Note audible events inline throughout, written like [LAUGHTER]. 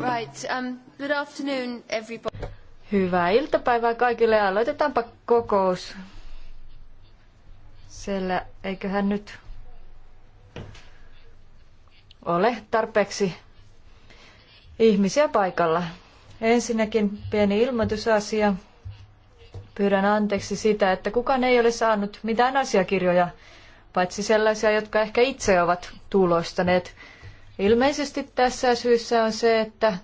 Right, um, good afternoon everybody. Hyvää iltapäivää kaikille ja aloitetaanpa kokous. Siellä eiköhän nyt ole tarpeeksi ihmisiä paikalla. Ensinnäkin pieni ilmoitusasia. Pyydän anteeksi sitä, että kukaan ei ole saanut mitään asiakirjoja, paitsi sellaisia, jotka ehkä itse ovat tulostaneet Ilmeisesti tässä syyssä on se, että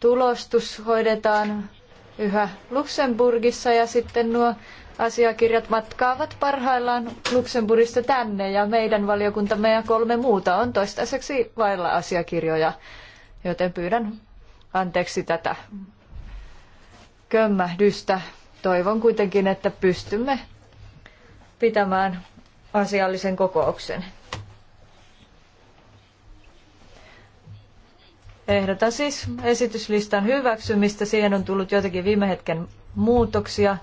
tulostus hoidetaan yhä Luxemburgissa ja sitten nuo asiakirjat matkaavat parhaillaan Luxemburgista tänne ja meidän valiokuntamme ja kolme muuta on toistaiseksi vailla asiakirjoja, joten pyydän anteeksi tätä kömmähdystä. Toivon kuitenkin, että pystymme pitämään asiallisen kokouksen. Ehdotan siis esityslistan hyväksymistä. Siihen on tullut joitakin viime hetken muutoksia.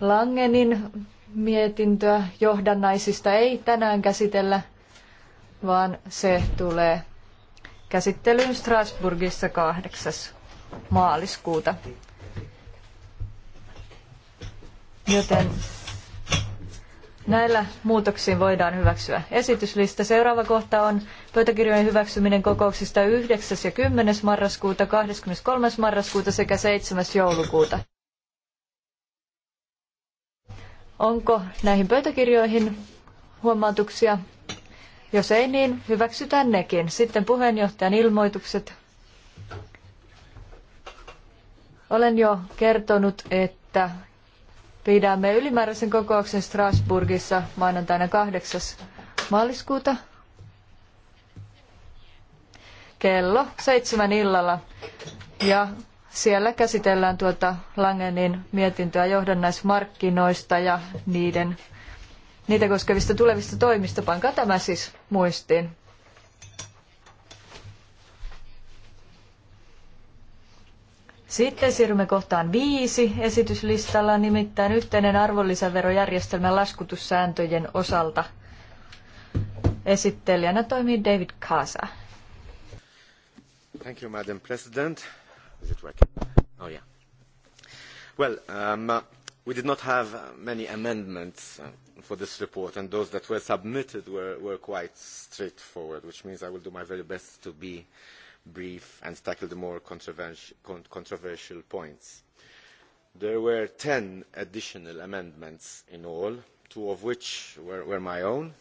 Langenin mietintöä johdannaisista ei tänään käsitellä, vaan se tulee käsittelyyn Strasbourgissa 8. maaliskuuta. Joten Näillä muutoksiin voidaan hyväksyä esityslista. Seuraava kohta on pöytäkirjojen hyväksyminen kokouksista 9. ja 10. marraskuuta, 23. marraskuuta sekä 7. joulukuuta. Onko näihin pöytäkirjoihin huomautuksia? Jos ei, niin hyväksytään nekin. Sitten puheenjohtajan ilmoitukset. Olen jo kertonut, että pidämme ylimääräisen kokouksen Strasbourgissa maanantaina 8. maaliskuuta kello seitsemän illalla. Ja siellä käsitellään tuota Langenin mietintöä johdannaismarkkinoista ja niiden, niitä koskevista tulevista toimista. Pankaa tämä siis muistiin. Sitten siirrymme kohtaan viisi esityslistalla, nimittäin yhteinen arvonlisäverojärjestelmän laskutussääntöjen osalta. Esittelijänä toimii David Kasa. Thank you, Madam President. Is it working? Oh yeah. Well, um, uh, we did not have uh, many amendments uh, for this report, and those that were submitted were, were quite straightforward, which means I will do my very best to be brief and tackle the more controversial points. There were ten additional amendments in all, two of which were, were my own.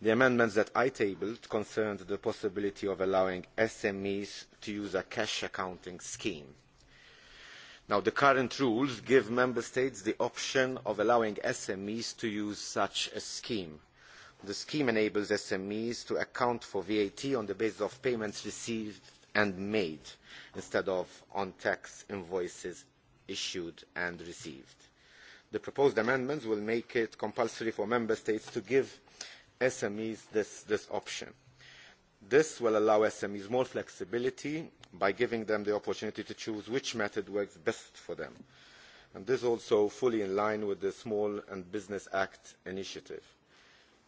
The amendments that I tabled concerned the possibility of allowing SMEs to use a cash accounting scheme. Now, the current rules give Member States the option of allowing SMEs to use such a scheme the scheme enables SMEs to account for VAT on the basis of payments received and made instead of on tax invoices issued and received. The proposed amendments will make it compulsory for Member States to give SMEs this, this option. This will allow SMEs more flexibility by giving them the opportunity to choose which method works best for them. And this is also fully in line with the Small and Business Act initiative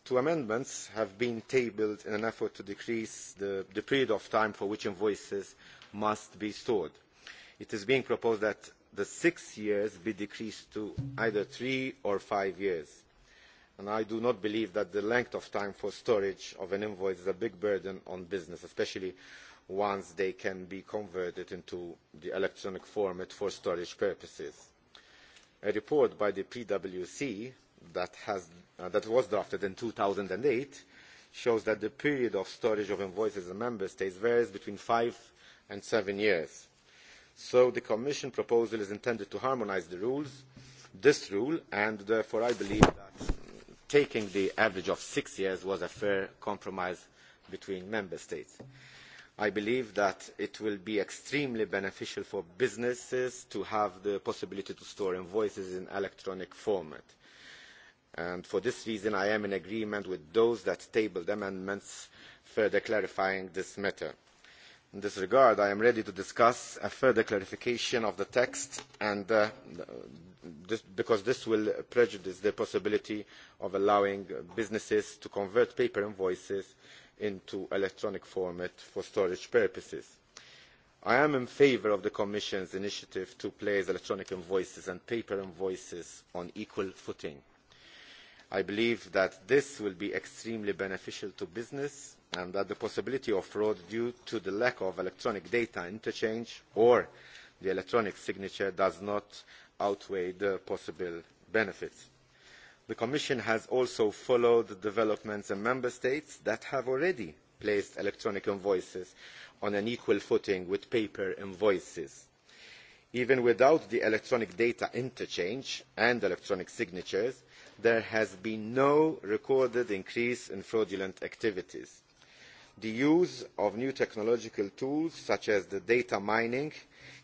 two amendments have been tabled in an effort to decrease the, the period of time for which invoices must be stored. it is being proposed that the six years be decreased to either three or five years and i do not believe that the length of time for storage of an invoice is a big burden on business especially once they can be converted into the electronic format for storage purposes. a report by the pwc that, has, uh, that was drafted in 2008 shows that the period of storage of invoices in member states varies between five and seven years. So the Commission proposal is intended to harmonise the rules, this rule, and therefore I believe that taking the average of six years was a fair compromise between member states. I believe that it will be extremely beneficial for businesses to have the possibility to store invoices in electronic format and for this reason i am in agreement with those that tabled amendments further clarifying this matter. in this regard i am ready to discuss a further clarification of the text and, uh, this, because this will prejudice the possibility of allowing businesses to convert paper invoices into electronic format for storage purposes. i am in favour of the commission's initiative to place electronic invoices and paper invoices on equal footing i believe that this will be extremely beneficial to business and that the possibility of fraud due to the lack of electronic data interchange or the electronic signature does not outweigh the possible benefits. the commission has also followed developments in member states that have already placed electronic invoices on an equal footing with paper invoices. even without the electronic data interchange and electronic signatures there has been no recorded increase in fraudulent activities. the use of new technological tools such as data mining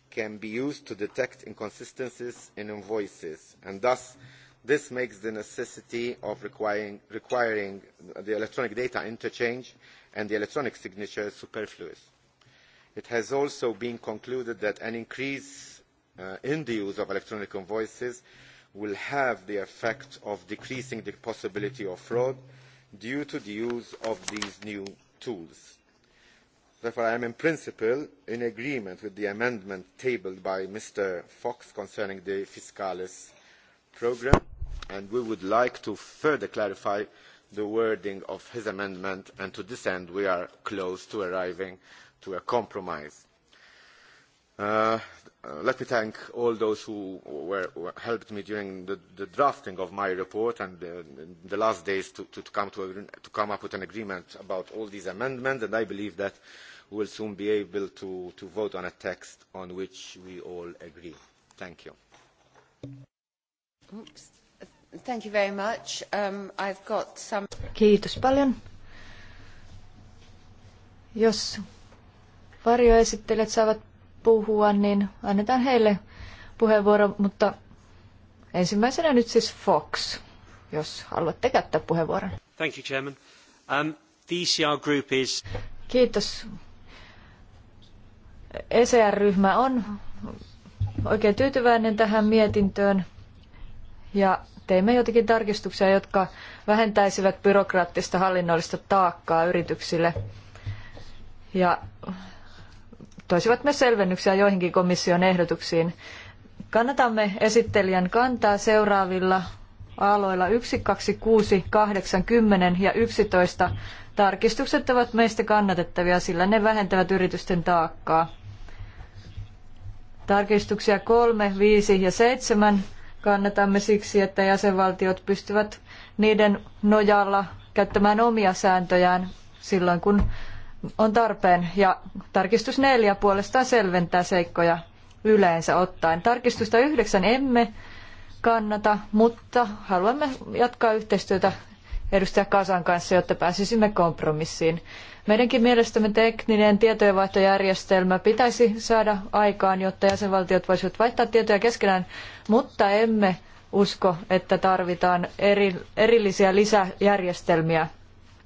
can be used to detect inconsistencies in invoices and thus this makes the necessity of requiring, requiring the electronic data interchange and the electronic signature superfluous. It has also been concluded that an increase uh, in the use of electronic invoices will have the effect of decreasing the possibility of fraud due to the use of these new tools. therefore i am in principle in agreement with the amendment tabled by mr fox concerning the fiscalis programme and we would like to further clarify the wording of his amendment and to this end we are close to arriving at a compromise. Uh, let me thank all those who were, who helped me during the, the drafting of my report and uh, the last days to, to, to, come to, to come up with an agreement about all these amendments, and I believe that we will soon be able to, to vote on a text on which we all agree. Thank you. Oops. Thank you very much. Um, I've got some... Kiitos paljon. Jos varjoesittelijät saavat puhua, niin annetaan heille puheenvuoro, mutta ensimmäisenä nyt siis Fox, jos haluatte käyttää puheenvuoron. Thank you, Chairman. Um, the ECR group is... Kiitos. ECR-ryhmä on oikein tyytyväinen tähän mietintöön ja teimme jotakin tarkistuksia, jotka vähentäisivät byrokraattista hallinnollista taakkaa yrityksille ja toisivat myös selvennyksiä joihinkin komission ehdotuksiin. Kannatamme esittelijän kantaa seuraavilla aloilla 1, 2, 6, 8, 10 ja 11. Tarkistukset ovat meistä kannatettavia, sillä ne vähentävät yritysten taakkaa. Tarkistuksia 3, 5 ja 7 kannatamme siksi, että jäsenvaltiot pystyvät niiden nojalla käyttämään omia sääntöjään silloin, kun on tarpeen ja tarkistus neljä puolestaan selventää seikkoja yleensä ottaen. Tarkistusta yhdeksän emme kannata, mutta haluamme jatkaa yhteistyötä edustaja Kasan kanssa, jotta pääsisimme kompromissiin. Meidänkin mielestämme tekninen tietojenvaihtojärjestelmä pitäisi saada aikaan, jotta jäsenvaltiot voisivat vaihtaa tietoja keskenään, mutta emme usko, että tarvitaan erillisiä lisäjärjestelmiä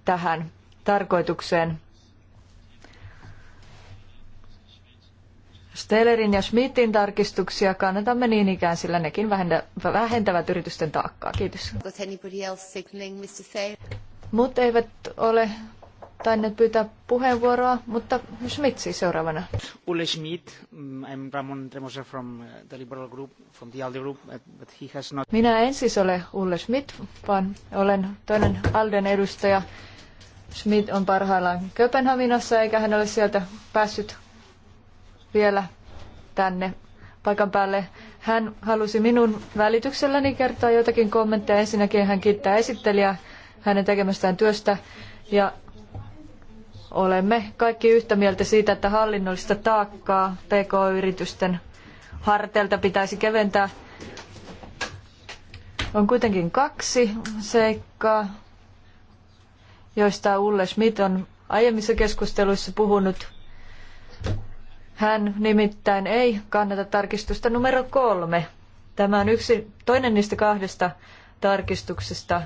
tähän tarkoitukseen. Stellerin ja Schmidtin tarkistuksia kannatamme niin ikään, sillä nekin vähentävät yritysten taakkaa. Kiitos. Mutta eivät ole tainneet pyytää puheenvuoroa, mutta Schmidt siis seuraavana. Ulle Schmidt, mm, I'm Ramon Tremosa from uh, the Liberal Group, from the ALDE Group, uh, but he has not... Minä en siis ole Ulle Schmidt, vaan olen toinen ALDEn edustaja. Schmidt on parhaillaan Köpenhaminassa eikä hän ole sieltä päässyt vielä tänne paikan päälle. Hän halusi minun välitykselläni kertoa jotakin kommentteja. Ensinnäkin hän kiittää esittelijää hänen tekemästään työstä ja olemme kaikki yhtä mieltä siitä, että hallinnollista taakkaa PK-yritysten harteilta pitäisi keventää. On kuitenkin kaksi seikkaa, joista Ulle Schmidt on aiemmissa keskusteluissa puhunut. Hän nimittäin ei kannata tarkistusta numero kolme. Tämä on yksi toinen niistä kahdesta tarkistuksesta,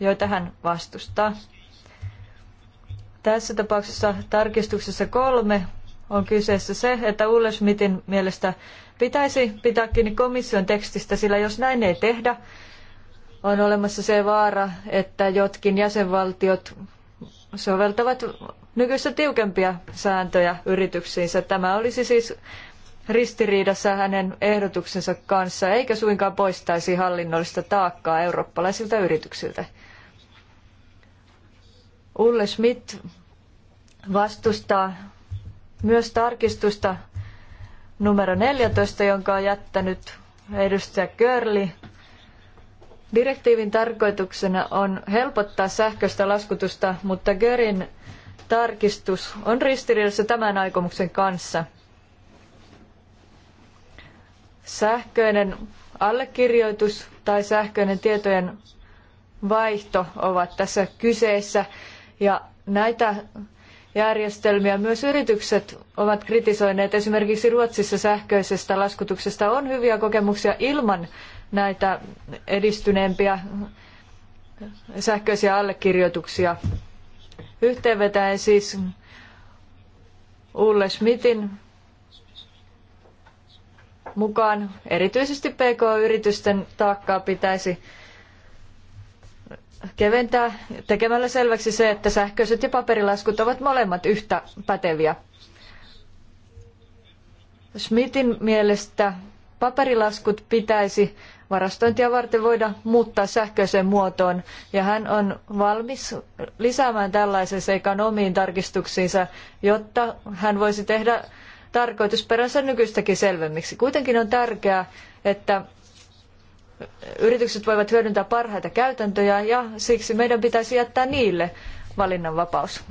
joita hän vastustaa. Tässä tapauksessa tarkistuksessa kolme on kyseessä se, että Ulle Schmidtin mielestä pitäisi pitää kiinni komission tekstistä, sillä jos näin ei tehdä, on olemassa se vaara, että jotkin jäsenvaltiot soveltavat nykyistä tiukempia sääntöjä yrityksiinsä. Tämä olisi siis ristiriidassa hänen ehdotuksensa kanssa, eikä suinkaan poistaisi hallinnollista taakkaa eurooppalaisilta yrityksiltä. Ulle Schmidt vastustaa myös tarkistusta numero 14, jonka on jättänyt edustaja Körli Direktiivin tarkoituksena on helpottaa sähköistä laskutusta, mutta Görin tarkistus on ristiriidassa tämän aikomuksen kanssa. Sähköinen allekirjoitus tai sähköinen tietojen vaihto ovat tässä kyseessä ja näitä järjestelmiä myös yritykset ovat kritisoineet. Esimerkiksi Ruotsissa sähköisestä laskutuksesta on hyviä kokemuksia ilman näitä edistyneempiä sähköisiä allekirjoituksia. Yhteenvetäen siis Ulle Schmidtin mukaan erityisesti PK-yritysten taakkaa pitäisi keventää tekemällä selväksi se, että sähköiset ja paperilaskut ovat molemmat yhtä päteviä. Schmidtin mielestä paperilaskut pitäisi varastointia varten voida muuttaa sähköiseen muotoon ja hän on valmis lisäämään tällaisen seikan omiin tarkistuksiinsa, jotta hän voisi tehdä tarkoitusperänsä nykyistäkin selvemmiksi. Kuitenkin on tärkeää, että yritykset voivat hyödyntää parhaita käytäntöjä ja siksi meidän pitäisi jättää niille valinnanvapaus.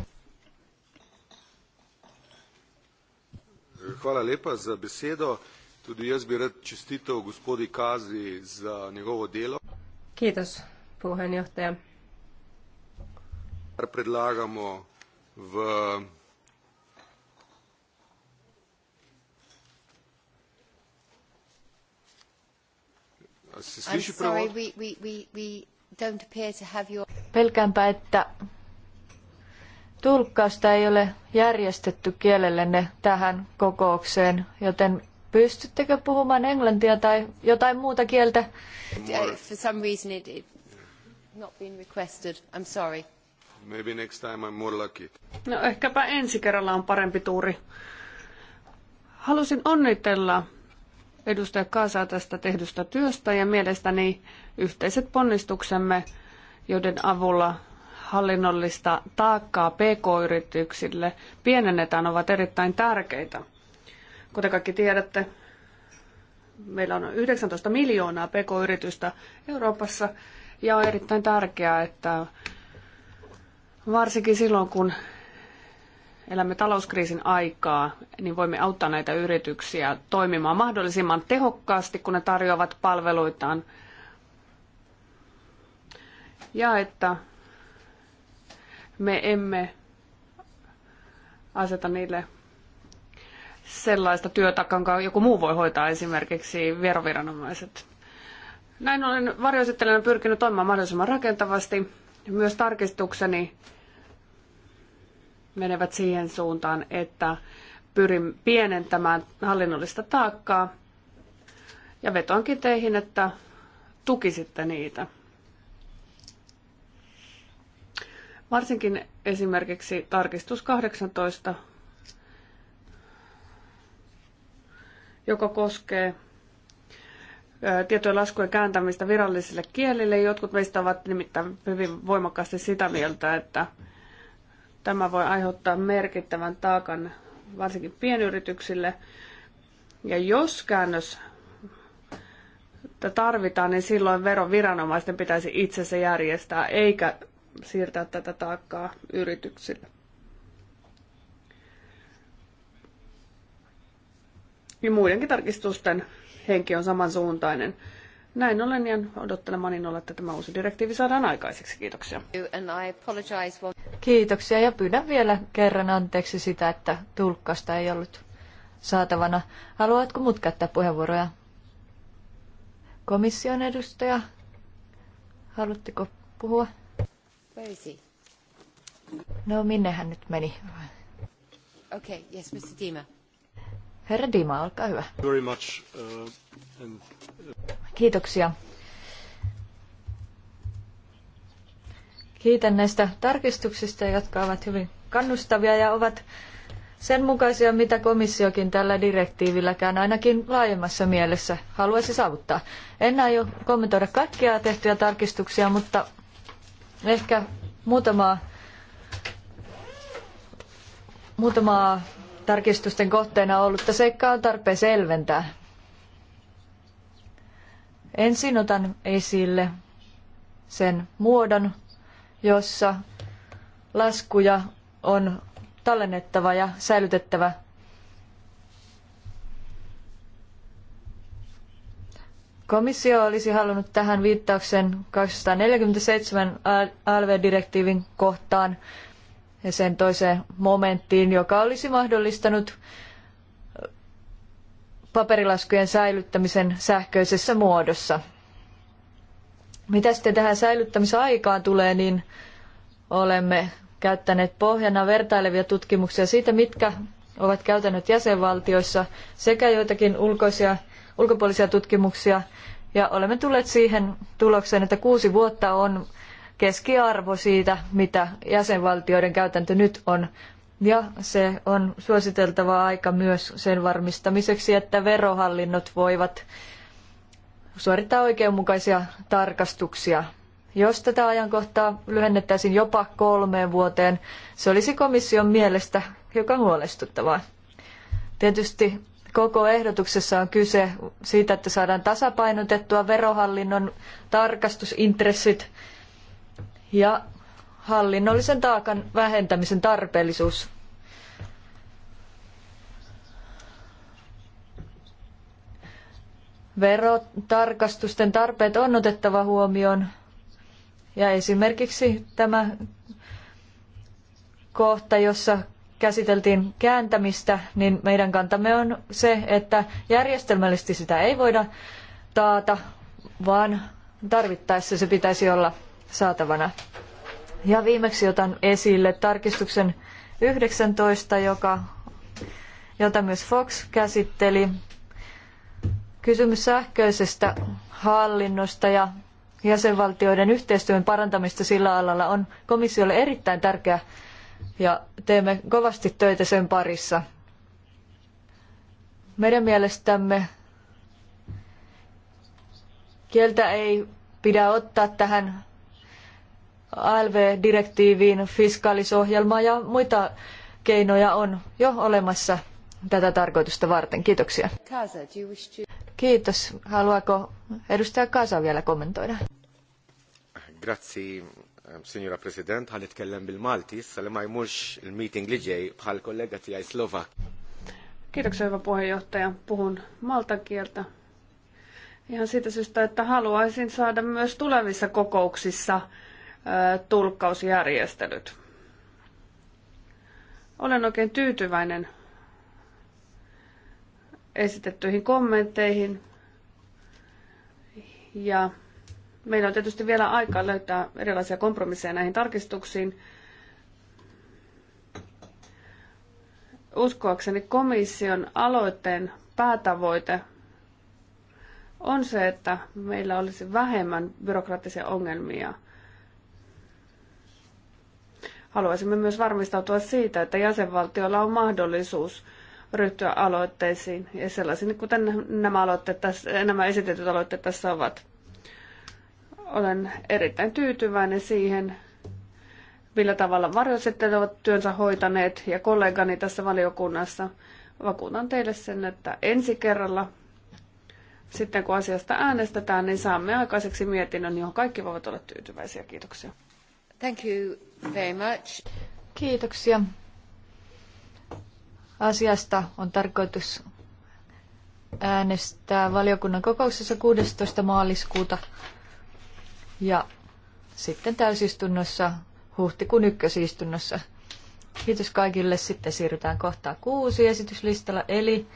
Hvala lepa za besedo. Tudi jaz bi rad čestitev gospodi Kazi za njegovo delo. Kiitos puheenjohtaja. Predlagamo v Pelkäänpä, että tulkkausta ei ole järjestetty kielellenne tähän kokoukseen, joten Pystyttekö puhumaan englantia tai jotain muuta kieltä? For some reason it, it not been requested. I'm sorry. Maybe next time I'm more lucky. No ehkäpä ensi kerralla on parempi tuuri. Halusin onnitella edustaja Kaasaa tästä tehdystä työstä ja mielestäni yhteiset ponnistuksemme, joiden avulla hallinnollista taakkaa pk-yrityksille pienennetään, ovat erittäin tärkeitä. Kuten kaikki tiedätte, meillä on 19 miljoonaa pk-yritystä Euroopassa ja on erittäin tärkeää, että varsinkin silloin kun elämme talouskriisin aikaa, niin voimme auttaa näitä yrityksiä toimimaan mahdollisimman tehokkaasti, kun ne tarjoavat palveluitaan. Ja että me emme aseta niille sellaista työtä, jonka joku muu voi hoitaa, esimerkiksi veroviranomaiset. Näin olen varjoesittelijänä pyrkinyt toimimaan mahdollisimman rakentavasti. Myös tarkistukseni menevät siihen suuntaan, että pyrin pienentämään hallinnollista taakkaa ja vetoankin teihin, että tukisitte niitä. Varsinkin esimerkiksi tarkistus 18 joka koskee tietojen laskujen kääntämistä virallisille kielille. Jotkut meistä ovat nimittäin hyvin voimakkaasti sitä mieltä, että tämä voi aiheuttaa merkittävän taakan varsinkin pienyrityksille. Ja jos käännös tarvitaan, niin silloin veroviranomaisten pitäisi itse se järjestää, eikä siirtää tätä taakkaa yrityksille. ja muidenkin tarkistusten henki on samansuuntainen. Näin ollen ja odottelemaan innolla, että tämä uusi direktiivi saadaan aikaiseksi. Kiitoksia. Kiitoksia ja pyydän vielä kerran anteeksi sitä, että tulkkausta ei ollut saatavana. Haluatko mut käyttää puheenvuoroja? Komission edustaja, haluatteko puhua? No minne hän nyt meni? Okay, yes, Mr. Dima. Herra Dima, olkaa hyvä. Very much, uh, and, uh... Kiitoksia. Kiitän näistä tarkistuksista, jotka ovat hyvin kannustavia ja ovat sen mukaisia, mitä komissiokin tällä direktiivilläkään ainakin laajemmassa mielessä haluaisi saavuttaa. En aio kommentoida kaikkia tehtyjä tarkistuksia, mutta ehkä muutamaa, muutamaa tarkistusten kohteena ollutta seikkaa on tarpeen selventää. Ensin otan esille sen muodon, jossa laskuja on tallennettava ja säilytettävä. Komissio olisi halunnut tähän viittauksen 247 ALV-direktiivin kohtaan, sen toiseen momenttiin, joka olisi mahdollistanut paperilaskujen säilyttämisen sähköisessä muodossa. Mitä sitten tähän säilyttämisaikaan tulee, niin olemme käyttäneet pohjana vertailevia tutkimuksia siitä, mitkä ovat käytännöt jäsenvaltioissa sekä joitakin ulkoisia, ulkopuolisia tutkimuksia. Ja olemme tulleet siihen tulokseen, että kuusi vuotta on keskiarvo siitä, mitä jäsenvaltioiden käytäntö nyt on. Ja se on suositeltava aika myös sen varmistamiseksi, että verohallinnot voivat suorittaa oikeudenmukaisia tarkastuksia. Jos tätä ajankohtaa lyhennettäisiin jopa kolmeen vuoteen, se olisi komission mielestä hiukan huolestuttavaa. Tietysti koko ehdotuksessa on kyse siitä, että saadaan tasapainotettua verohallinnon tarkastusintressit ja hallinnollisen taakan vähentämisen tarpeellisuus. Verotarkastusten tarpeet on otettava huomioon ja esimerkiksi tämä kohta, jossa käsiteltiin kääntämistä, niin meidän kantamme on se, että järjestelmällisesti sitä ei voida taata, vaan tarvittaessa se pitäisi olla saatavana. Ja viimeksi otan esille tarkistuksen 19, joka, jota myös Fox käsitteli. Kysymys sähköisestä hallinnosta ja jäsenvaltioiden yhteistyön parantamista sillä alalla on komissiolle erittäin tärkeä ja teemme kovasti töitä sen parissa. Meidän mielestämme kieltä ei pidä ottaa tähän ALV-direktiiviin, fiskaalisohjelmaan ja muita keinoja on jo olemassa tätä tarkoitusta varten. Kiitoksia. Kiitos. Haluaako edustaja Kasa vielä kommentoida? Grazie, signora President. Għanitkellem bil-Malti, sali ma jmurx il-meeting li ġej bħal kollega tijaj Slovak. Kiitoksia, hyvä puheenjohtaja. Puhun maltan kieltä. Ihan siitä syystä, että haluaisin saada myös tulevissa kokouksissa tulkkausjärjestelyt. Olen oikein tyytyväinen esitettyihin kommentteihin. Ja meillä on tietysti vielä aikaa löytää erilaisia kompromisseja näihin tarkistuksiin. Uskoakseni komission aloitteen päätavoite on se, että meillä olisi vähemmän byrokraattisia ongelmia Haluaisimme myös varmistautua siitä, että jäsenvaltioilla on mahdollisuus ryhtyä aloitteisiin ja sellaisiin, kuten nämä, aloitteet tässä, nämä esitetyt aloitteet tässä ovat. Olen erittäin tyytyväinen siihen, millä tavalla varjosetteet ovat työnsä hoitaneet ja kollegani tässä valiokunnassa. Vakuutan teille sen, että ensi kerralla sitten kun asiasta äänestetään, niin saamme aikaiseksi mietinnön, johon kaikki voivat olla tyytyväisiä. Kiitoksia. Thank you. Very much. Kiitoksia. Asiasta on tarkoitus äänestää valiokunnan kokouksessa 16. maaliskuuta ja sitten täysistunnossa huhtikuun ykkösistunnossa. Kiitos kaikille. Sitten siirrytään kohtaan kuusi esityslistalla, eli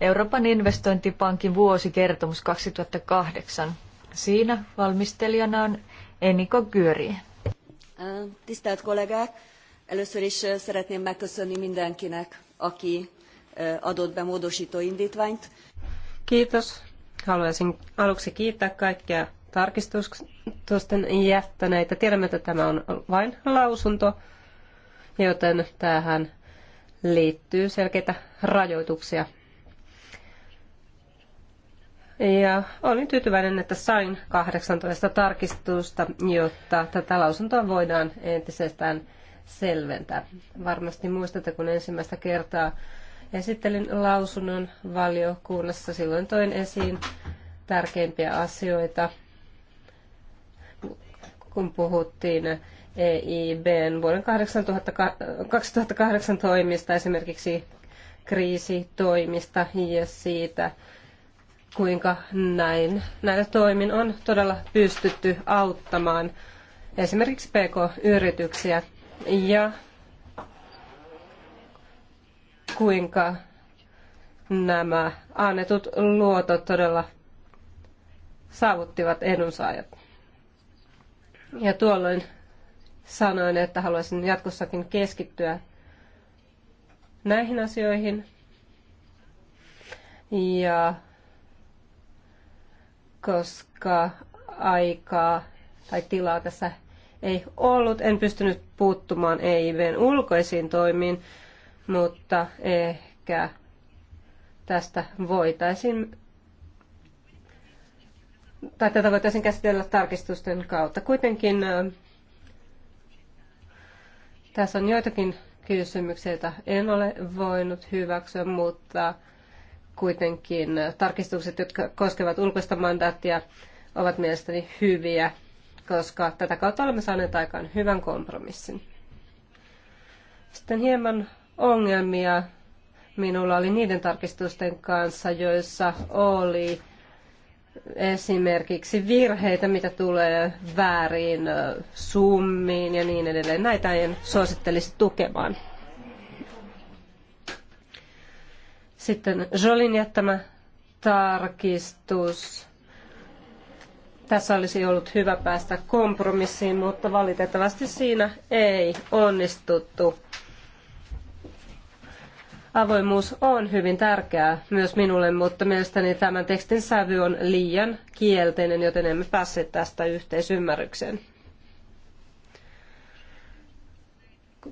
Euroopan investointipankin vuosikertomus 2008. Siinä valmistelijana on Eniko Kyöri. Eh, tisztelt kollégák! Először is eh, szeretném megköszönni mindenkinek, aki eh, adott be módosító indítványt. Kiitos. Haluaisin aluksi kiittää kaikkia tarkistusten jättäneitä. Tiedämme, että tämä on vain lausunto, joten tähän liittyy selkeitä rajoituksia. Ja olin tyytyväinen, että sain 18 tarkistusta, jotta tätä lausuntoa voidaan entisestään selventää. Varmasti muistatte, kun ensimmäistä kertaa esittelin lausunnon valiokunnassa, silloin toin esiin tärkeimpiä asioita, kun puhuttiin EIBn vuoden 2008 toimista, esimerkiksi kriisitoimista ja siitä, kuinka näin, näillä toimin on todella pystytty auttamaan esimerkiksi PK-yrityksiä ja kuinka nämä annetut luotot todella saavuttivat edunsaajat. Ja tuolloin sanoin, että haluaisin jatkossakin keskittyä näihin asioihin. Ja koska aikaa tai tilaa tässä ei ollut. En pystynyt puuttumaan EIVn ulkoisiin toimiin, mutta ehkä tästä voitaisiin tai tätä voitaisiin käsitellä tarkistusten kautta. Kuitenkin äh, tässä on joitakin kysymyksiä, joita en ole voinut hyväksyä, mutta kuitenkin tarkistukset, jotka koskevat ulkoista mandaattia, ovat mielestäni hyviä, koska tätä kautta olemme saaneet aikaan hyvän kompromissin. Sitten hieman ongelmia minulla oli niiden tarkistusten kanssa, joissa oli esimerkiksi virheitä, mitä tulee väärin summiin ja niin edelleen. Näitä en suosittelisi tukemaan. Sitten Jolin jättämä tarkistus. Tässä olisi ollut hyvä päästä kompromissiin, mutta valitettavasti siinä ei onnistuttu. Avoimuus on hyvin tärkeää myös minulle, mutta mielestäni tämän tekstin sävy on liian kielteinen, joten emme pääse tästä yhteisymmärrykseen.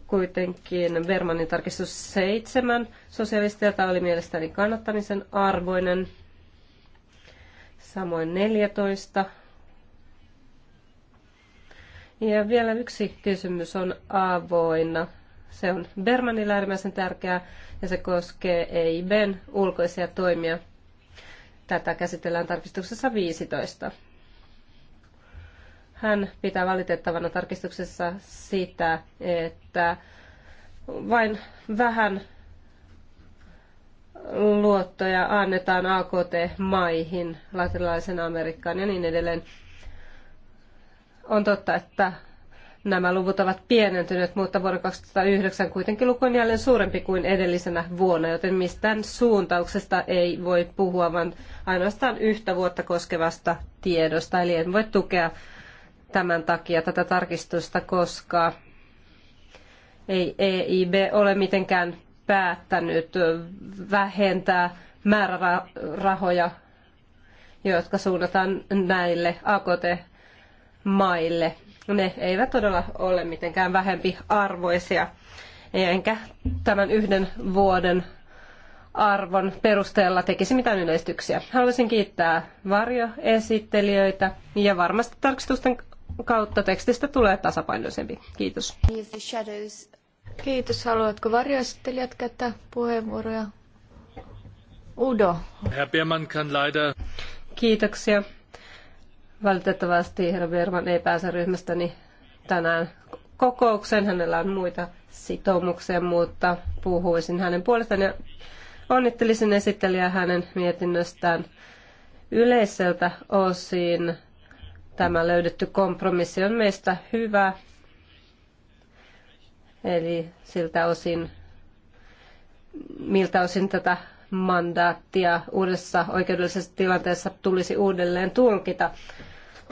kuitenkin Bermanin tarkistus seitsemän sosialisteilta oli mielestäni kannattamisen arvoinen. Samoin 14. Ja vielä yksi kysymys on avoinna. Se on Bermanille äärimmäisen tärkeää ja se koskee EIBn ulkoisia toimia. Tätä käsitellään tarkistuksessa 15. Hän pitää valitettavana tarkistuksessa sitä, että vain vähän luottoja annetaan AKT-maihin, latinalaisen Amerikkaan ja niin edelleen. On totta, että nämä luvut ovat pienentyneet, mutta vuonna 2009 kuitenkin luku on jälleen suurempi kuin edellisenä vuonna, joten mistään suuntauksesta ei voi puhua, vaan ainoastaan yhtä vuotta koskevasta tiedosta. Eli en voi tukea tämän takia tätä tarkistusta, koska ei EIB ole mitenkään päättänyt vähentää määrärahoja, jotka suunnataan näille AKT-maille. Ne eivät todella ole mitenkään vähempi arvoisia, enkä tämän yhden vuoden arvon perusteella tekisi mitään yleistyksiä. Haluaisin kiittää varjoesittelijöitä ja varmasti tarkistusten kautta tekstistä tulee tasapainoisempi. Kiitos. Kiitos. Haluatko varjoesittelijät käyttää puheenvuoroja? Udo. Herr Berman kann leider... Kiitoksia. Valitettavasti herra Berman ei pääse ryhmästäni tänään kokoukseen. Hänellä on muita sitoumuksia, mutta puhuisin hänen puolestaan ja onnittelisin esittelijää hänen mietinnöstään yleiseltä osin tämä löydetty kompromissi on meistä hyvä. Eli siltä osin, miltä osin tätä mandaattia uudessa oikeudellisessa tilanteessa tulisi uudelleen tulkita.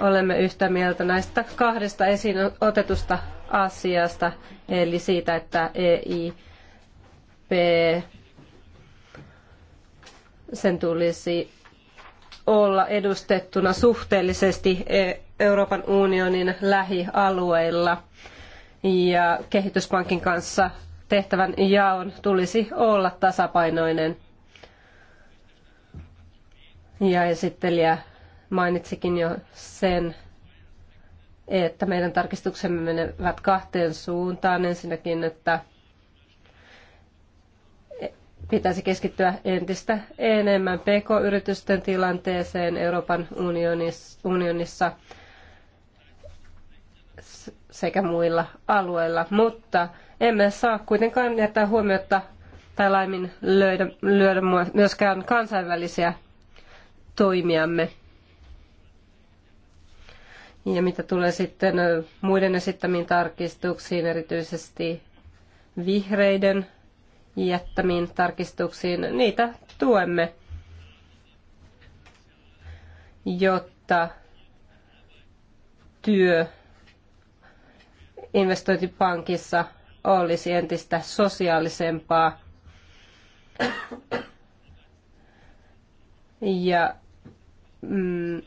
Olemme yhtä mieltä näistä kahdesta esiin otetusta asiasta, eli siitä, että EIP sen tulisi olla edustettuna suhteellisesti e- Euroopan unionin lähialueilla. Ja kehityspankin kanssa tehtävän jaon tulisi olla tasapainoinen. Ja esittelijä mainitsikin jo sen, että meidän tarkistuksemme menevät kahteen suuntaan. Ensinnäkin, että pitäisi keskittyä entistä enemmän pk-yritysten tilanteeseen Euroopan unionissa sekä muilla alueilla, mutta emme saa kuitenkaan jättää huomiota tai laimin löydä, lyödä myöskään kansainvälisiä toimiamme. Ja mitä tulee sitten muiden esittämiin tarkistuksiin, erityisesti vihreiden jättämiin tarkistuksiin, niitä tuemme, jotta työ investointipankissa olisi entistä sosiaalisempaa ja mm,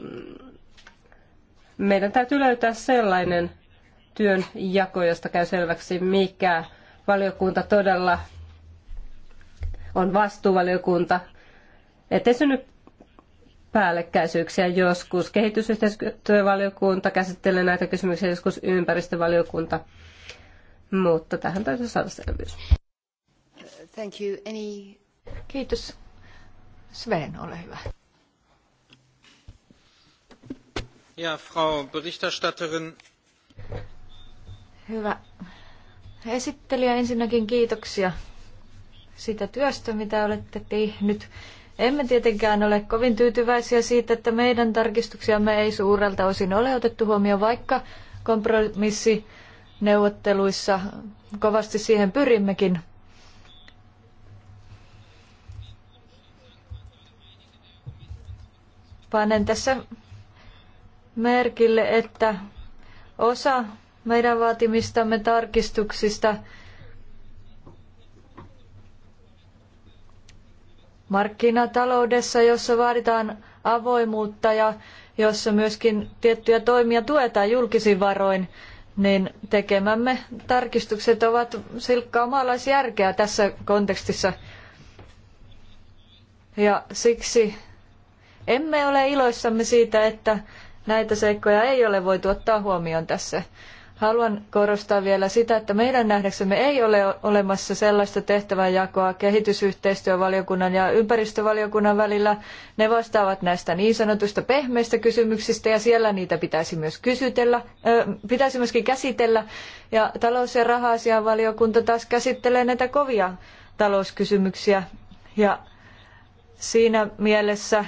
meidän täytyy löytää sellainen työnjako, josta käy selväksi, mikä valiokunta todella on vastuuvaliokunta, ettei synny päällekkäisyyksiä joskus. Kehitysyhteistyövaliokunta käsittelee näitä kysymyksiä, joskus ympäristövaliokunta, mutta tähän täytyy saada selvyys. Thank you. Any... Kiitos. Sven, ole hyvä. Ja, Frau Berichterstatterin. Hyvä. Esittelijä ensinnäkin kiitoksia siitä työstä, mitä olette tehnyt. Emme tietenkään ole kovin tyytyväisiä siitä, että meidän tarkistuksiamme ei suurelta osin ole otettu huomioon, vaikka kompromissineuvotteluissa kovasti siihen pyrimmekin. Panen tässä merkille, että osa meidän vaatimistamme tarkistuksista – markkinataloudessa, jossa vaaditaan avoimuutta ja jossa myöskin tiettyjä toimia tuetaan julkisin varoin, niin tekemämme tarkistukset ovat silkkaa maalaisjärkeä tässä kontekstissa. Ja siksi emme ole iloissamme siitä, että näitä seikkoja ei ole voitu ottaa huomioon tässä Haluan korostaa vielä sitä, että meidän nähdäksemme ei ole olemassa sellaista tehtävänjakoa kehitysyhteistyövaliokunnan ja ympäristövaliokunnan välillä. Ne vastaavat näistä niin sanotuista pehmeistä kysymyksistä ja siellä niitä pitäisi myös kysytellä, äh, pitäisi myöskin käsitellä. Ja talous- ja raha-asianvaliokunta taas käsittelee näitä kovia talouskysymyksiä. Ja siinä mielessä,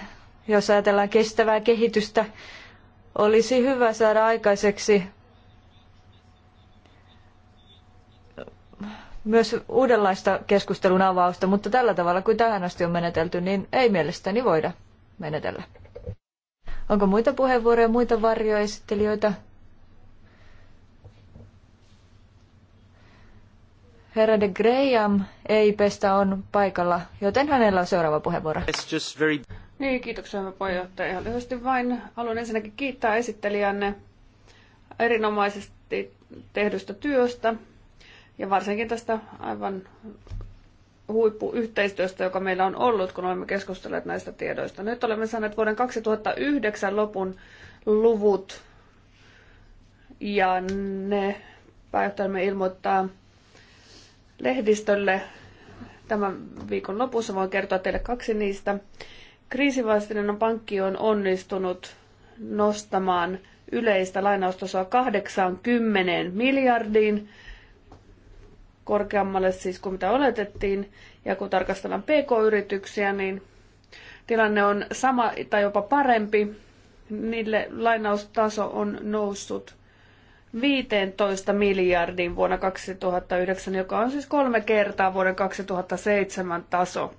jos ajatellaan kestävää kehitystä, olisi hyvä saada aikaiseksi myös uudenlaista keskustelun avausta, mutta tällä tavalla kuin tähän asti on menetelty, niin ei mielestäni voida menetellä. Onko muita puheenvuoroja, muita varjoesittelijöitä? Herra de Graham EIPstä on paikalla, joten hänellä on seuraava puheenvuoro. Very... Niin, kiitoksia hyvä puheenjohtaja. Ihan lyhyesti vain haluan ensinnäkin kiittää esittelijänne erinomaisesti tehdystä työstä. Ja varsinkin tästä aivan huippuyhteistyöstä, joka meillä on ollut, kun olemme keskustelleet näistä tiedoista. Nyt olemme saaneet vuoden 2009 lopun luvut ja ne pääjohtajamme ilmoittaa lehdistölle tämän viikon lopussa. Voin kertoa teille kaksi niistä. Kriisivastinen pankki on onnistunut nostamaan yleistä lainaustasoa 80 miljardiin korkeammalle siis kuin mitä oletettiin. Ja kun tarkastellaan pk-yrityksiä, niin tilanne on sama tai jopa parempi. Niille lainaustaso on noussut 15 miljardiin vuonna 2009, joka on siis kolme kertaa vuoden 2007 taso.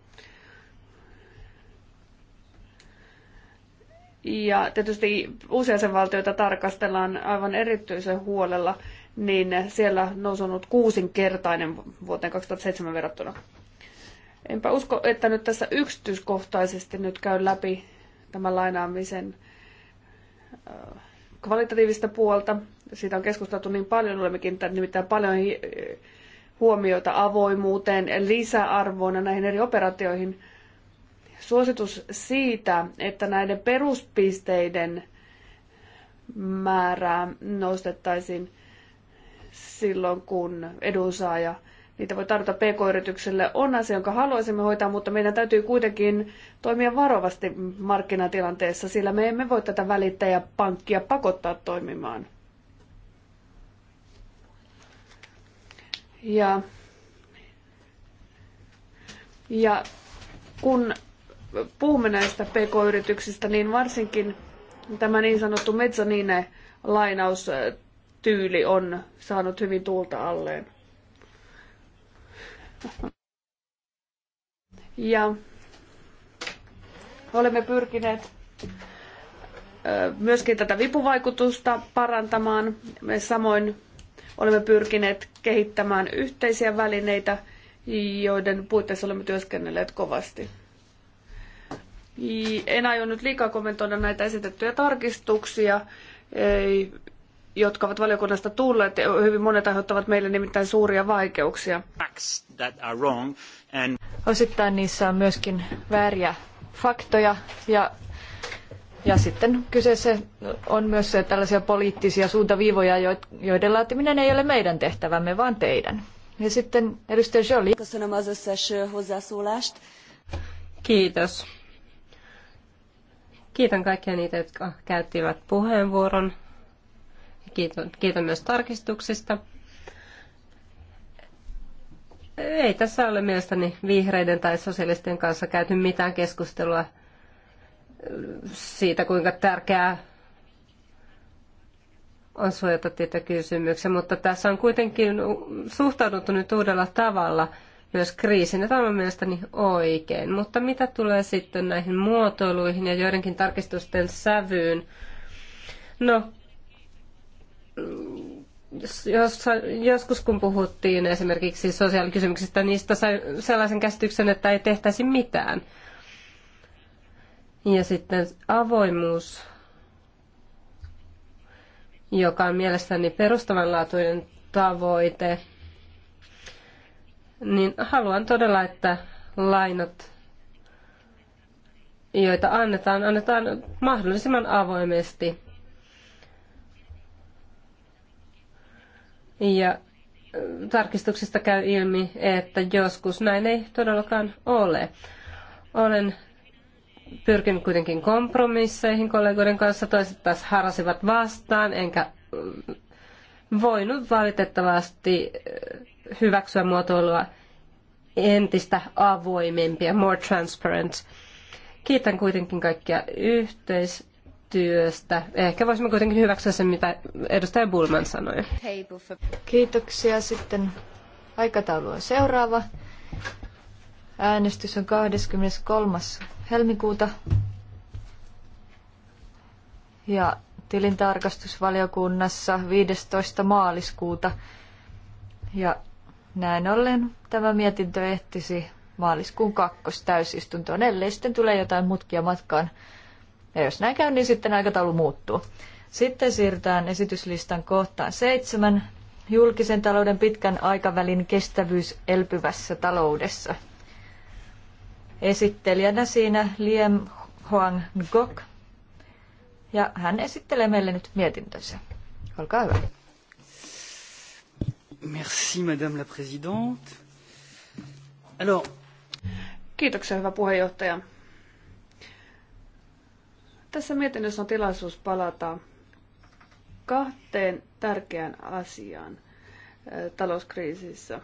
Ja tietysti uusia sen valtioita tarkastellaan aivan erityisen huolella niin siellä nousunut kuusinkertainen vuoteen 2007 verrattuna. Enpä usko, että nyt tässä yksityiskohtaisesti nyt käy läpi tämän lainaamisen äh, kvalitatiivista puolta. Siitä on keskusteltu niin paljon, olemme kiinnittäneet nimittäin paljon huomiota avoimuuteen, lisäarvoina näihin eri operaatioihin. Suositus siitä, että näiden peruspisteiden määrää nostettaisiin – silloin, kun edunsaaja niitä voi tarjota pk-yritykselle, on asia, jonka haluaisimme hoitaa, mutta meidän täytyy kuitenkin toimia varovasti markkinatilanteessa, sillä me emme voi tätä välittäjäpankkia pakottaa toimimaan. Ja, ja kun puhumme näistä pk-yrityksistä, niin varsinkin tämä niin sanottu mezzanine lainaus tyyli on saanut hyvin tuulta alleen. Ja olemme pyrkineet myöskin tätä vipuvaikutusta parantamaan. Me samoin olemme pyrkineet kehittämään yhteisiä välineitä, joiden puitteissa olemme työskennelleet kovasti. En aio nyt liikaa kommentoida näitä esitettyjä tarkistuksia. Ei, jotka ovat valiokunnasta tulleet, hyvin monet aiheuttavat meille nimittäin suuria vaikeuksia. Osittain niissä on myöskin vääriä faktoja ja, ja sitten kyseessä on myös tällaisia poliittisia suuntaviivoja, joiden laatiminen ei ole meidän tehtävämme, vaan teidän. Ja sitten edustaja Jolie. Kiitos. Kiitän kaikkia niitä, jotka käyttivät puheenvuoron. Kiitän, kiitän myös tarkistuksista. Ei tässä ole mielestäni vihreiden tai sosialistien kanssa käyty mitään keskustelua siitä, kuinka tärkeää on suojata tietä kysymyksiä, mutta tässä on kuitenkin suhtauduttu nyt uudella tavalla myös kriisin, ja tämä on mielestäni oikein. Mutta mitä tulee sitten näihin muotoiluihin ja joidenkin tarkistusten sävyyn? No, jos, joskus kun puhuttiin esimerkiksi sosiaalikysymyksistä, niistä sai sellaisen käsityksen, että ei tehtäisi mitään. Ja sitten avoimuus, joka on mielestäni perustavanlaatuinen tavoite, niin haluan todella, että lainat, joita annetaan, annetaan mahdollisimman avoimesti – Ja tarkistuksista käy ilmi, että joskus näin ei todellakaan ole. Olen pyrkinyt kuitenkin kompromisseihin kollegoiden kanssa, toiset taas harasivat vastaan, enkä voinut valitettavasti hyväksyä muotoilua entistä avoimempia, more transparent. Kiitän kuitenkin kaikkia yhteis työstä. Ehkä voisimme kuitenkin hyväksyä sen, mitä edustaja Bulman sanoi. Kiitoksia. Sitten aikataulu on seuraava. Äänestys on 23. helmikuuta. Ja tilintarkastusvaliokunnassa 15. maaliskuuta. Ja näin ollen tämä mietintö ehtisi maaliskuun kakkos täysistuntoon, ellei sitten tulee jotain mutkia matkaan. Ja jos näin käy, niin sitten aikataulu muuttuu. Sitten siirrytään esityslistan kohtaan seitsemän. Julkisen talouden pitkän aikavälin kestävyys elpyvässä taloudessa. Esittelijänä siinä Liem Hoang Gok. Ja hän esittelee meille nyt mietintönsä. Olkaa hyvä. Merci, Madame la Présidente. Alors... Kiitoksia, hyvä puheenjohtaja. Tässä mietinnössä on tilaisuus palata kahteen tärkeään asiaan talouskriisissä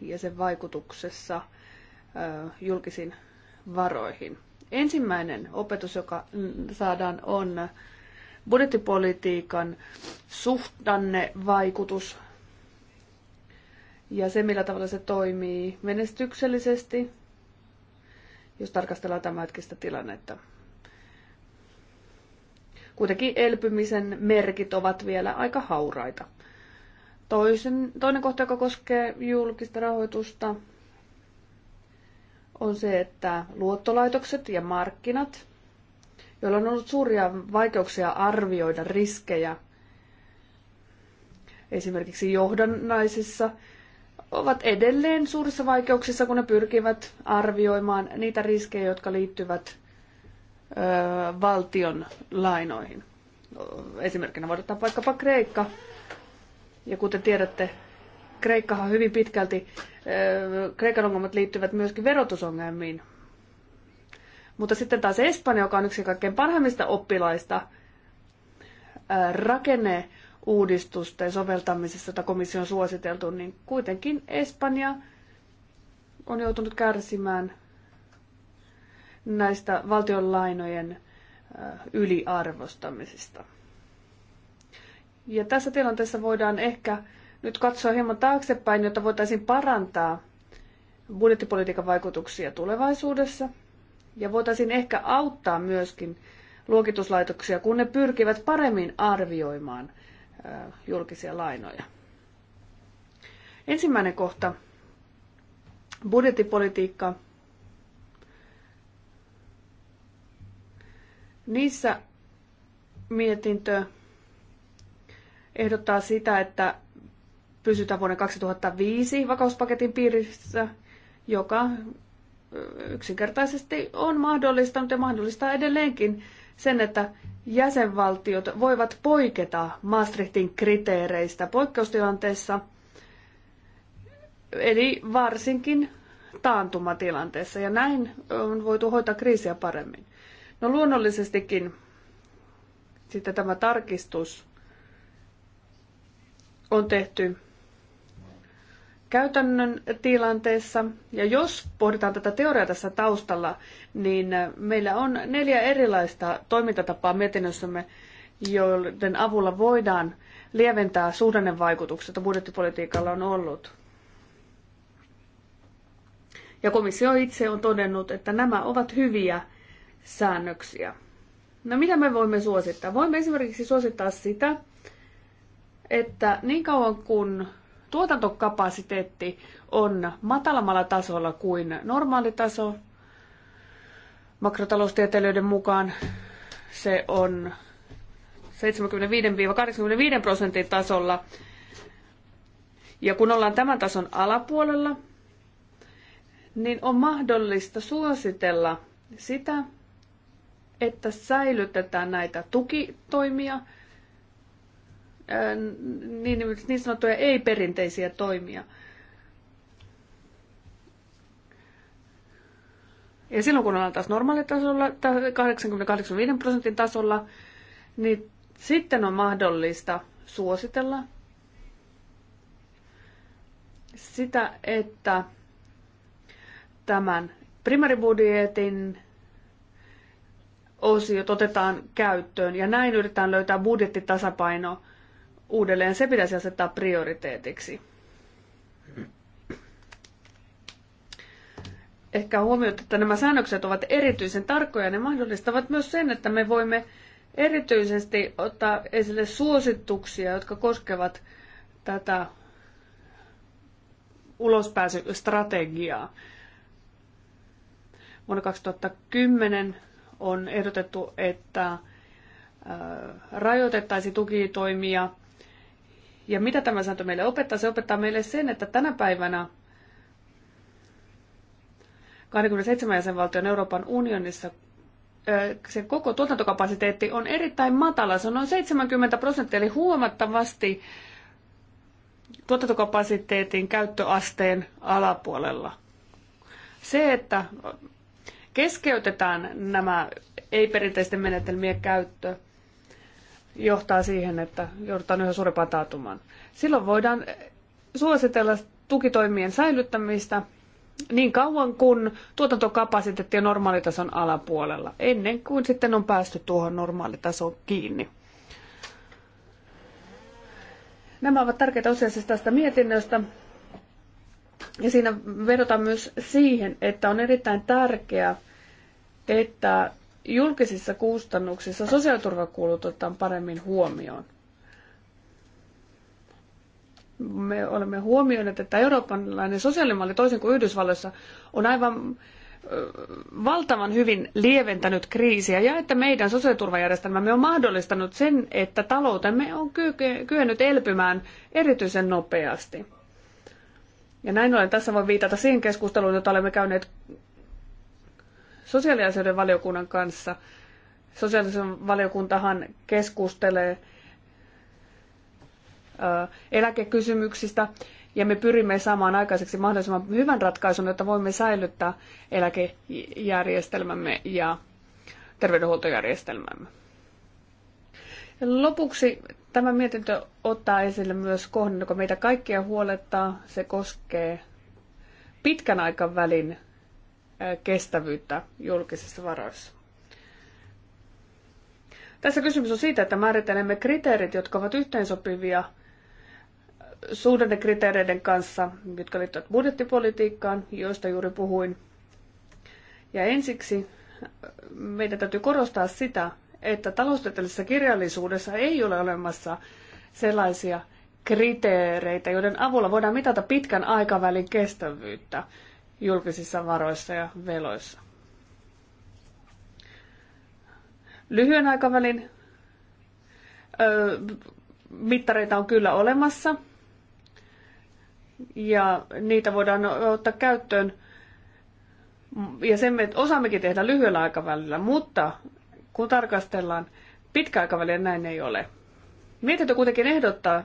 ja sen vaikutuksessa julkisiin varoihin. Ensimmäinen opetus, joka saadaan, on budjettipolitiikan suhdannevaikutus ja se, millä tavalla se toimii menestyksellisesti, jos tarkastellaan tämänhetkistä tilannetta. Kuitenkin elpymisen merkit ovat vielä aika hauraita. Toisen, toinen kohta, joka koskee julkista rahoitusta, on se, että luottolaitokset ja markkinat, joilla on ollut suuria vaikeuksia arvioida riskejä esimerkiksi johdannaisissa, ovat edelleen suurissa vaikeuksissa, kun ne pyrkivät arvioimaan niitä riskejä, jotka liittyvät valtion lainoihin. Esimerkkinä voidaan ottaa vaikkapa Kreikka. Ja kuten tiedätte, Kreikkahan hyvin pitkälti, Kreikan ongelmat liittyvät myöskin verotusongelmiin. Mutta sitten taas Espanja, joka on yksi kaikkein parhaimmista oppilaista uudistusten soveltamisessa, jota komissio on suositeltu, niin kuitenkin Espanja on joutunut kärsimään – näistä valtionlainojen yliarvostamisista. Ja tässä tilanteessa voidaan ehkä nyt katsoa hieman taaksepäin, jotta voitaisiin parantaa budjettipolitiikan vaikutuksia tulevaisuudessa. Ja voitaisiin ehkä auttaa myöskin luokituslaitoksia, kun ne pyrkivät paremmin arvioimaan julkisia lainoja. Ensimmäinen kohta. Budjettipolitiikka Niissä mietintö ehdottaa sitä, että pysytään vuoden 2005 vakauspaketin piirissä, joka yksinkertaisesti on mahdollistanut ja mahdollistaa edelleenkin sen, että jäsenvaltiot voivat poiketa Maastrichtin kriteereistä poikkeustilanteessa, eli varsinkin taantumatilanteessa, ja näin on voitu hoitaa kriisiä paremmin. No luonnollisestikin sitten tämä tarkistus on tehty käytännön tilanteessa. Ja jos pohditaan tätä teoriaa tässä taustalla, niin meillä on neljä erilaista toimintatapaa mietinnössämme, joiden avulla voidaan lieventää vaikutukset, joita budjettipolitiikalla on ollut. Ja komissio itse on todennut, että nämä ovat hyviä säännöksiä. No mitä me voimme suosittaa? Voimme esimerkiksi suosittaa sitä, että niin kauan kun tuotantokapasiteetti on matalammalla tasolla kuin normaali taso, makrotaloustieteilijöiden mukaan se on 75-85 prosentin tasolla. Ja kun ollaan tämän tason alapuolella, niin on mahdollista suositella sitä, että säilytetään näitä tukitoimia, niin, niin sanottuja ei-perinteisiä toimia. Ja silloin kun ollaan taas normaalitasolla, 80-85 prosentin tasolla, niin sitten on mahdollista suositella sitä, että tämän primäribudjetin osiot otetaan käyttöön ja näin yritetään löytää budjettitasapaino uudelleen. Se pitäisi asettaa prioriteetiksi. Ehkä huomioon, että nämä säännökset ovat erityisen tarkkoja. Ne mahdollistavat myös sen, että me voimme erityisesti ottaa esille suosituksia, jotka koskevat tätä ulospääsystrategiaa. Vuonna 2010 on ehdotettu, että äh, rajoitettaisiin tukitoimia. Ja mitä tämä sääntö meille opettaa? Se opettaa meille sen, että tänä päivänä 27 jäsenvaltion Euroopan unionissa äh, se koko tuotantokapasiteetti on erittäin matala. Se on noin 70 prosenttia, eli huomattavasti tuotantokapasiteetin käyttöasteen alapuolella. Se, että keskeytetään nämä ei-perinteisten menetelmien käyttö, johtaa siihen, että joudutaan yhä suurempaan taatumaan. Silloin voidaan suositella tukitoimien säilyttämistä niin kauan kuin tuotantokapasiteetti on normaalitason alapuolella, ennen kuin sitten on päästy tuohon normaalitasoon kiinni. Nämä ovat tärkeitä osia siis tästä mietinnöstä. Ja siinä vedotaan myös siihen, että on erittäin tärkeää, että julkisissa kustannuksissa sosiaaliturvakulut otetaan paremmin huomioon. Me olemme huomioineet, että eurooppalainen sosiaalimalli, toisin kuin Yhdysvalloissa, on aivan valtavan hyvin lieventänyt kriisiä ja että meidän sosiaaliturvajärjestelmämme on mahdollistanut sen, että taloutemme on kyennyt elpymään erityisen nopeasti. Ja näin ollen tässä voi viitata siihen keskusteluun, jota olemme käyneet sosiaaliasioiden valiokunnan kanssa. Sosiaalisen valiokuntahan keskustelee eläkekysymyksistä ja me pyrimme saamaan aikaiseksi mahdollisimman hyvän ratkaisun, jotta voimme säilyttää eläkejärjestelmämme ja terveydenhuoltojärjestelmämme. Lopuksi Tämä mietintö ottaa esille myös kohdan, joka meitä kaikkia huolettaa. Se koskee pitkän aikavälin kestävyyttä julkisissa varoissa. Tässä kysymys on siitä, että määritelemme kriteerit, jotka ovat yhteensopivia suhdannekriteereiden kanssa, jotka liittyvät budjettipolitiikkaan, joista juuri puhuin. Ja ensiksi meidän täytyy korostaa sitä, että taloustieteellisessä kirjallisuudessa ei ole olemassa sellaisia kriteereitä, joiden avulla voidaan mitata pitkän aikavälin kestävyyttä julkisissa varoissa ja veloissa. Lyhyen aikavälin ö, mittareita on kyllä olemassa ja niitä voidaan ottaa käyttöön ja sen me osaammekin tehdä lyhyellä aikavälillä, mutta kun tarkastellaan pitkäaikaväliä, näin ei ole. Mietintö kuitenkin ehdottaa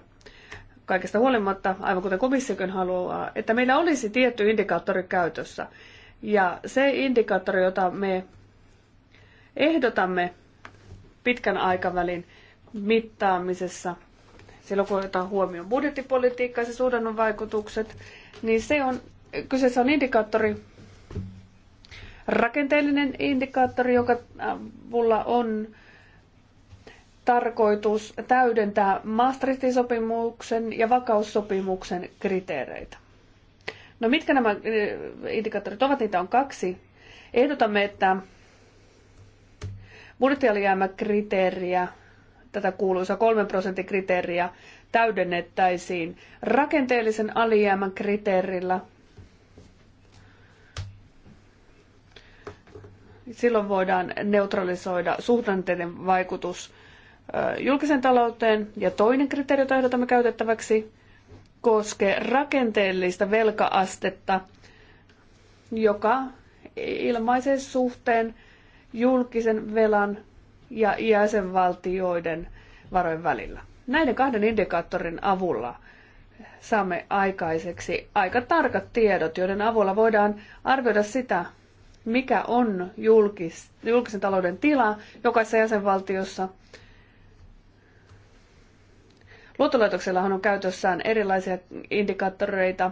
kaikesta huolimatta, aivan kuten komissiokin haluaa, että meillä olisi tietty indikaattori käytössä. Ja se indikaattori, jota me ehdotamme pitkän aikavälin mittaamisessa, silloin kun otetaan huomioon budjettipolitiikka ja se vaikutukset, niin se on, kyseessä on indikaattori, rakenteellinen indikaattori, joka äh, mulla on tarkoitus täydentää Maastrichtin sopimuksen ja vakaussopimuksen kriteereitä. No mitkä nämä äh, indikaattorit ovat? Niitä on kaksi. Ehdotamme, että budjettialijäämäkriteeriä, tätä kuuluisa 3 prosentin kriteeriä, täydennettäisiin rakenteellisen alijäämän kriteerillä, Silloin voidaan neutralisoida suhdanteiden vaikutus julkisen talouteen. Ja toinen kriteeri, jota ehdotamme käytettäväksi, koskee rakenteellista velkaastetta, joka ilmaisee suhteen julkisen velan ja jäsenvaltioiden varojen välillä. Näiden kahden indikaattorin avulla saamme aikaiseksi aika tarkat tiedot, joiden avulla voidaan arvioida sitä, mikä on julkis, julkisen talouden tila jokaisessa jäsenvaltiossa. Luottolaitoksellahan on käytössään erilaisia indikaattoreita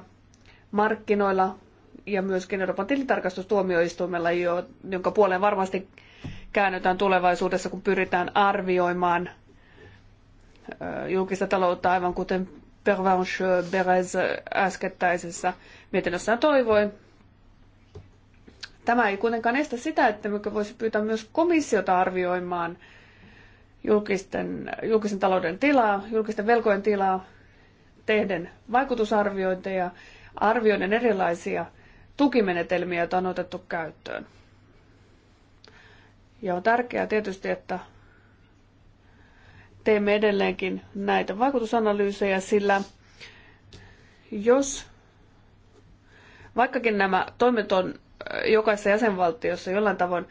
markkinoilla ja myöskin Euroopan tilintarkastustuomioistuimella, jonka puoleen varmasti käännytään tulevaisuudessa, kun pyritään arvioimaan julkista taloutta, aivan kuten Pervenche Berez äskettäisessä mietinnössään toivoi. Tämä ei kuitenkaan estä sitä, että mikä voisi pyytää myös komissiota arvioimaan julkisten, julkisen talouden tilaa, julkisten velkojen tilaa, tehden vaikutusarviointeja, arvioiden erilaisia tukimenetelmiä, joita on otettu käyttöön. Ja on tärkeää tietysti, että teemme edelleenkin näitä vaikutusanalyysejä, sillä jos vaikkakin nämä toimet on jokaisessa jäsenvaltiossa jollain tavoin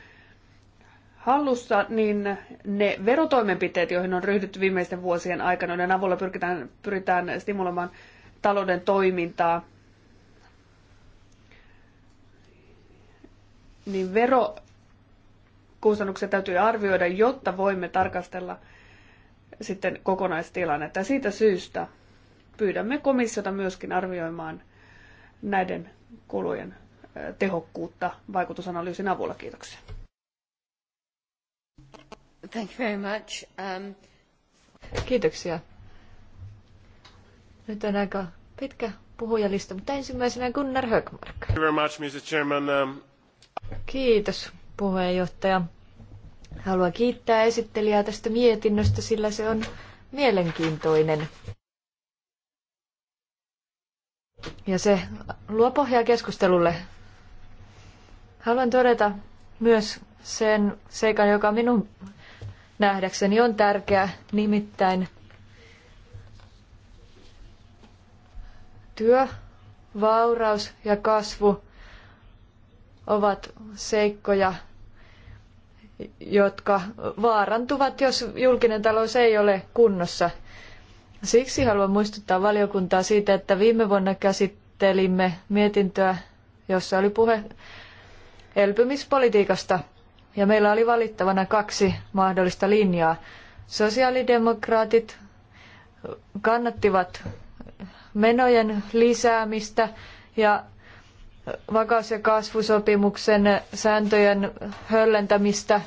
hallussa, niin ne verotoimenpiteet, joihin on ryhdytty viimeisten vuosien aikana, ne avulla pyritään, pyritään stimuloimaan talouden toimintaa, niin verokustannuksia täytyy arvioida, jotta voimme tarkastella sitten kokonaistilannetta. siitä syystä pyydämme komissiota myöskin arvioimaan näiden kulujen tehokkuutta vaikutusanalyysin avulla. Kiitoksia. Thank you very much. Um... Kiitoksia. Nyt on aika pitkä puhujalista, mutta ensimmäisenä Gunnar Högmark. Thank you very much, Mr. Chairman. Um... Kiitos, puheenjohtaja. Haluan kiittää esittelijää tästä mietinnöstä, sillä se on mielenkiintoinen. Ja se luo pohjaa keskustelulle Haluan todeta myös sen seikan, joka minun nähdäkseni on tärkeä, nimittäin työ, vauraus ja kasvu ovat seikkoja, jotka vaarantuvat, jos julkinen talous ei ole kunnossa. Siksi haluan muistuttaa valiokuntaa siitä, että viime vuonna käsittelimme mietintöä, jossa oli puhe elpymispolitiikasta. Ja meillä oli valittavana kaksi mahdollista linjaa. Sosiaalidemokraatit kannattivat menojen lisäämistä ja vakaus- ja kasvusopimuksen sääntöjen höllentämistä,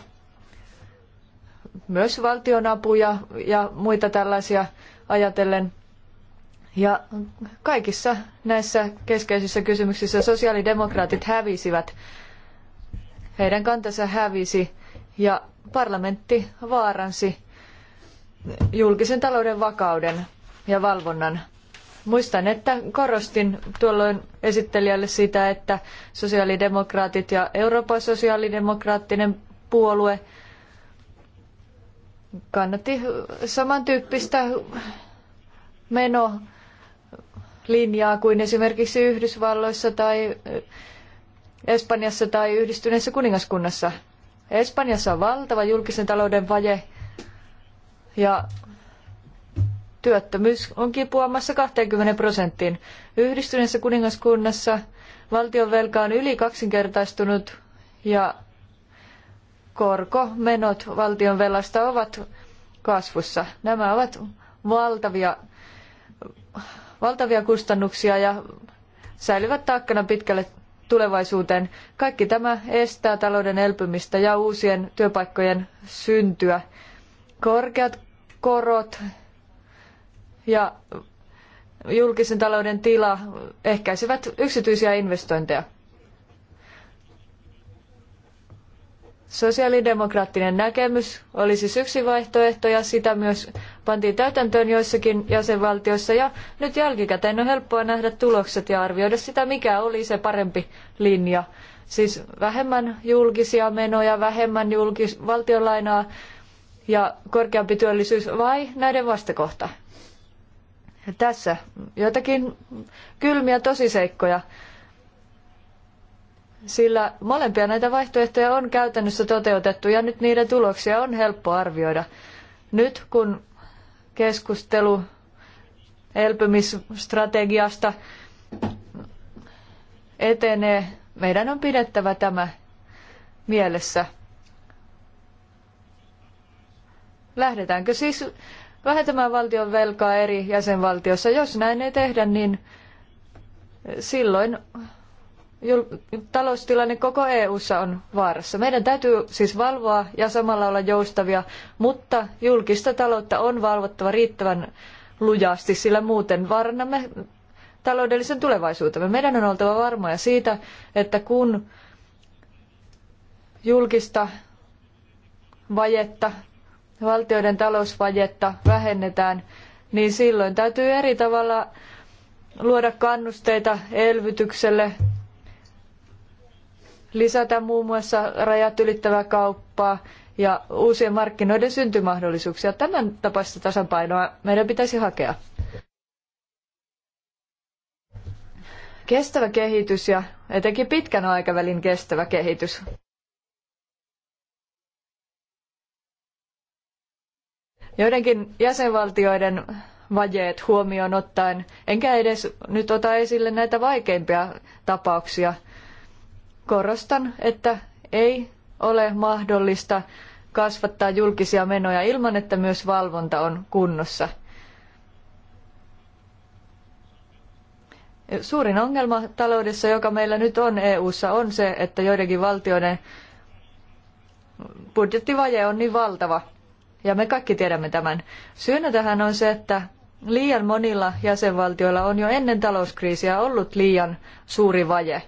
myös valtionapuja ja muita tällaisia ajatellen. Ja kaikissa näissä keskeisissä kysymyksissä sosiaalidemokraatit hävisivät. Heidän kantansa hävisi ja parlamentti vaaransi julkisen talouden vakauden ja valvonnan. Muistan, että korostin tuolloin esittelijälle sitä, että sosiaalidemokraatit ja Euroopan sosiaalidemokraattinen puolue kannatti samantyyppistä menolinjaa kuin esimerkiksi Yhdysvalloissa tai Espanjassa tai yhdistyneessä kuningaskunnassa. Espanjassa on valtava julkisen talouden vaje ja työttömyys on kipuamassa 20 prosenttiin. Yhdistyneessä kuningaskunnassa valtionvelka on yli kaksinkertaistunut ja korkomenot valtionvelasta ovat kasvussa. Nämä ovat valtavia, valtavia kustannuksia ja säilyvät taakkana pitkälle tulevaisuuteen. Kaikki tämä estää talouden elpymistä ja uusien työpaikkojen syntyä. Korkeat korot ja julkisen talouden tila ehkäisevät yksityisiä investointeja. Sosiaalidemokraattinen näkemys oli siis yksi vaihtoehto ja sitä myös pantiin täytäntöön joissakin jäsenvaltioissa ja nyt jälkikäteen on helppoa nähdä tulokset ja arvioida sitä, mikä oli se parempi linja. Siis vähemmän julkisia menoja, vähemmän julkis- valtionlainaa ja korkeampi työllisyys vai näiden vastakohta? Tässä joitakin kylmiä tosiseikkoja sillä molempia näitä vaihtoehtoja on käytännössä toteutettu ja nyt niiden tuloksia on helppo arvioida. Nyt kun keskustelu elpymisstrategiasta etenee, meidän on pidettävä tämä mielessä. Lähdetäänkö siis vähentämään valtion velkaa eri jäsenvaltiossa? Jos näin ei tehdä, niin silloin taloustilanne koko EU:ssa on vaarassa. Meidän täytyy siis valvoa ja samalla olla joustavia, mutta julkista taloutta on valvottava riittävän lujasti, sillä muuten vaarannamme taloudellisen tulevaisuutemme. Meidän on oltava varmoja siitä, että kun julkista vajetta, valtioiden talousvajetta vähennetään, niin silloin täytyy eri tavalla luoda kannusteita elvytykselle, lisätä muun muassa rajat ylittävää kauppaa ja uusien markkinoiden syntymahdollisuuksia. Tämän tapaista tasapainoa meidän pitäisi hakea. Kestävä kehitys ja etenkin pitkän aikavälin kestävä kehitys. Joidenkin jäsenvaltioiden vajeet huomioon ottaen, enkä edes nyt ota esille näitä vaikeimpia tapauksia – Korostan, että ei ole mahdollista kasvattaa julkisia menoja ilman, että myös valvonta on kunnossa. Suurin ongelma taloudessa, joka meillä nyt on EU:ssa, on se, että joidenkin valtioiden budjettivaje on niin valtava. Ja me kaikki tiedämme tämän. Syynä tähän on se, että liian monilla jäsenvaltioilla on jo ennen talouskriisiä ollut liian suuri vaje.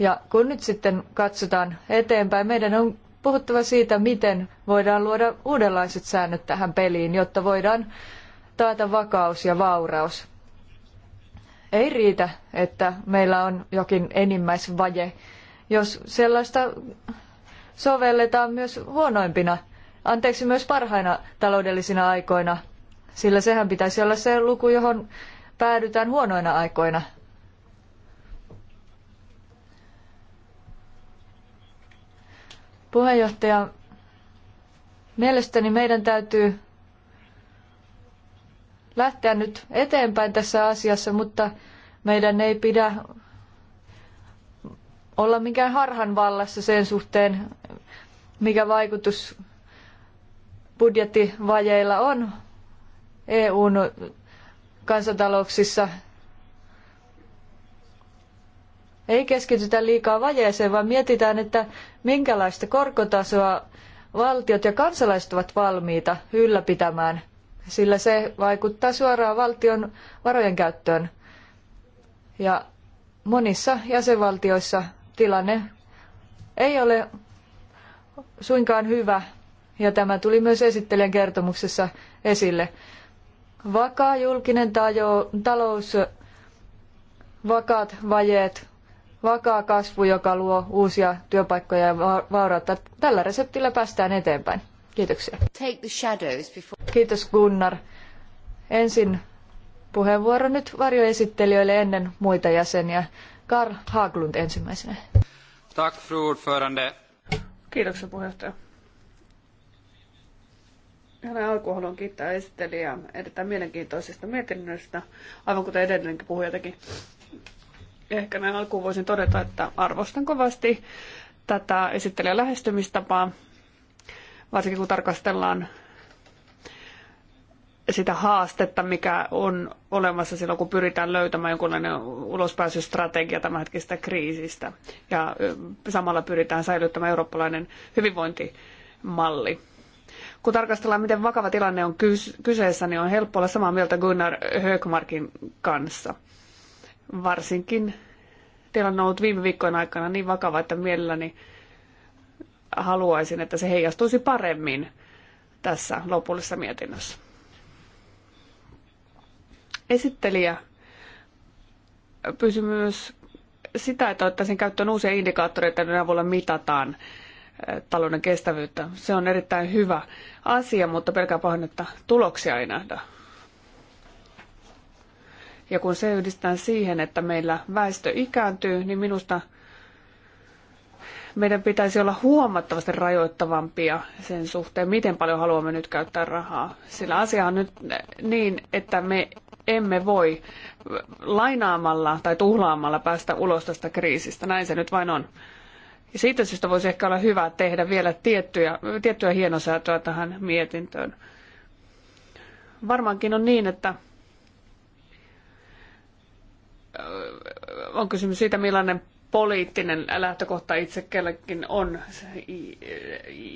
Ja kun nyt sitten katsotaan eteenpäin, meidän on puhuttava siitä, miten voidaan luoda uudenlaiset säännöt tähän peliin, jotta voidaan taata vakaus ja vauraus. Ei riitä, että meillä on jokin enimmäisvaje, jos sellaista sovelletaan myös huonoimpina, anteeksi myös parhaina taloudellisina aikoina, sillä sehän pitäisi olla se luku, johon päädytään huonoina aikoina. Puheenjohtaja, mielestäni meidän täytyy lähteä nyt eteenpäin tässä asiassa, mutta meidän ei pidä olla mikään harhan vallassa sen suhteen, mikä vaikutus budjettivajeilla on EUn kansantalouksissa ei keskitytä liikaa vajeeseen, vaan mietitään, että minkälaista korkotasoa valtiot ja kansalaiset ovat valmiita ylläpitämään, sillä se vaikuttaa suoraan valtion varojen käyttöön. Ja monissa jäsenvaltioissa tilanne ei ole suinkaan hyvä, ja tämä tuli myös esittelijän kertomuksessa esille. Vakaa julkinen tajo, talous, vakaat vajeet vakaa kasvu, joka luo uusia työpaikkoja ja vaurautta. Tällä reseptillä päästään eteenpäin. Kiitoksia. Kiitos Gunnar. Ensin puheenvuoro nyt varjoesittelijöille ennen muita jäseniä. Karl Haglund ensimmäisenä. Tack, fru ordförande. Kiitoksia puheenjohtaja. Hänen alkuun haluan kiittää esittelijää erittäin mielenkiintoisesta mietinnöstä, aivan kuten edellinenkin puhuja teki ehkä näin alkuun voisin todeta, että arvostan kovasti tätä esittelijän lähestymistapaa, varsinkin kun tarkastellaan sitä haastetta, mikä on olemassa silloin, kun pyritään löytämään jonkunlainen ulospääsystrategia tämänhetkisestä kriisistä. Ja samalla pyritään säilyttämään eurooppalainen hyvinvointimalli. Kun tarkastellaan, miten vakava tilanne on kyseessä, niin on helppo olla samaa mieltä Gunnar Högmarkin kanssa – varsinkin tilanne on ollut viime viikkojen aikana niin vakava, että mielelläni haluaisin, että se heijastuisi paremmin tässä lopullisessa mietinnössä. Esittelijä pyysi myös sitä, että ottaisin käyttöön uusia indikaattoreita, joiden avulla mitataan eh, talouden kestävyyttä. Se on erittäin hyvä asia, mutta pelkää pahoin, että tuloksia ei nähdä ja kun se yhdistetään siihen, että meillä väestö ikääntyy, niin minusta meidän pitäisi olla huomattavasti rajoittavampia sen suhteen, miten paljon haluamme nyt käyttää rahaa. Sillä asia on nyt niin, että me emme voi lainaamalla tai tuhlaamalla päästä ulos tästä kriisistä. Näin se nyt vain on. Ja siitä syystä voisi ehkä olla hyvä tehdä vielä tiettyjä, tiettyä hienosäätöä tähän mietintöön. Varmaankin on niin, että on kysymys siitä, millainen poliittinen lähtökohta itse kellekin on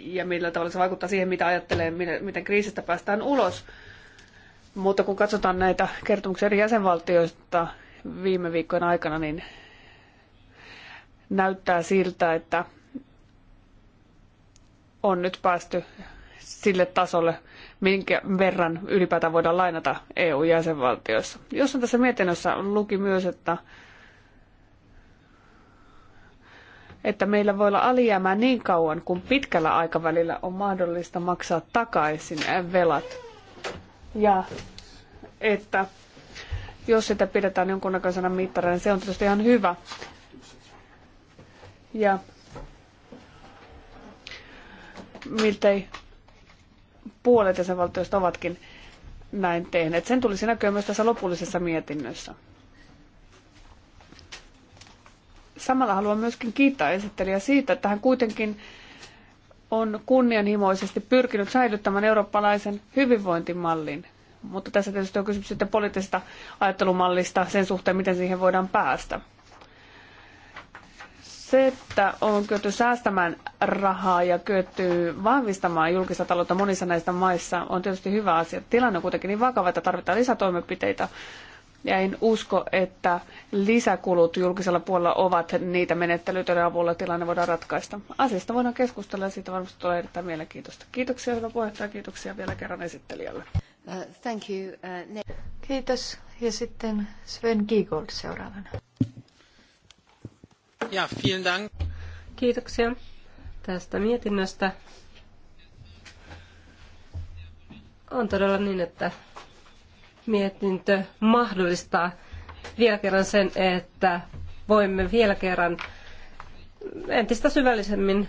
ja millä tavalla se vaikuttaa siihen, mitä ajattelee, miten kriisistä päästään ulos. Mutta kun katsotaan näitä kertomuksia eri jäsenvaltioista viime viikkojen aikana, niin näyttää siltä, että on nyt päästy sille tasolle, minkä verran ylipäätään voidaan lainata EU-jäsenvaltioissa. on tässä mietinnössä luki myös, että että meillä voi olla alijäämää niin kauan, kun pitkällä aikavälillä on mahdollista maksaa takaisin velat. Ja että jos sitä pidetään jonkunnäköisenä mittarina, niin se on tietysti ihan hyvä. Ja miltei puolet jäsenvaltioista ovatkin näin tehneet. Sen tulisi näkyä myös tässä lopullisessa mietinnössä. Samalla haluan myöskin kiittää esittelijä siitä, että hän kuitenkin on kunnianhimoisesti pyrkinyt säilyttämään eurooppalaisen hyvinvointimallin. Mutta tässä tietysti on kysymys sitten poliittisesta ajattelumallista sen suhteen, miten siihen voidaan päästä se, että on kyetty säästämään rahaa ja kyetty vahvistamaan julkista taloutta monissa näistä maissa, on tietysti hyvä asia. Tilanne on kuitenkin niin vakava, että tarvitaan lisätoimenpiteitä. Ja en usko, että lisäkulut julkisella puolella ovat niitä joiden avulla tilanne voidaan ratkaista. Asiasta voidaan keskustella ja siitä varmasti tulee erittäin mielenkiintoista. Kiitoksia hyvä puheenjohtaja, kiitoksia vielä kerran esittelijälle. Uh, thank you, uh, Kiitos. Ja sitten Sven Giegold seuraavana. Ja, vielen Dank. Kiitoksia tästä mietinnöstä. On todella niin, että mietintö mahdollistaa vielä kerran sen, että voimme vielä kerran entistä syvällisemmin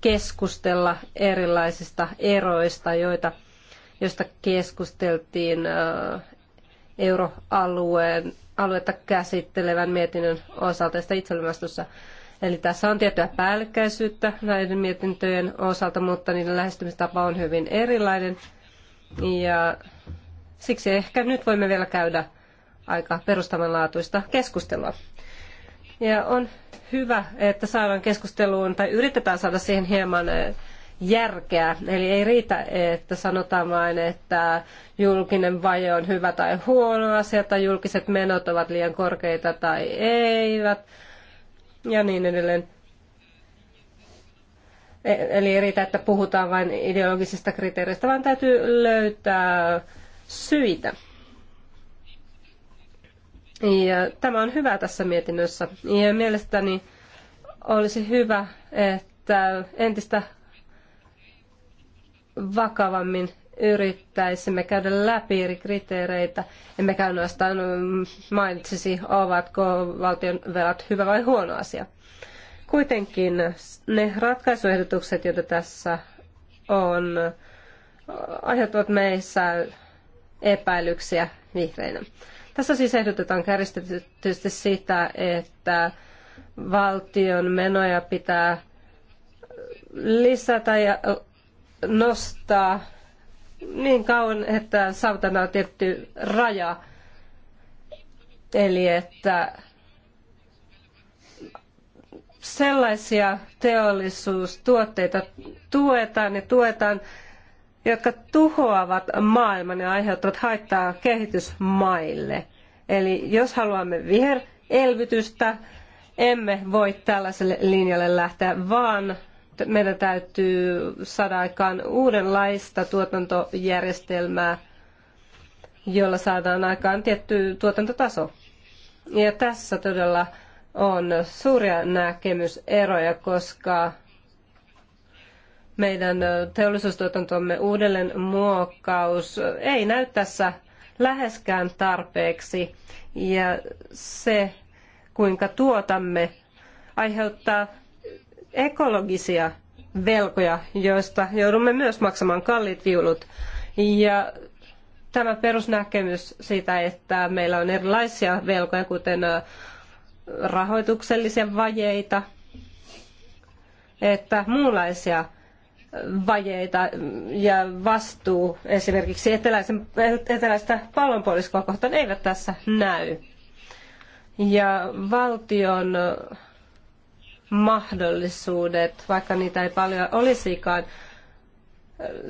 keskustella erilaisista eroista, joita, joista keskusteltiin euroalueen aluetta käsittelevän mietinnön osalta ja sitä Eli tässä on tiettyä päällekkäisyyttä näiden mietintöjen osalta, mutta niiden lähestymistapa on hyvin erilainen. Ja siksi ehkä nyt voimme vielä käydä aika perustavanlaatuista keskustelua. Ja on hyvä, että saadaan keskusteluun tai yritetään saada siihen hieman eh, järkeä. Eli ei riitä, että sanotaan vain, että julkinen vaje on hyvä tai huono asia, tai julkiset menot ovat liian korkeita tai eivät, ja niin edelleen. E, eli ei riitä, että puhutaan vain ideologisista kriteereistä, vaan täytyy löytää syitä. Ja tämä on hyvä tässä mietinnössä. Ja mielestäni olisi hyvä, että entistä vakavammin yrittäisimme käydä läpi eri kriteereitä, emmekä ainoastaan mm, mainitsisi, ovatko valtion velat hyvä vai huono asia. Kuitenkin ne ratkaisuehdotukset, joita tässä on, aiheuttavat meissä epäilyksiä vihreinä. Tässä siis ehdotetaan kärjistetysti sitä, että valtion menoja pitää lisätä ja nostaa niin kauan, että saavutana tietty raja. Eli että sellaisia teollisuustuotteita tuetaan ja tuetaan, jotka tuhoavat maailman ja aiheuttavat haittaa kehitysmaille. Eli jos haluamme viherelvytystä, emme voi tällaiselle linjalle lähteä, vaan meidän täytyy saada aikaan uudenlaista tuotantojärjestelmää, jolla saadaan aikaan tietty tuotantotaso. Ja tässä todella on suuria näkemyseroja, koska meidän teollisuustuotantomme uudelleen muokkaus ei näy tässä läheskään tarpeeksi. Ja se, kuinka tuotamme, aiheuttaa ekologisia velkoja, joista joudumme myös maksamaan kalliit viulut. Ja tämä perusnäkemys siitä, että meillä on erilaisia velkoja, kuten äh, rahoituksellisia vajeita, että muunlaisia vajeita ja vastuu esimerkiksi eteläisen, eteläistä pallonpuoliskoa kohtaan eivät tässä näy. Ja valtion mahdollisuudet, vaikka niitä ei paljon olisikaan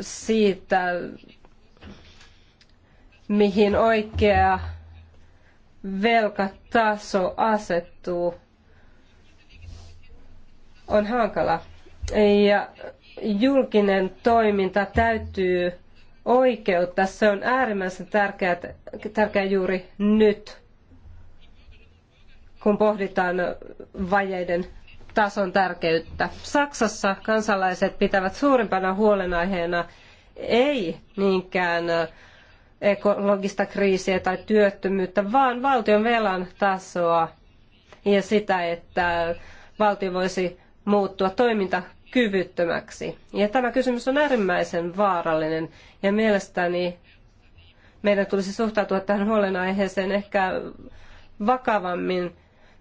siitä, mihin oikea velkataso asettuu, on hankala. Ja julkinen toiminta täytyy oikeuttaa. Se on äärimmäisen tärkeää, tärkeä juuri nyt, kun pohditaan vajeiden tason tärkeyttä. Saksassa kansalaiset pitävät suurimpana huolenaiheena ei niinkään ekologista kriisiä tai työttömyyttä, vaan valtion velan tasoa ja sitä, että valtio voisi muuttua toimintakyvyttömäksi. Ja tämä kysymys on äärimmäisen vaarallinen ja mielestäni meidän tulisi suhtautua tähän huolenaiheeseen ehkä vakavammin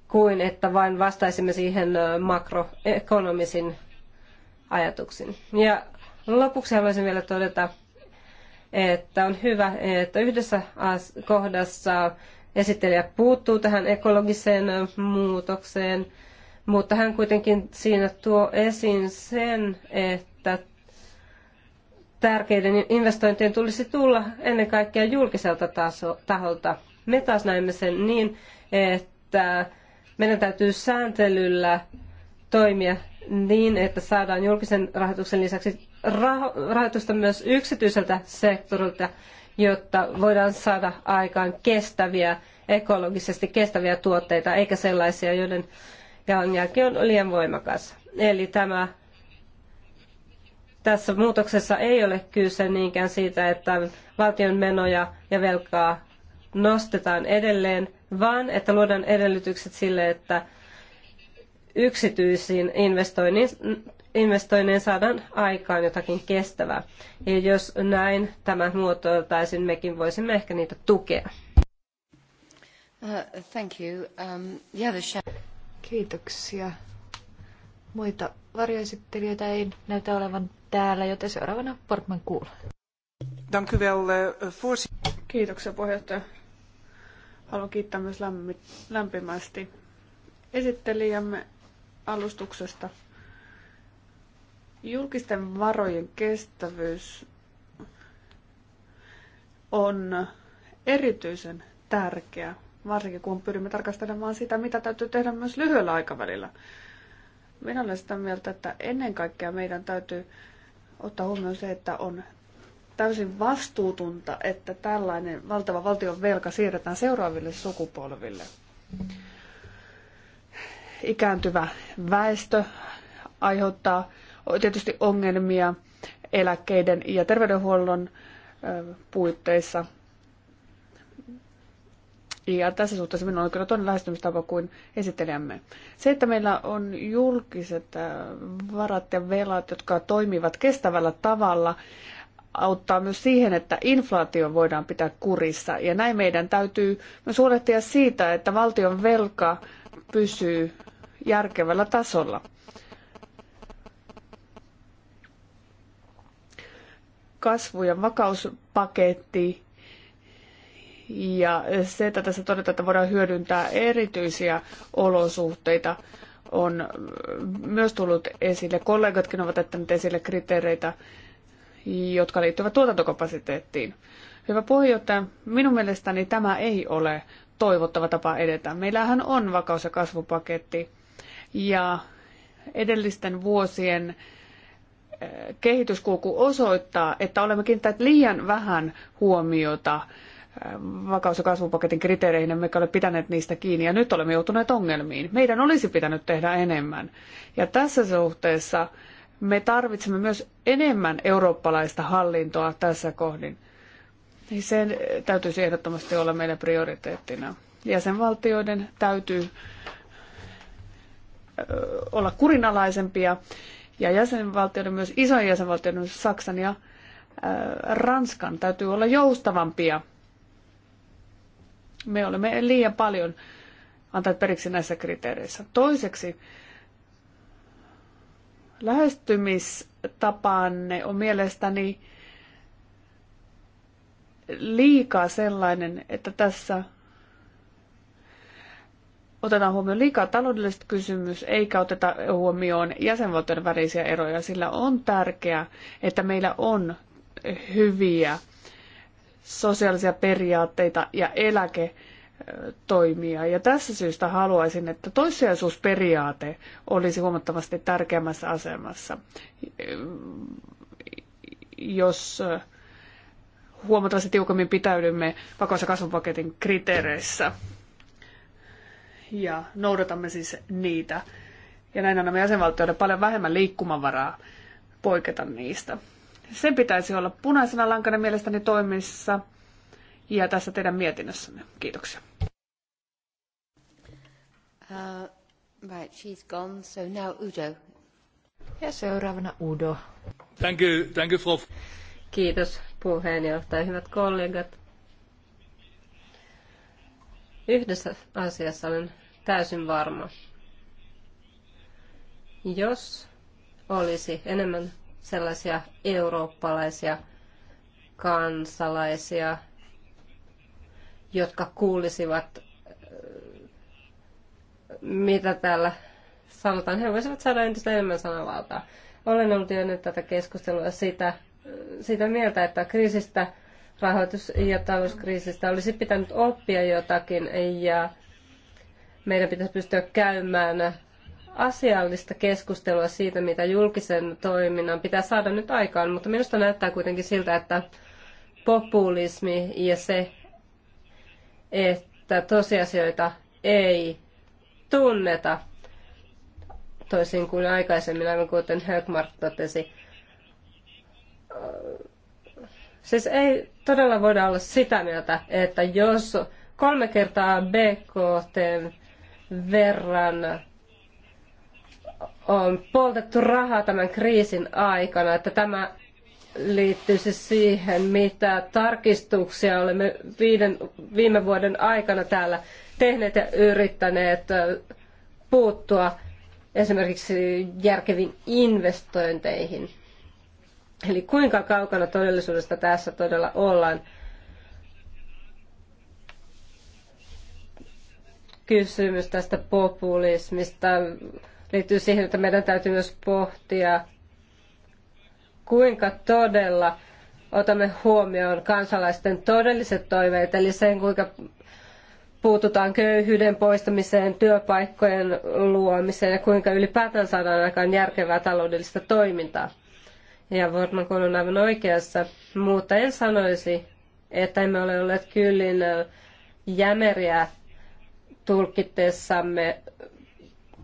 kuin että vain vastaisimme siihen makroekonomisin ajatuksin. Ja lopuksi haluaisin vielä todeta, että on hyvä, että yhdessä kohdassa esittelijä puuttuu tähän ekologiseen muutokseen, mutta hän kuitenkin siinä tuo esiin sen, että tärkeiden investointien tulisi tulla ennen kaikkea julkiselta taso, taholta. Me taas näemme sen niin, että meidän täytyy sääntelyllä toimia niin, että saadaan julkisen rahoituksen lisäksi rahoitusta myös yksityiseltä sektorilta, jotta voidaan saada aikaan kestäviä, ekologisesti kestäviä tuotteita, eikä sellaisia, joiden jalanjälki on liian voimakas. Eli tämä, tässä muutoksessa ei ole kyse niinkään siitä, että valtion menoja ja velkaa nostetaan edelleen, vaan että luodaan edellytykset sille, että yksityisiin investoinnin saadaan aikaan jotakin kestävää. Ja jos näin tämä muotoiltaisiin, mekin voisimme ehkä niitä tukea. Uh, thank you. Um, yeah, the Kiitoksia. Muita varjoesittelijöitä ei näytä olevan täällä, joten seuraavana Portman kuulee. Dank u wel, uh, Kiitoksia puheenjohtaja. Haluan kiittää myös lämpimästi esittelijämme alustuksesta. Julkisten varojen kestävyys on erityisen tärkeä, varsinkin kun pyrimme tarkastelemaan sitä, mitä täytyy tehdä myös lyhyellä aikavälillä. Minä olen sitä mieltä, että ennen kaikkea meidän täytyy ottaa huomioon se, että on täysin vastuutunta, että tällainen valtava valtion velka siirretään seuraaville sukupolville. Ikääntyvä väestö aiheuttaa tietysti ongelmia eläkkeiden ja terveydenhuollon puitteissa. Ja tässä suhteessa minulla on kyllä toinen lähestymistapa kuin esittelijämme. Se, että meillä on julkiset varat ja velat, jotka toimivat kestävällä tavalla, auttaa myös siihen, että inflaatio voidaan pitää kurissa. Ja näin meidän täytyy myös huolehtia siitä, että valtion velka pysyy järkevällä tasolla. Kasvu- ja vakauspaketti ja se, että tässä todetaan, että voidaan hyödyntää erityisiä olosuhteita, on myös tullut esille. Kollegatkin ovat ottaneet esille kriteereitä jotka liittyvät tuotantokapasiteettiin. Hyvä puheenjohtaja, minun mielestäni tämä ei ole toivottava tapa edetä. Meillähän on vakaus- ja kasvupaketti ja edellisten vuosien eh, kehityskulku osoittaa, että olemme kiinnittäneet liian vähän huomiota eh, vakaus- ja kasvupaketin kriteereihin, me ole pitäneet niistä kiinni, ja nyt olemme joutuneet ongelmiin. Meidän olisi pitänyt tehdä enemmän. Ja tässä suhteessa me tarvitsemme myös enemmän eurooppalaista hallintoa tässä kohdin. Niin sen täytyisi ehdottomasti olla meidän prioriteettina. Jäsenvaltioiden täytyy olla kurinalaisempia ja jäsenvaltioiden, myös isojen jäsenvaltioiden, Saksan ja Ranskan täytyy olla joustavampia. Me olemme liian paljon antaneet periksi näissä kriteereissä. Toiseksi lähestymistapaanne on mielestäni liikaa sellainen, että tässä otetaan huomioon liikaa taloudelliset kysymys, eikä oteta huomioon jäsenvaltioiden välisiä eroja, sillä on tärkeää, että meillä on hyviä sosiaalisia periaatteita ja eläke toimia. Ja tässä syystä haluaisin, että toissijaisuusperiaate olisi huomattavasti tärkeämmässä asemassa. Jos äh, huomattavasti tiukemmin pitäydymme vakaus- ja kasvupaketin kriteereissä ja noudatamme siis niitä. Ja näin annamme jäsenvaltioiden paljon vähemmän liikkumavaraa poiketa niistä. Sen pitäisi olla punaisena lankana mielestäni toimissa – ja tässä teidän mietinnössänne. Kiitoksia. Uh, right, she's gone, so now Udo. Ja seuraavana Udo. Thank you, thank you for... Kiitos puheenjohtaja, hyvät kollegat. Yhdessä asiassa olen täysin varma. Jos olisi enemmän sellaisia eurooppalaisia kansalaisia, jotka kuulisivat, äh, mitä täällä sanotaan. He voisivat saada entistä enemmän sanavaltaa. Olen ollut jo nyt tätä keskustelua sitä, sitä mieltä, että kriisistä, rahoitus- ja talouskriisistä olisi pitänyt oppia jotakin ja meidän pitäisi pystyä käymään asiallista keskustelua siitä, mitä julkisen toiminnan pitää saada nyt aikaan, mutta minusta näyttää kuitenkin siltä, että populismi ja se, että tosiasioita ei tunneta, toisin kuin aikaisemmin, aivan kuten Högmark totesi. Siis ei todella voida olla sitä mieltä, että jos kolme kertaa BKT verran on poltettu rahaa tämän kriisin aikana, että tämä se siihen, mitä tarkistuksia olemme viiden, viime vuoden aikana täällä tehneet ja yrittäneet puuttua esimerkiksi järkeviin investointeihin. Eli kuinka kaukana todellisuudesta tässä todella ollaan. Kysymys tästä populismista liittyy siihen, että meidän täytyy myös pohtia kuinka todella otamme huomioon kansalaisten todelliset toiveet, eli sen kuinka puututaan köyhyyden poistamiseen, työpaikkojen luomiseen ja kuinka ylipäätään saadaan aikaan järkevää taloudellista toimintaa. Ja Vorman on aivan oikeassa, mutta en sanoisi, että emme ole olleet kyllin jämeriä tulkitessamme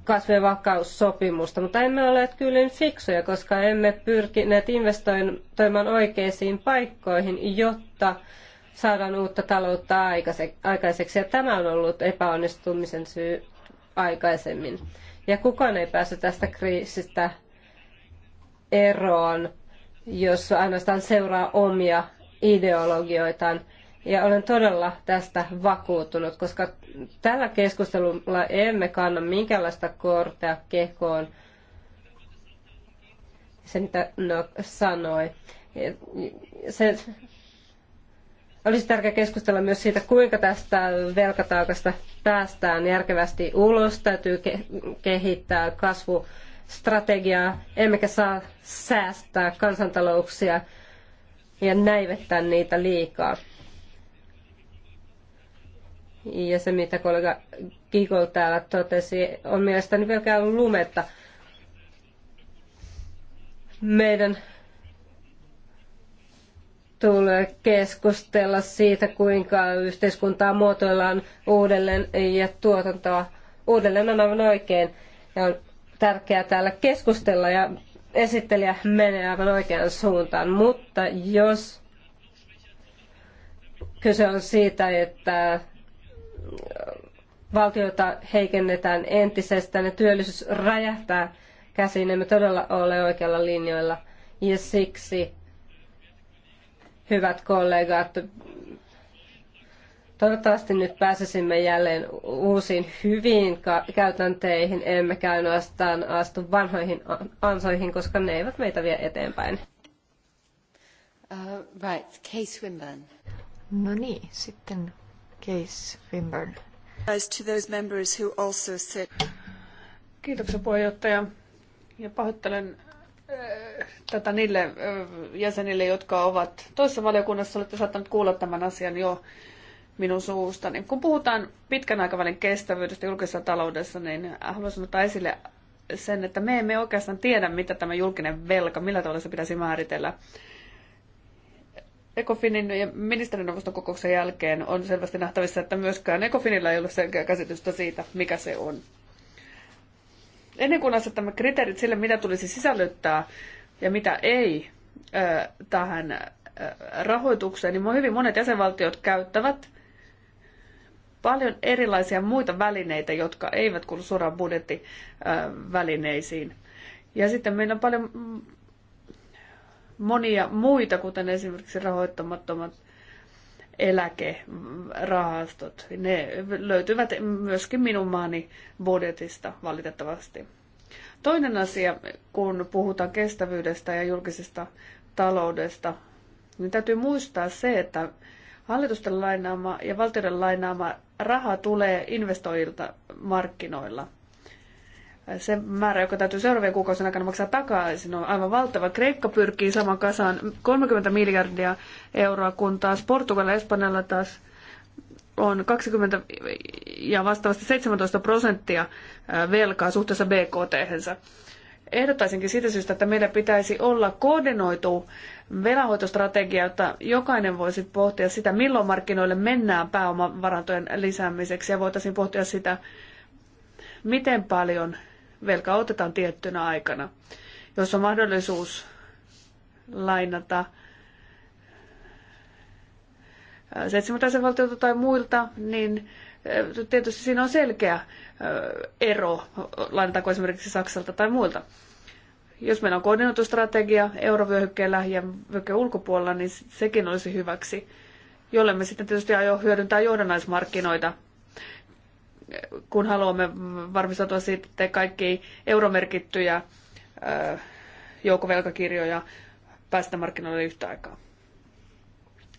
kasvojen vakaussopimusta, mutta emme ole kyllin fiksuja, koska emme pyrkineet investoimaan oikeisiin paikkoihin, jotta saadaan uutta taloutta aikaiseksi. Ja tämä on ollut epäonnistumisen syy aikaisemmin. Ja kukaan ei pääse tästä kriisistä eroon, jos ainoastaan seuraa omia ideologioitaan ja olen todella tästä vakuuttunut, koska tällä keskustelulla emme kanna minkäänlaista kortea kekoon. Se, mitä no, sanoi. Se, olisi tärkeää keskustella myös siitä, kuinka tästä velkataakasta päästään järkevästi ulos. Täytyy kehittää kasvustrategiaa, emmekä saa säästää kansantalouksia ja näivettää niitä liikaa. Ja se, mitä kollega Gigol täällä totesi, on mielestäni pelkää lumetta. Meidän tulee keskustella siitä, kuinka yhteiskuntaa muotoillaan uudelleen ja tuotantoa uudelleen on aivan oikein. Ja on tärkeää täällä keskustella ja esittelijä menee aivan oikeaan suuntaan. Mutta jos kyse on siitä, että valtiota heikennetään entisestään ja työllisyys räjähtää käsiin, emme todella ole oikealla linjoilla. Ja siksi, hyvät kollegat, toivottavasti nyt pääsisimme jälleen uusiin hyviin käytänteihin, emmekä ainoastaan astu vanhoihin ansoihin, koska ne eivät meitä vie eteenpäin. Uh, right, Case Swinburne. No niin, sitten Case Finburn. To those members who also sit. Kiitoksia puheenjohtaja. Ja pahoittelen äh, tätä niille äh, jäsenille, jotka ovat toisessa valiokunnassa. Olette saattaneet kuulla tämän asian jo minun suustani. Kun puhutaan pitkän aikavälin kestävyydestä julkisessa taloudessa, niin äh, haluaisin ottaa esille sen, että me emme oikeastaan tiedä, mitä tämä julkinen velka, millä tavalla se pitäisi määritellä. Ecofinin ja ministerineuvoston kokouksen jälkeen on selvästi nähtävissä, että myöskään Ecofinilla ei ole selkeä käsitystä siitä, mikä se on. Ennen kuin asetamme kriteerit sille, mitä tulisi sisällyttää ja mitä ei tähän rahoitukseen, niin hyvin monet jäsenvaltiot käyttävät paljon erilaisia muita välineitä, jotka eivät kuulu suoraan budjettivälineisiin. Ja sitten meillä on paljon monia muita, kuten esimerkiksi rahoittamattomat eläkerahastot. Ne löytyvät myöskin minun maani budjetista valitettavasti. Toinen asia, kun puhutaan kestävyydestä ja julkisesta taloudesta, niin täytyy muistaa se, että hallitusten lainaama ja valtioiden lainaama raha tulee investoijilta markkinoilla – se määrä, joka täytyy seuraavien kuukausien aikana maksaa takaisin, on aivan valtava. Kreikka pyrkii saman kasaan 30 miljardia euroa, kun taas Portugalilla ja Espanjalla taas on 20 ja vastaavasti 17 prosenttia velkaa suhteessa bkt -hänsä. Ehdottaisinkin siitä syystä, että meillä pitäisi olla koordinoitu velahoitostrategia, jotta jokainen voisi pohtia sitä, milloin markkinoille mennään pääomavarantojen lisäämiseksi ja voitaisiin pohtia sitä, miten paljon velka otetaan tiettynä aikana. Jos on mahdollisuus lainata seitsemältä valtiota tai muilta, niin tietysti siinä on selkeä ero, lainataanko esimerkiksi Saksalta tai muilta. Jos meillä on koordinoitustrategia eurovyöhykkeellä ja vyöhykkeen ulkopuolella, niin sekin olisi hyväksi, jolle me sitten tietysti aio hyödyntää johdannaismarkkinoita kun haluamme varmistautua siitä, että kaikki euromerkittyjä joukovelkakirjoja päästä markkinoille yhtä aikaa.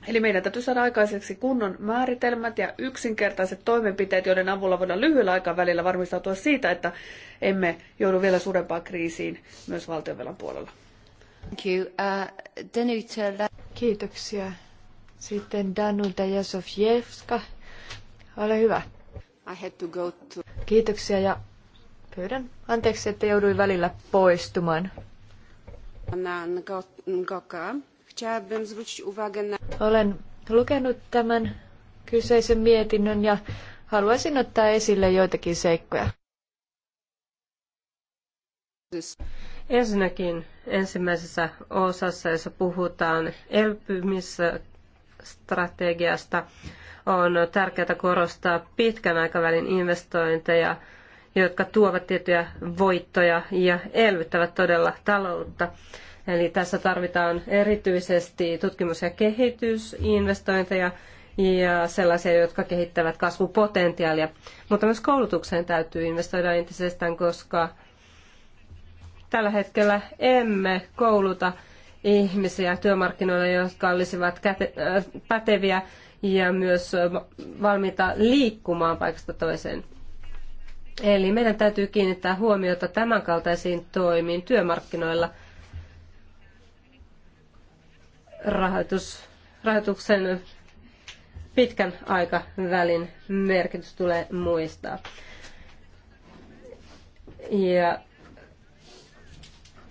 Eli meidän täytyy saada aikaiseksi kunnon määritelmät ja yksinkertaiset toimenpiteet, joiden avulla voidaan lyhyellä aikavälillä varmistautua siitä, että emme joudu vielä suurempaan kriisiin myös valtionvelan puolella. Thank you. Uh, Danuta... Kiitoksia. Sitten Danuta Jasovjevska. Ole hyvä. I had to go to... Kiitoksia ja pyydän anteeksi, että jouduin välillä poistumaan. Olen lukenut tämän kyseisen mietinnön ja haluaisin ottaa esille joitakin seikkoja. Ensinnäkin ensimmäisessä osassa, jossa puhutaan elpymisstrategiasta, on tärkeää korostaa pitkän aikavälin investointeja, jotka tuovat tiettyjä voittoja ja elvyttävät todella taloutta. Eli tässä tarvitaan erityisesti tutkimus- ja kehitysinvestointeja ja sellaisia, jotka kehittävät kasvupotentiaalia. Mutta myös koulutukseen täytyy investoida entisestään, koska tällä hetkellä emme kouluta ihmisiä työmarkkinoille, jotka olisivat äh, päteviä ja myös valmiita liikkumaan paikasta toiseen. Eli meidän täytyy kiinnittää huomiota tämänkaltaisiin toimiin työmarkkinoilla rahoitus, rahoituksen pitkän aikavälin merkitys tulee muistaa. Ja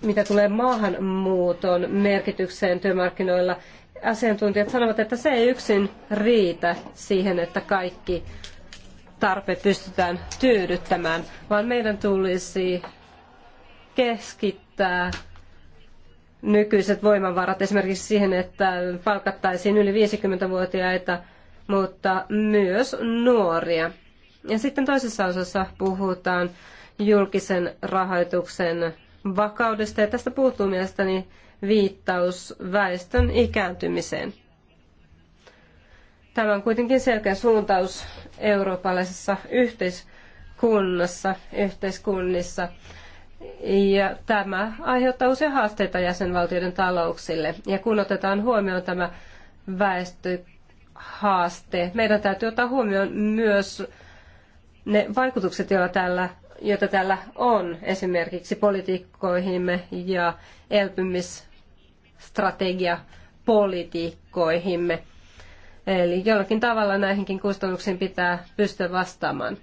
mitä tulee maahanmuuton merkitykseen työmarkkinoilla, asiantuntijat sanovat, että se ei yksin riitä siihen, että kaikki tarpeet pystytään tyydyttämään, vaan meidän tulisi keskittää nykyiset voimavarat esimerkiksi siihen, että palkattaisiin yli 50-vuotiaita, mutta myös nuoria. Ja sitten toisessa osassa puhutaan julkisen rahoituksen vakaudesta, ja tästä puuttuu mielestäni viittaus väestön ikääntymiseen. Tämä on kuitenkin selkeä suuntaus eurooppalaisessa yhteiskunnassa, yhteiskunnissa. Ja tämä aiheuttaa usein haasteita jäsenvaltioiden talouksille. Ja kun otetaan huomioon tämä väestöhaaste, meidän täytyy ottaa huomioon myös ne vaikutukset, joilla tällä, joita tällä on esimerkiksi politiikkoihimme ja elpymis strategiapolitiikkoihimme. Eli jollakin tavalla näihinkin kustannuksiin pitää pystyä vastaamaan.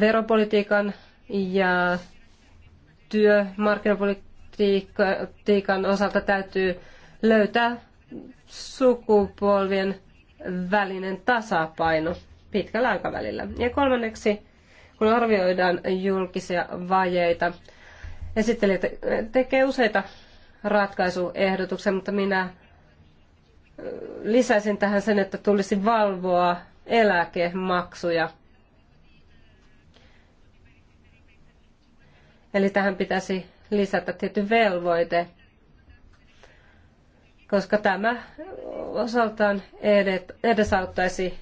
Veropolitiikan ja työmarkkinapolitiikan osalta täytyy löytää sukupolvien välinen tasapaino pitkällä aikavälillä. Ja kolmanneksi, kun arvioidaan julkisia vajeita, esittelijät tekee useita ratkaisuehdotuksen, mutta minä lisäisin tähän sen, että tulisi valvoa eläkemaksuja. Eli tähän pitäisi lisätä tietty velvoite, koska tämä osaltaan edesauttaisi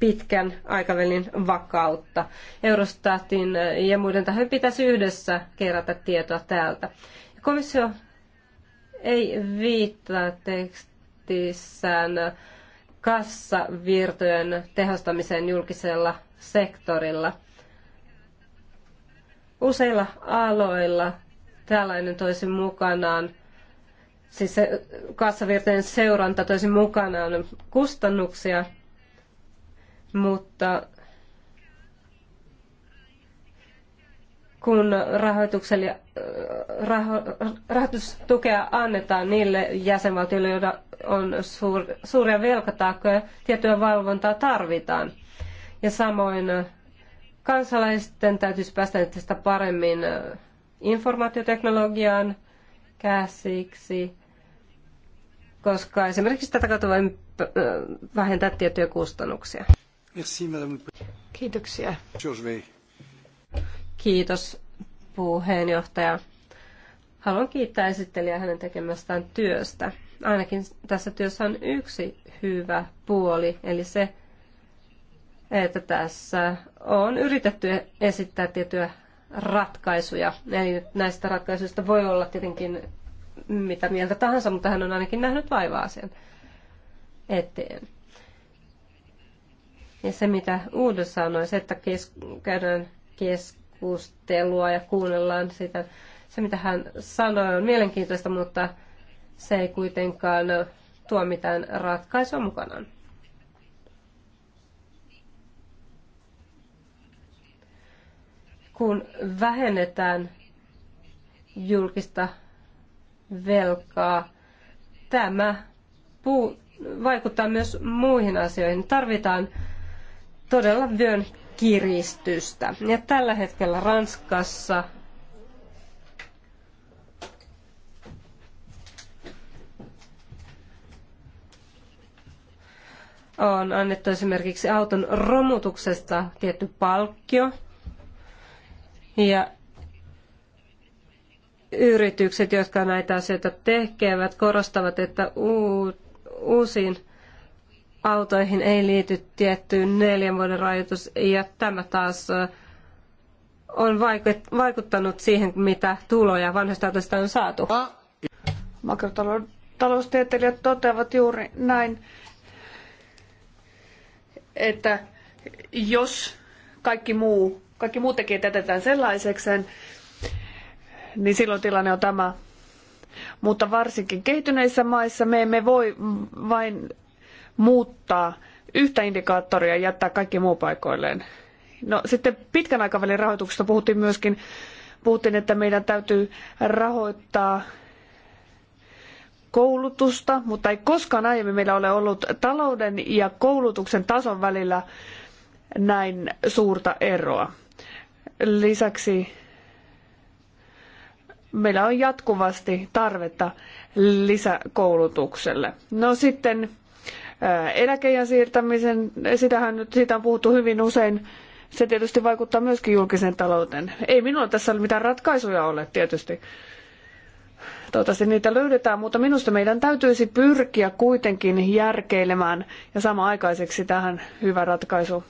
pitkän aikavälin vakautta. Eurostatin ja muiden tahojen pitäisi yhdessä kerätä tietoa täältä. Komissio ei viittaa tekstissään kassavirtojen tehostamiseen julkisella sektorilla. Useilla aloilla tällainen toisi mukanaan, siis se kassavirtojen seuranta toisi mukanaan kustannuksia, mutta kun rahoitukselle, äh, raho, rahoitustukea annetaan niille jäsenvaltioille, joilla on suur, suuria velkataakkoja, tiettyä valvontaa tarvitaan. Ja samoin äh, kansalaisten täytyisi päästä entistä paremmin äh, informaatioteknologiaan käsiksi, koska esimerkiksi tätä kautta voimme vähentää tiettyjä kustannuksia. Kiitoksia. Kiitos puheenjohtaja. Haluan kiittää esittelijää hänen tekemästään työstä. Ainakin tässä työssä on yksi hyvä puoli, eli se, että tässä on yritetty esittää tiettyjä ratkaisuja. Eli näistä ratkaisuista voi olla tietenkin mitä mieltä tahansa, mutta hän on ainakin nähnyt vaivaa sen eteen. Ja se, mitä Uudo sanoi, se, että kes- käydään kes- keskustelua ja kuunnellaan sitä. Se, mitä hän sanoi, on mielenkiintoista, mutta se ei kuitenkaan tuo mitään ratkaisua mukanaan. Kun vähennetään julkista velkaa, tämä vaikuttaa myös muihin asioihin. Tarvitaan todella vyön kiristystä. Ja tällä hetkellä Ranskassa on annettu esimerkiksi auton romutuksesta tietty palkkio. Ja yritykset, jotka näitä asioita tekevät, korostavat, että uusiin autoihin ei liity tietty neljän vuoden rajoitus ja tämä taas on vaikuttanut siihen, mitä tuloja vanhoista autoista on saatu. Makrotaloustieteilijät toteavat juuri näin, että jos kaikki muu, kaikki muu tekijät jätetään sellaisekseen, niin silloin tilanne on tämä. Mutta varsinkin kehittyneissä maissa me emme voi vain muuttaa yhtä indikaattoria ja jättää kaikki muu paikoilleen. No sitten pitkän aikavälin rahoituksesta puhuttiin myöskin, puhuttiin, että meidän täytyy rahoittaa koulutusta, mutta ei koskaan aiemmin meillä ole ollut talouden ja koulutuksen tason välillä näin suurta eroa. Lisäksi meillä on jatkuvasti tarvetta lisäkoulutukselle. No sitten eläkeijän siirtämisen. Sitähän nyt, siitä on puhuttu hyvin usein. Se tietysti vaikuttaa myöskin julkiseen talouteen. Ei minulla tässä ole mitään ratkaisuja ole tietysti. Toivottavasti niitä löydetään, mutta minusta meidän täytyisi pyrkiä kuitenkin järkeilemään ja sama aikaiseksi tähän hyvä ratkaisu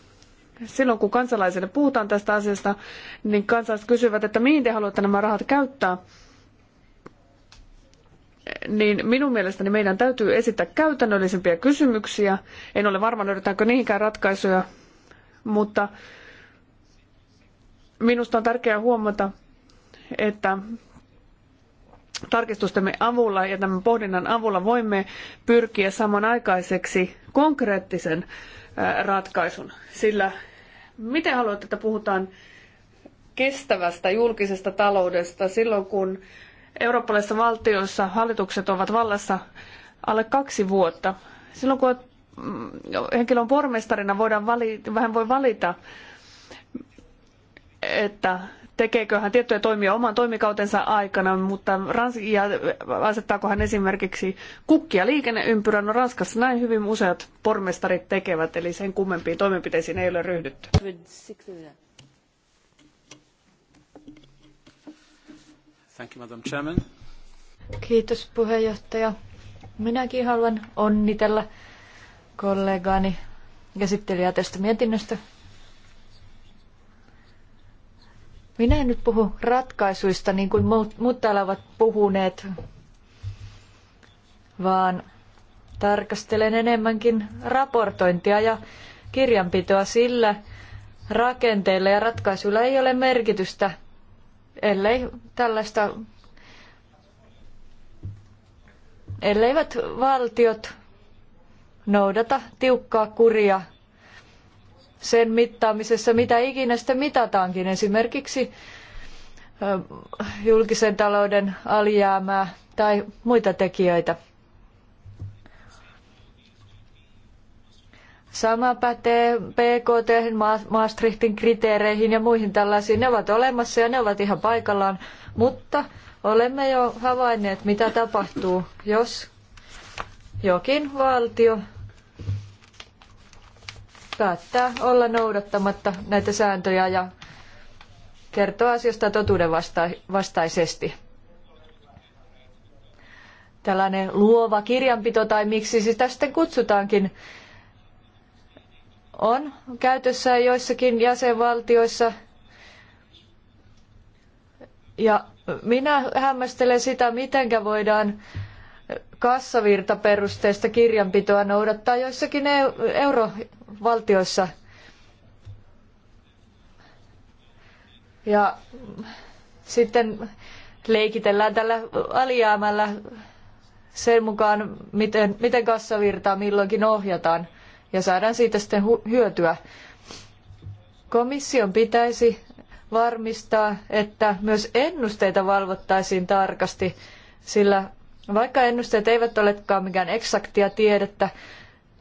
silloin kun kansalaisille puhutaan tästä asiasta, niin kansalaiset kysyvät, että mihin te haluatte nämä rahat käyttää niin minun mielestäni meidän täytyy esittää käytännöllisempiä kysymyksiä. En ole varma, löydetäänkö niihinkään ratkaisuja, mutta minusta on tärkeää huomata, että tarkistustemme avulla ja tämän pohdinnan avulla voimme pyrkiä samanaikaiseksi konkreettisen ratkaisun. Sillä miten haluatte, että puhutaan kestävästä julkisesta taloudesta silloin, kun eurooppalaisissa valtioissa hallitukset ovat vallassa alle kaksi vuotta. Silloin kun henkilön pormestarina voidaan vähän voi valita, että tekeekö hän tiettyjä toimia oman toimikautensa aikana, mutta rans- ja asettaako hän esimerkiksi kukkia liikenneympyrän. No Ranskassa näin hyvin useat pormestarit tekevät, eli sen kummempiin toimenpiteisiin ei ole ryhdytty. Thank you, Madam Chairman. Kiitos puheenjohtaja. Minäkin haluan onnitella kollegaani käsittelijää tästä mietinnöstä. Minä en nyt puhu ratkaisuista niin kuin muut täällä ovat puhuneet, vaan tarkastelen enemmänkin raportointia ja kirjanpitoa sillä rakenteilla ja ratkaisuilla ei ole merkitystä ellei tällaista elleivät valtiot noudata tiukkaa kuria sen mittaamisessa, mitä ikinä sitä mitataankin, esimerkiksi julkisen talouden alijäämää tai muita tekijöitä. Sama pätee PKT, Maastrichtin kriteereihin ja muihin tällaisiin. Ne ovat olemassa ja ne ovat ihan paikallaan, mutta olemme jo havainneet, mitä tapahtuu, jos jokin valtio päättää olla noudattamatta näitä sääntöjä ja kertoa asiasta totuuden vasta- vastaisesti. Tällainen luova kirjanpito tai miksi sitä sitten kutsutaankin, on käytössä joissakin jäsenvaltioissa. Ja minä hämmästelen sitä, mitenkä voidaan kassavirtaperusteista kirjanpitoa noudattaa joissakin eurovaltioissa. Ja sitten leikitellään tällä alijäämällä sen mukaan, miten, miten kassavirtaa milloinkin ohjataan – ja saadaan siitä sitten hyötyä. Komission pitäisi varmistaa, että myös ennusteita valvottaisiin tarkasti, sillä vaikka ennusteet eivät olekaan mikään eksaktia tiedettä,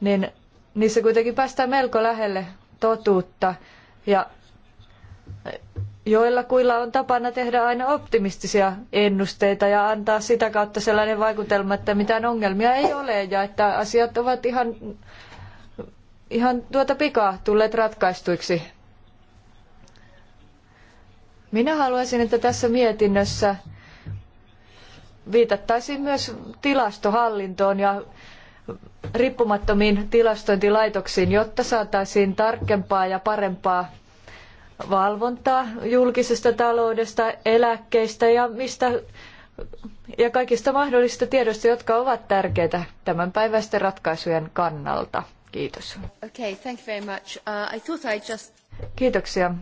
niin niissä kuitenkin päästään melko lähelle totuutta. Ja joilla kuilla on tapana tehdä aina optimistisia ennusteita ja antaa sitä kautta sellainen vaikutelma, että mitään ongelmia ei ole ja että asiat ovat ihan ihan tuota pikaa tulleet ratkaistuiksi. Minä haluaisin, että tässä mietinnössä viitattaisiin myös tilastohallintoon ja riippumattomiin tilastointilaitoksiin, jotta saataisiin tarkempaa ja parempaa valvontaa julkisesta taloudesta, eläkkeistä ja, mistä, ja kaikista mahdollisista tiedoista, jotka ovat tärkeitä tämänpäiväisten ratkaisujen kannalta. Kiitos. Okay, thank you very much. Uh, I thought I just... Kiitoksia.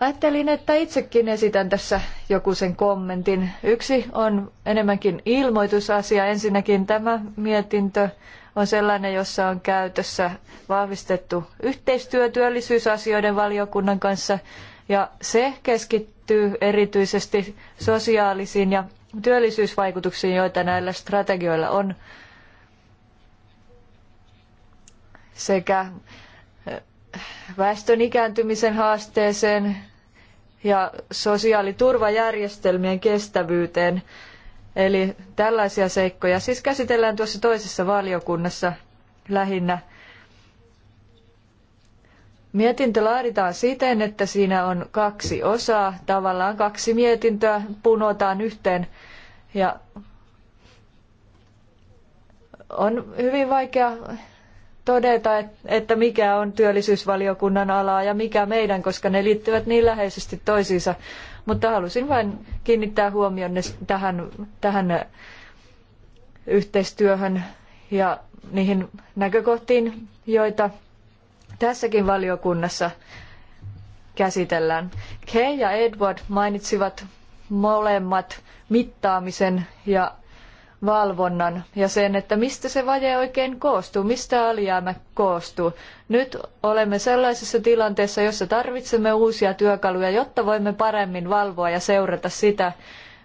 Ajattelin, että itsekin esitän tässä joku sen kommentin. Yksi on enemmänkin ilmoitusasia. Ensinnäkin tämä mietintö on sellainen, jossa on käytössä vahvistettu yhteistyö työllisyysasioiden valiokunnan kanssa. Ja se keskittyy erityisesti sosiaalisiin ja työllisyysvaikutuksiin, joita näillä strategioilla on sekä eh, väestön ikääntymisen haasteeseen ja sosiaaliturvajärjestelmien kestävyyteen. Eli tällaisia seikkoja siis käsitellään tuossa toisessa valiokunnassa lähinnä. Mietintö laaditaan siten, että siinä on kaksi osaa, tavallaan kaksi mietintöä punotaan yhteen ja on hyvin vaikea todeta, että mikä on työllisyysvaliokunnan alaa ja mikä meidän, koska ne liittyvät niin läheisesti toisiinsa. Mutta halusin vain kiinnittää huomionne tähän, tähän yhteistyöhön ja niihin näkökohtiin, joita tässäkin valiokunnassa käsitellään. Kay ja Edward mainitsivat molemmat mittaamisen ja valvonnan ja sen, että mistä se vaje oikein koostuu, mistä alijäämä koostuu. Nyt olemme sellaisessa tilanteessa, jossa tarvitsemme uusia työkaluja, jotta voimme paremmin valvoa ja seurata sitä,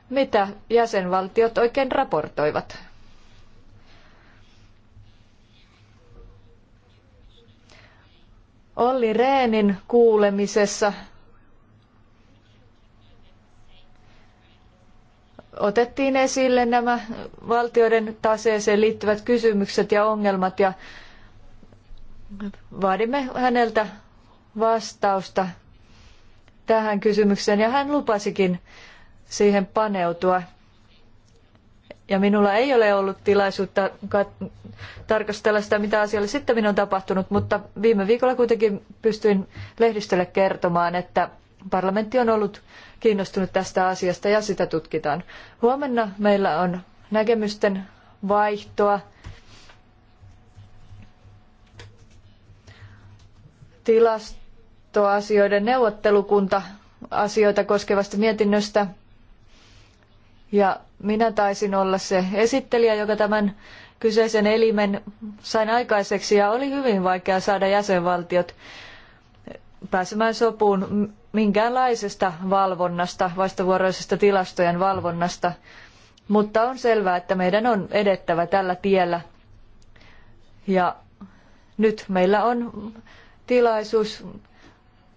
mitä jäsenvaltiot oikein raportoivat. Olli Reenin kuulemisessa otettiin esille nämä valtioiden taseeseen liittyvät kysymykset ja ongelmat ja vaadimme häneltä vastausta tähän kysymykseen ja hän lupasikin siihen paneutua. Ja minulla ei ole ollut tilaisuutta tarkastella sitä, mitä asialle sitten minun on tapahtunut, mutta viime viikolla kuitenkin pystyin lehdistölle kertomaan, että Parlamentti on ollut kiinnostunut tästä asiasta ja sitä tutkitaan. Huomenna meillä on näkemysten vaihtoa. tilastoasioiden neuvottelukunta asioita koskevasta mietinnöstä. Ja minä taisin olla se esittelijä, joka tämän kyseisen elimen sain aikaiseksi ja oli hyvin vaikea saada jäsenvaltiot pääsemään sopuun minkäänlaisesta valvonnasta, vastavuoroisesta tilastojen valvonnasta, mutta on selvää, että meidän on edettävä tällä tiellä. Ja nyt meillä on tilaisuus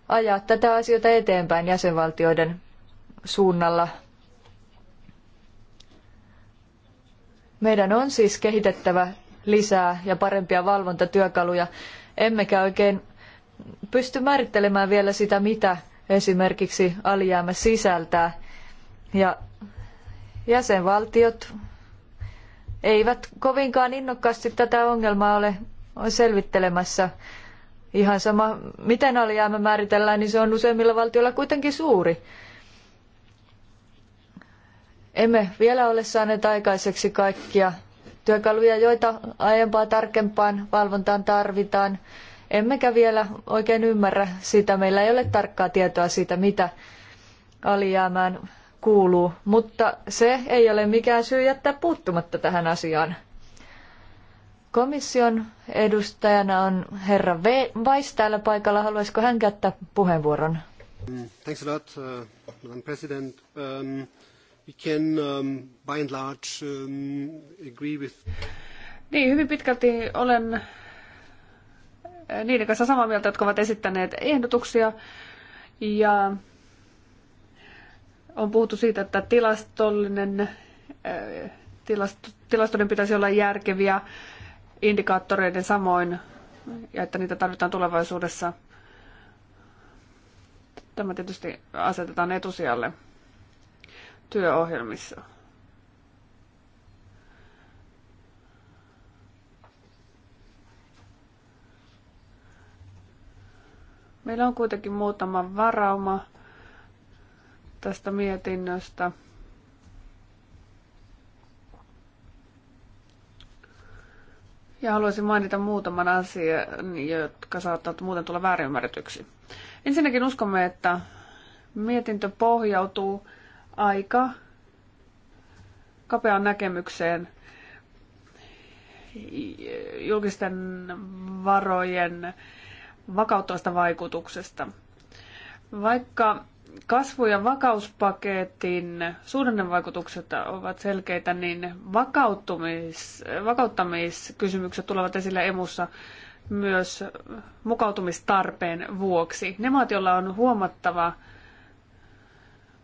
ajaa tätä asiaa eteenpäin jäsenvaltioiden suunnalla. Meidän on siis kehitettävä lisää ja parempia valvontatyökaluja, emmekä oikein pysty määrittelemään vielä sitä, mitä esimerkiksi alijäämä sisältää. Ja jäsenvaltiot eivät kovinkaan innokkaasti tätä ongelmaa ole selvittelemässä. Ihan sama, miten alijäämä määritellään, niin se on useimmilla valtioilla kuitenkin suuri. Emme vielä ole saaneet aikaiseksi kaikkia työkaluja, joita aiempaa tarkempaan valvontaan tarvitaan. Emmekä vielä oikein ymmärrä sitä. Meillä ei ole tarkkaa tietoa siitä, mitä alijäämään kuuluu, mutta se ei ole mikään syy jättää puuttumatta tähän asiaan. Komission edustajana on herra Weiss täällä paikalla. Haluaisiko hän käyttää puheenvuoron? Mm, thanks a lot, uh, Madam President. Um, we can um, by and large um, agree with... Niin, hyvin pitkälti olen niiden kanssa samaa mieltä, jotka ovat esittäneet ehdotuksia. Ja on puhuttu siitä, että tilastollinen, eh, tilasto, tilastoiden pitäisi olla järkeviä indikaattoreiden samoin ja että niitä tarvitaan tulevaisuudessa. Tämä tietysti asetetaan etusijalle työohjelmissa. Meillä on kuitenkin muutama varauma tästä mietinnöstä. Ja haluaisin mainita muutaman asian, jotka saattavat muuten tulla väärinymmärretyksi. Ensinnäkin uskomme, että mietintö pohjautuu aika kapeaan näkemykseen julkisten varojen vakauttavasta vaikutuksesta. Vaikka kasvu- ja vakauspaketin suhdannevaikutukset ovat selkeitä, niin vakauttamis, vakauttamiskysymykset tulevat esille emussa myös mukautumistarpeen vuoksi. Ne maat, joilla on huomattava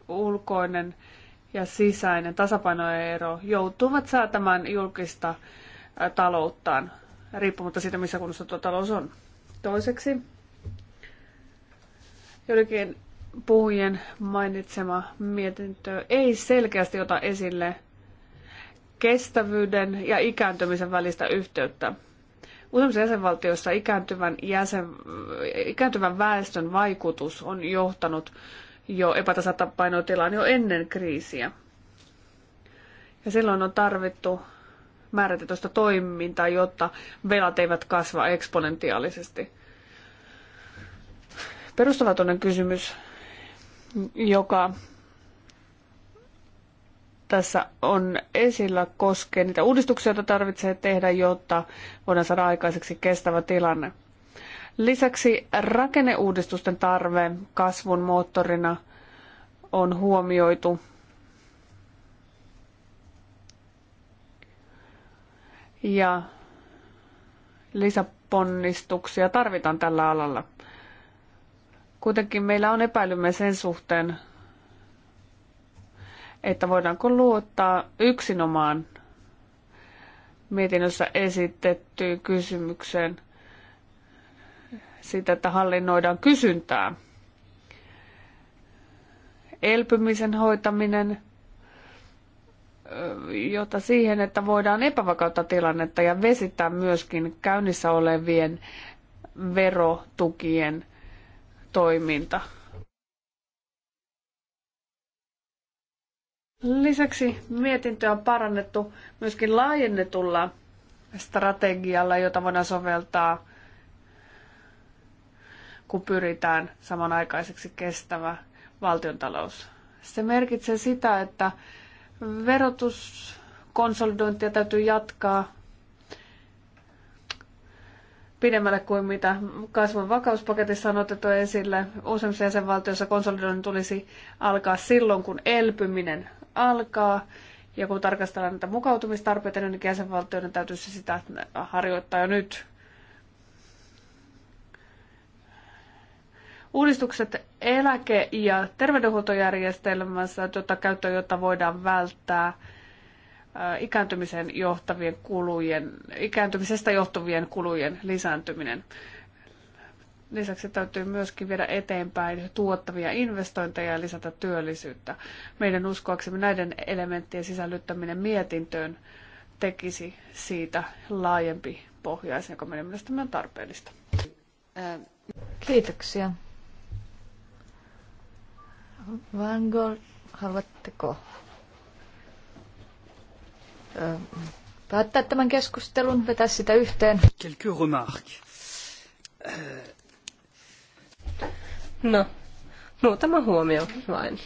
ulkoinen ja sisäinen tasapainoero, joutuvat säätämään julkista talouttaan riippumatta siitä, missä kunnossa tuo talous on. Toiseksi joidenkin puhujien mainitsema mietintö ei selkeästi ota esille kestävyyden ja ikääntymisen välistä yhteyttä. Useimmissa jäsenvaltioissa ikääntyvän, jäsen, ikääntyvän väestön vaikutus on johtanut jo epätasapainotilaan jo ennen kriisiä. Ja silloin on tarvittu määrätietoista toimintaa, jotta velat eivät kasva eksponentiaalisesti. Perustavatoinen kysymys, joka tässä on esillä, koskee niitä uudistuksia, joita tarvitsee tehdä, jotta voidaan saada aikaiseksi kestävä tilanne. Lisäksi rakenneuudistusten tarve kasvun moottorina on huomioitu ja lisäponnistuksia tarvitaan tällä alalla. Kuitenkin meillä on epäilymme sen suhteen, että voidaanko luottaa yksinomaan mietinnössä esitettyyn kysymykseen siitä, että hallinnoidaan kysyntää. Elpymisen hoitaminen jota siihen, että voidaan epävakautta tilannetta ja vesittää myöskin käynnissä olevien verotukien toiminta. Lisäksi mietintöä on parannettu myöskin laajennetulla strategialla, jota voidaan soveltaa, kun pyritään samanaikaiseksi kestävä valtiontalous. Se merkitsee sitä, että Verotuskonsolidointia täytyy jatkaa pidemmälle kuin mitä kasvun vakauspaketissa on otettu esille. Useimmissa jäsenvaltioissa konsolidoinnin tulisi alkaa silloin, kun elpyminen alkaa. Ja kun tarkastellaan näitä mukautumistarpeita, niin jäsenvaltioiden täytyisi sitä harjoittaa jo nyt. uudistukset eläke- ja terveydenhuoltojärjestelmässä tuota käyttöön, jotta voidaan välttää ikääntymisen johtavien kulujen, ikääntymisestä johtuvien kulujen lisääntyminen. Lisäksi täytyy myöskin viedä eteenpäin tuottavia investointeja ja lisätä työllisyyttä. Meidän uskoaksemme näiden elementtien sisällyttäminen mietintöön tekisi siitä laajempi pohjaisen, joka meidän mielestämme on tarpeellista. Kiitoksia. Van Gogh, haluatteko päättää tämän keskustelun, vetää sitä yhteen? Quelques remarques. No, muutama huomio vain.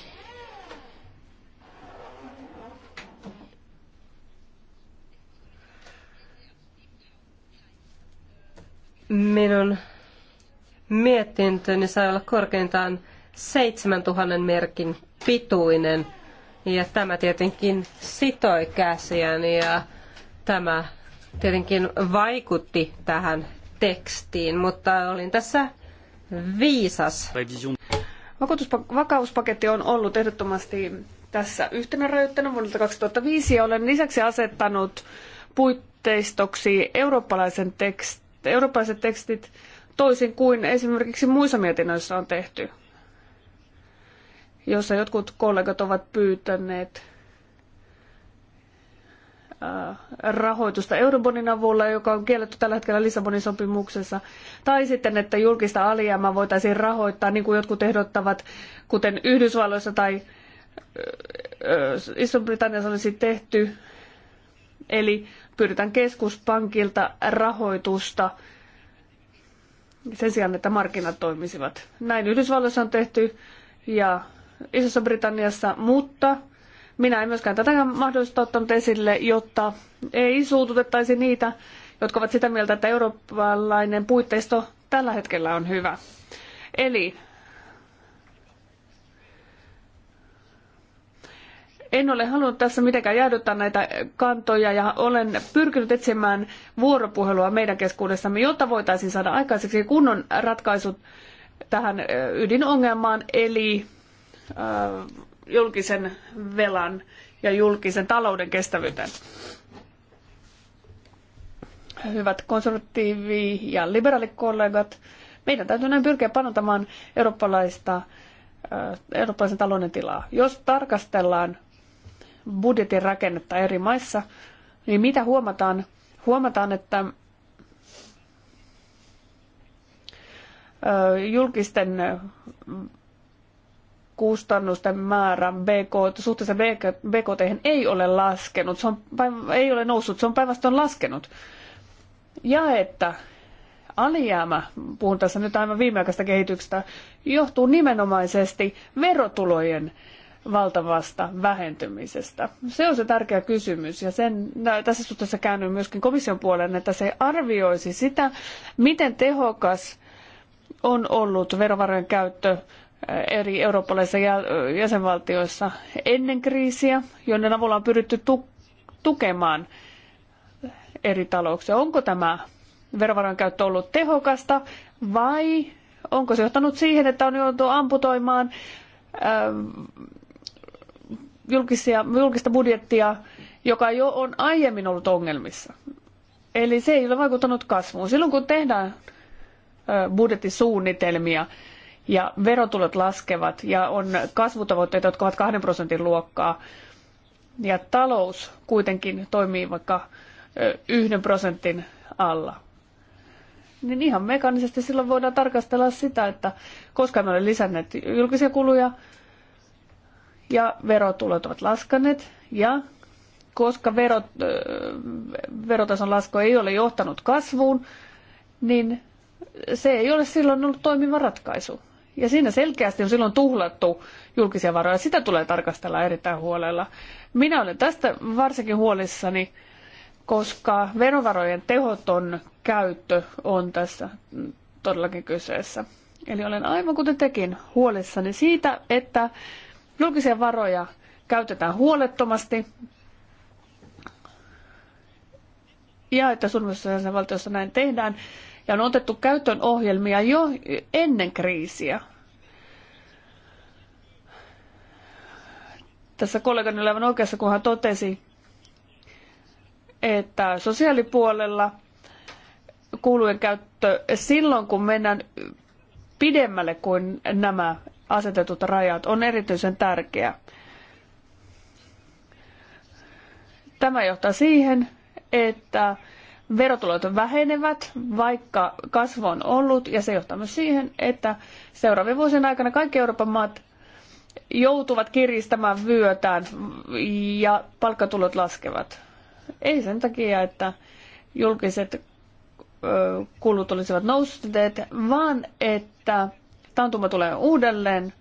Minun mietintöni sai olla korkeintaan 7000 merkin pituinen. Ja tämä tietenkin sitoi käsiäni ja tämä tietenkin vaikutti tähän tekstiin, mutta olin tässä viisas. Vakauspaketti on ollut ehdottomasti tässä yhtenä rajoitteena vuodelta 2005 ja olen lisäksi asettanut puitteistoksi eurooppalaisen tekst, eurooppalaiset tekstit toisin kuin esimerkiksi muissa mietinnöissä on tehty jossa jotkut kollegat ovat pyytäneet äh, rahoitusta Eurobonin avulla, joka on kielletty tällä hetkellä Lissabonin sopimuksessa, tai sitten, että julkista alijäämää voitaisiin rahoittaa, niin kuin jotkut ehdottavat, kuten Yhdysvalloissa tai äh, äh, Iso-Britanniassa olisi tehty. Eli pyydetään keskuspankilta rahoitusta sen sijaan, että markkinat toimisivat. Näin Yhdysvalloissa on tehty ja Isossa Britanniassa, mutta minä en myöskään tätä mahdollisuutta ottanut esille, jotta ei suututettaisi niitä, jotka ovat sitä mieltä, että eurooppalainen puitteisto tällä hetkellä on hyvä. Eli en ole halunnut tässä mitenkään jäädyttää näitä kantoja ja olen pyrkinyt etsimään vuoropuhelua meidän keskuudessamme, jotta voitaisiin saada aikaiseksi kunnon ratkaisut tähän ydinongelmaan, eli Äh, julkisen velan ja julkisen talouden kestävyyteen. Hyvät konservatiivi- ja liberaalikollegat, meidän täytyy näin pyrkiä panotamaan eurooppalaista, äh, eurooppalaisen talouden tilaa. Jos tarkastellaan budjetin rakennetta eri maissa, niin mitä huomataan? Huomataan, että äh, julkisten kustannusten määrä BK, suhteessa BKT ei ole laskenut, se on, ei ole noussut, se on päinvastoin laskenut. Ja että alijäämä, puhun tässä nyt aivan viimeaikaista kehityksestä, johtuu nimenomaisesti verotulojen valtavasta vähentymisestä. Se on se tärkeä kysymys ja sen, tässä suhteessa käännyin myöskin komission puolen, että se arvioisi sitä, miten tehokas on ollut verovarojen käyttö eri eurooppalaisissa jäsenvaltioissa ennen kriisiä, joiden avulla on pyritty tukemaan eri talouksia. Onko tämä verovarojen käyttö ollut tehokasta vai onko se johtanut siihen, että on jouduttu amputoimaan julkisia, julkista budjettia, joka jo on aiemmin ollut ongelmissa. Eli se ei ole vaikuttanut kasvuun. Silloin kun tehdään budjettisuunnitelmia, ja verotulot laskevat ja on kasvutavoitteita, jotka ovat kahden prosentin luokkaa. Ja talous kuitenkin toimii vaikka yhden prosentin alla. Niin ihan mekaanisesti silloin voidaan tarkastella sitä, että koska me olemme lisänneet julkisia kuluja ja verotulot ovat laskeneet ja koska verot, verotason lasku ei ole johtanut kasvuun, niin se ei ole silloin ollut toimiva ratkaisu. Ja siinä selkeästi on silloin tuhlattu julkisia varoja. Sitä tulee tarkastella erittäin huolella. Minä olen tästä varsinkin huolissani, koska verovarojen tehoton käyttö on tässä todellakin kyseessä. Eli olen aivan kuten tekin huolissani siitä, että julkisia varoja käytetään huolettomasti ja että suurimmassa valtiossa näin tehdään ja on otettu käyttöön ohjelmia jo ennen kriisiä. Tässä kollegani oli aivan oikeassa, kun hän totesi, että sosiaalipuolella kuulujen käyttö silloin, kun mennään pidemmälle kuin nämä asetetut rajat, on erityisen tärkeä. Tämä johtaa siihen, että verotulot vähenevät, vaikka kasvu on ollut, ja se johtaa myös siihen, että seuraavien vuosien aikana kaikki Euroopan maat joutuvat kiristämään vyötään ja palkkatulot laskevat. Ei sen takia, että julkiset kulut olisivat nousseet, vaan että taantuma tulee uudelleen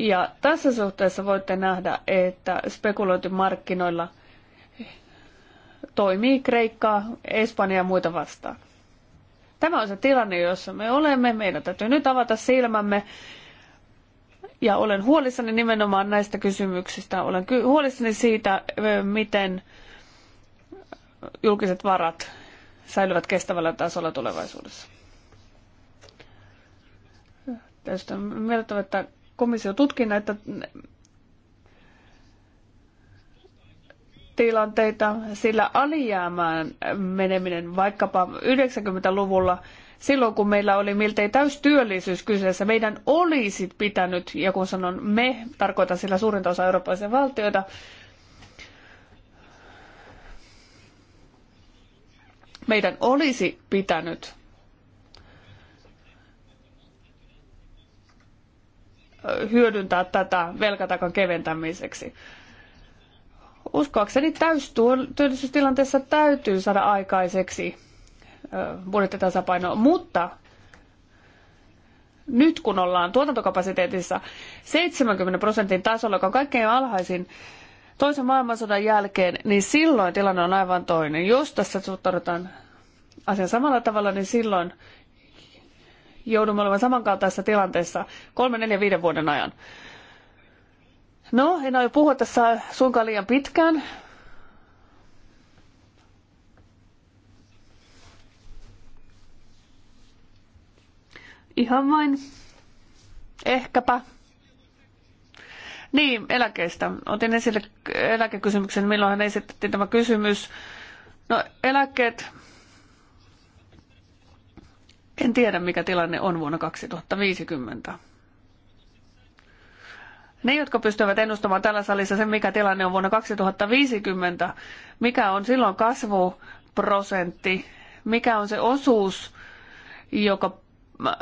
Ja tässä suhteessa voitte nähdä, että spekulointimarkkinoilla toimii Kreikkaa, Espanjaa ja muita vastaan. Tämä on se tilanne, jossa me olemme. Meidän täytyy nyt avata silmämme. Ja olen huolissani nimenomaan näistä kysymyksistä. Olen huolissani siitä, miten julkiset varat säilyvät kestävällä tasolla tulevaisuudessa. Tästä on että komissio tutkii näitä tilanteita, sillä alijäämään meneminen vaikkapa 90-luvulla silloin kun meillä oli miltei täystyöllisyys kyseessä, meidän olisi pitänyt, ja kun sanon me, tarkoitan sillä suurinta osa eurooppalaisia valtioita, meidän olisi pitänyt hyödyntää tätä velkatakan keventämiseksi. Uskoakseni täystyöllisyystilanteessa täytyy saada aikaiseksi budjettitasapaino, mutta nyt kun ollaan tuotantokapasiteetissa 70 prosentin tasolla, joka on kaikkein alhaisin toisen maailmansodan jälkeen, niin silloin tilanne on aivan toinen. Jos tässä suhtaudutaan asian samalla tavalla, niin silloin joudumme olemaan samankaltaisessa tilanteessa kolme, neljä, viiden vuoden ajan. No, en aio puhua tässä suinkaan liian pitkään. Ihan vain. Ehkäpä. Niin, eläkeistä. Otin esille eläkekysymyksen, milloin hän esitettiin tämä kysymys. No, eläkkeet en tiedä, mikä tilanne on vuonna 2050. Ne, jotka pystyvät ennustamaan tällä salissa sen, mikä tilanne on vuonna 2050, mikä on silloin kasvuprosentti, mikä on se osuus, joka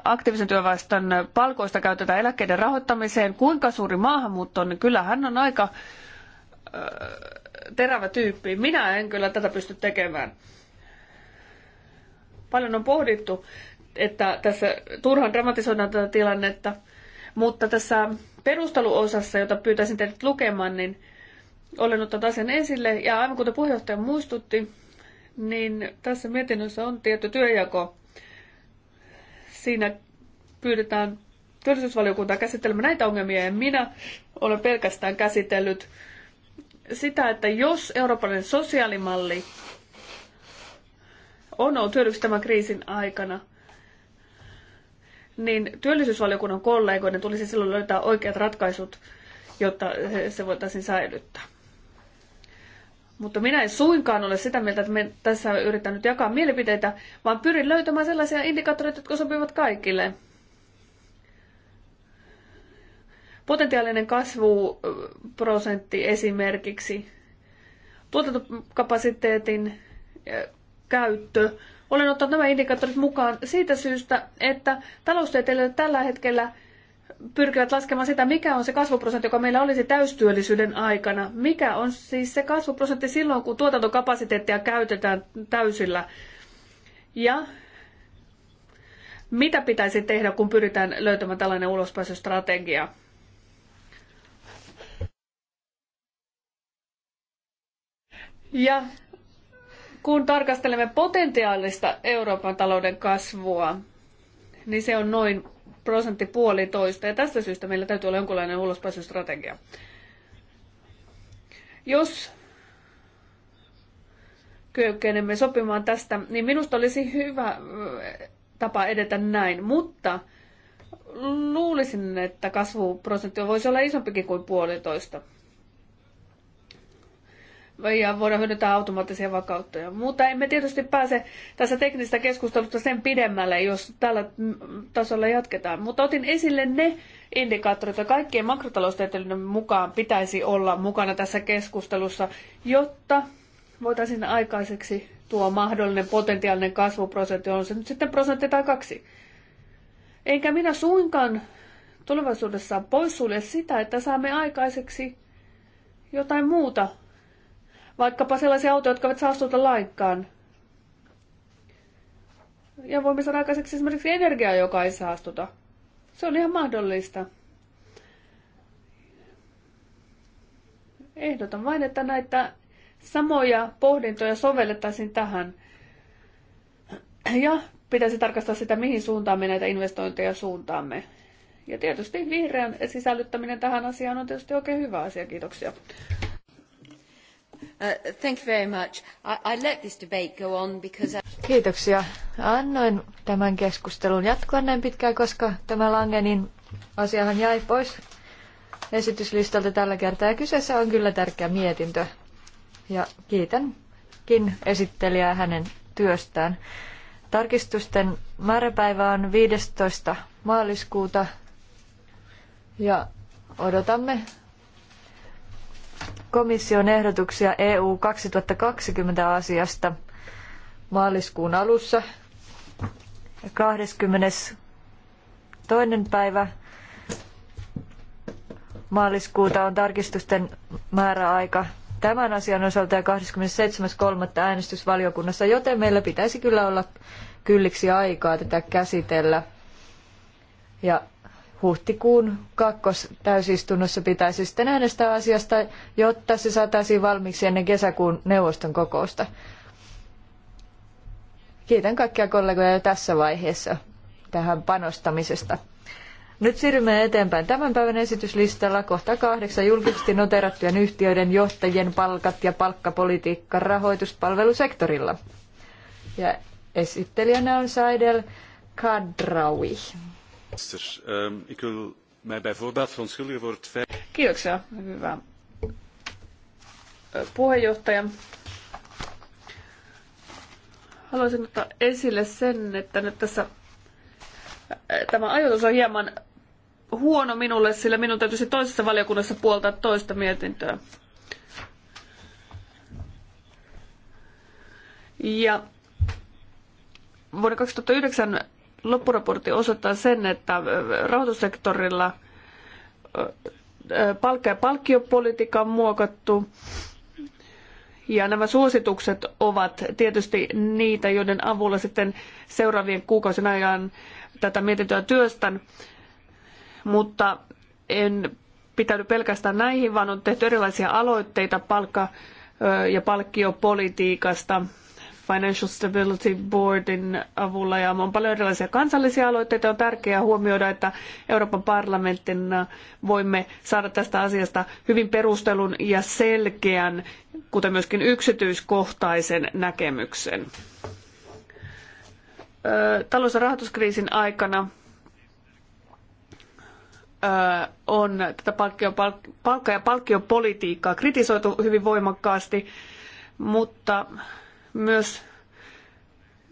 aktiivisen työväestön palkoista käytetään eläkkeiden rahoittamiseen, kuinka suuri maahanmuutto on, niin hän on aika terävä tyyppi. Minä en kyllä tätä pysty tekemään. Paljon on pohdittu että tässä turhan dramatisoidaan tätä tilannetta, mutta tässä perusteluosassa, jota pyytäisin teidät lukemaan, niin olen ottanut asian esille. Ja aivan kuten puheenjohtaja muistutti, niin tässä mietinnössä on tietty työjako. Siinä pyydetään työllisyysvaliokuntaa käsittelemään näitä ongelmia, ja minä olen pelkästään käsitellyt sitä, että jos eurooppalainen sosiaalimalli on ollut tämän kriisin aikana, niin työllisyysvaliokunnan kollegoiden tulisi silloin löytää oikeat ratkaisut, jotta se voitaisiin säilyttää. Mutta minä en suinkaan ole sitä mieltä, että me tässä yrittänyt jakaa mielipiteitä, vaan pyrin löytämään sellaisia indikaattoreita, jotka sopivat kaikille. Potentiaalinen kasvuprosentti esimerkiksi, tuotantokapasiteetin käyttö, olen ottanut nämä indikaattorit mukaan siitä syystä, että taloustieteilijät tällä hetkellä pyrkivät laskemaan sitä, mikä on se kasvuprosentti, joka meillä olisi täystyöllisyyden aikana. Mikä on siis se kasvuprosentti silloin, kun tuotantokapasiteettia käytetään täysillä. Ja mitä pitäisi tehdä, kun pyritään löytämään tällainen ulospääsystrategia? Ja kun tarkastelemme potentiaalista Euroopan talouden kasvua, niin se on noin prosentti puolitoista. Ja tästä syystä meillä täytyy olla jonkinlainen ulospääsystrategia. Jos kyökkenemme sopimaan tästä, niin minusta olisi hyvä tapa edetä näin. Mutta luulisin, että kasvuprosentti voisi olla isompikin kuin puolitoista ja voidaan hyödyntää automaattisia vakauttajia. Mutta emme tietysti pääse tässä teknistä keskustelusta sen pidemmälle, jos tällä tasolla jatketaan. Mutta otin esille ne indikaattorit, joita kaikkien makrotaloustieteilijöiden mukaan pitäisi olla mukana tässä keskustelussa, jotta voitaisiin aikaiseksi tuo mahdollinen potentiaalinen kasvuprosentti, on se nyt sitten prosentti tai kaksi. Enkä minä suinkaan tulevaisuudessa poissulje sitä, että saamme aikaiseksi jotain muuta vaikkapa sellaisia autoja, jotka eivät saastuta lainkaan. Ja voimme saada aikaiseksi esimerkiksi energiaa, joka ei saastuta. Se on ihan mahdollista. Ehdotan vain, että näitä samoja pohdintoja sovellettaisiin tähän. Ja pitäisi tarkastaa sitä, mihin suuntaan me näitä investointeja suuntaamme. Ja tietysti vihreän sisällyttäminen tähän asiaan on tietysti oikein hyvä asia. Kiitoksia. Uh, thank you very much. I, I let this debate go on because I... Kiitoksia. Annoin tämän keskustelun jatkua näin pitkään, koska tämä Langenin asiahan jäi pois esityslistalta tällä kertaa. Ja kyseessä on kyllä tärkeä mietintö. Ja kiitänkin esittelijää hänen työstään. Tarkistusten määräpäivä on 15. maaliskuuta ja odotamme komission ehdotuksia EU 2020 asiasta maaliskuun alussa 22. päivä maaliskuuta on tarkistusten määräaika tämän asian osalta ja 27.3. äänestysvaliokunnassa, joten meillä pitäisi kyllä olla kylliksi aikaa tätä käsitellä. Ja huhtikuun kakkostäysistunnossa pitäisi sitten äänestää asiasta, jotta se saataisiin valmiiksi ennen kesäkuun neuvoston kokousta. Kiitän kaikkia kollegoja jo tässä vaiheessa tähän panostamisesta. Nyt siirrymme eteenpäin tämän päivän esityslistalla kohta kahdeksan julkisesti noterattujen yhtiöiden johtajien palkat ja palkkapolitiikka rahoituspalvelusektorilla. Ja esittelijänä on Saidel Kadrawi. Ehm, Kiitoksia, hyvä eh, puheenjohtaja. Haluaisin ottaa esille sen, että nyt tässä eh, tämä ajoitus on hieman huono minulle, sillä minun täytyisi toisessa valiokunnassa puoltaa toista mietintöä. Ja vuoden 2009 loppuraportti osoittaa sen, että rahoitussektorilla palkka- ja palkkiopolitiikka on muokattu. Ja nämä suositukset ovat tietysti niitä, joiden avulla sitten seuraavien kuukausien ajan tätä mietintöä työstän. Mutta en pitäydy pelkästään näihin, vaan on tehty erilaisia aloitteita palkka- ja palkkiopolitiikasta – Financial Stability Boardin avulla ja on paljon erilaisia kansallisia aloitteita. On tärkeää huomioida, että Euroopan parlamentin voimme saada tästä asiasta hyvin perustelun ja selkeän, kuten myöskin yksityiskohtaisen näkemyksen. Talous- ja rahoituskriisin aikana on tätä palkkio, palkka- ja palkkiopolitiikkaa kritisoitu hyvin voimakkaasti, mutta myös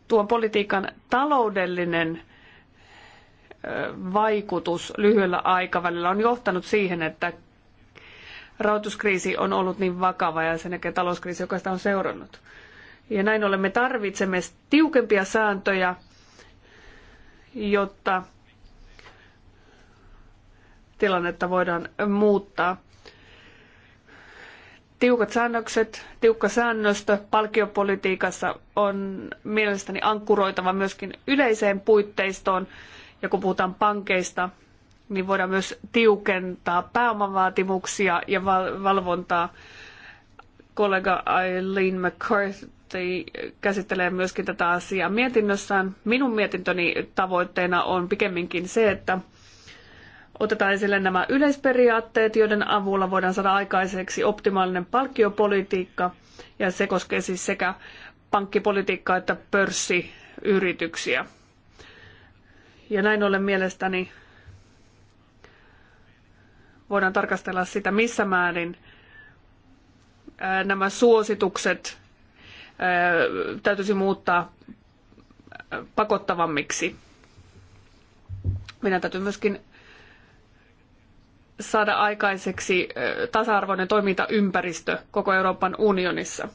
tuon politiikan taloudellinen vaikutus lyhyellä aikavälillä on johtanut siihen, että rahoituskriisi on ollut niin vakava ja sen jälkeen talouskriisi, joka sitä on seurannut. Ja näin ollen me tarvitsemme tiukempia sääntöjä, jotta tilannetta voidaan muuttaa. Tiukat säännökset, tiukka säännöstö palkkiopolitiikassa on mielestäni ankkuroitava myöskin yleiseen puitteistoon. Ja kun puhutaan pankeista, niin voidaan myös tiukentaa pääomavaatimuksia ja valvontaa. Kollega Eileen McCarthy käsittelee myöskin tätä asiaa mietinnössään. Minun mietintöni tavoitteena on pikemminkin se, että otetaan esille nämä yleisperiaatteet, joiden avulla voidaan saada aikaiseksi optimaalinen palkkiopolitiikka, ja se koskee siis sekä pankkipolitiikkaa että pörssiyrityksiä. Ja näin ollen mielestäni voidaan tarkastella sitä, missä määrin nämä suositukset täytyisi muuttaa pakottavammiksi. Meidän täytyy myöskin saada aikaiseksi tasa-arvoinen toimintaympäristö koko Euroopan unionissa.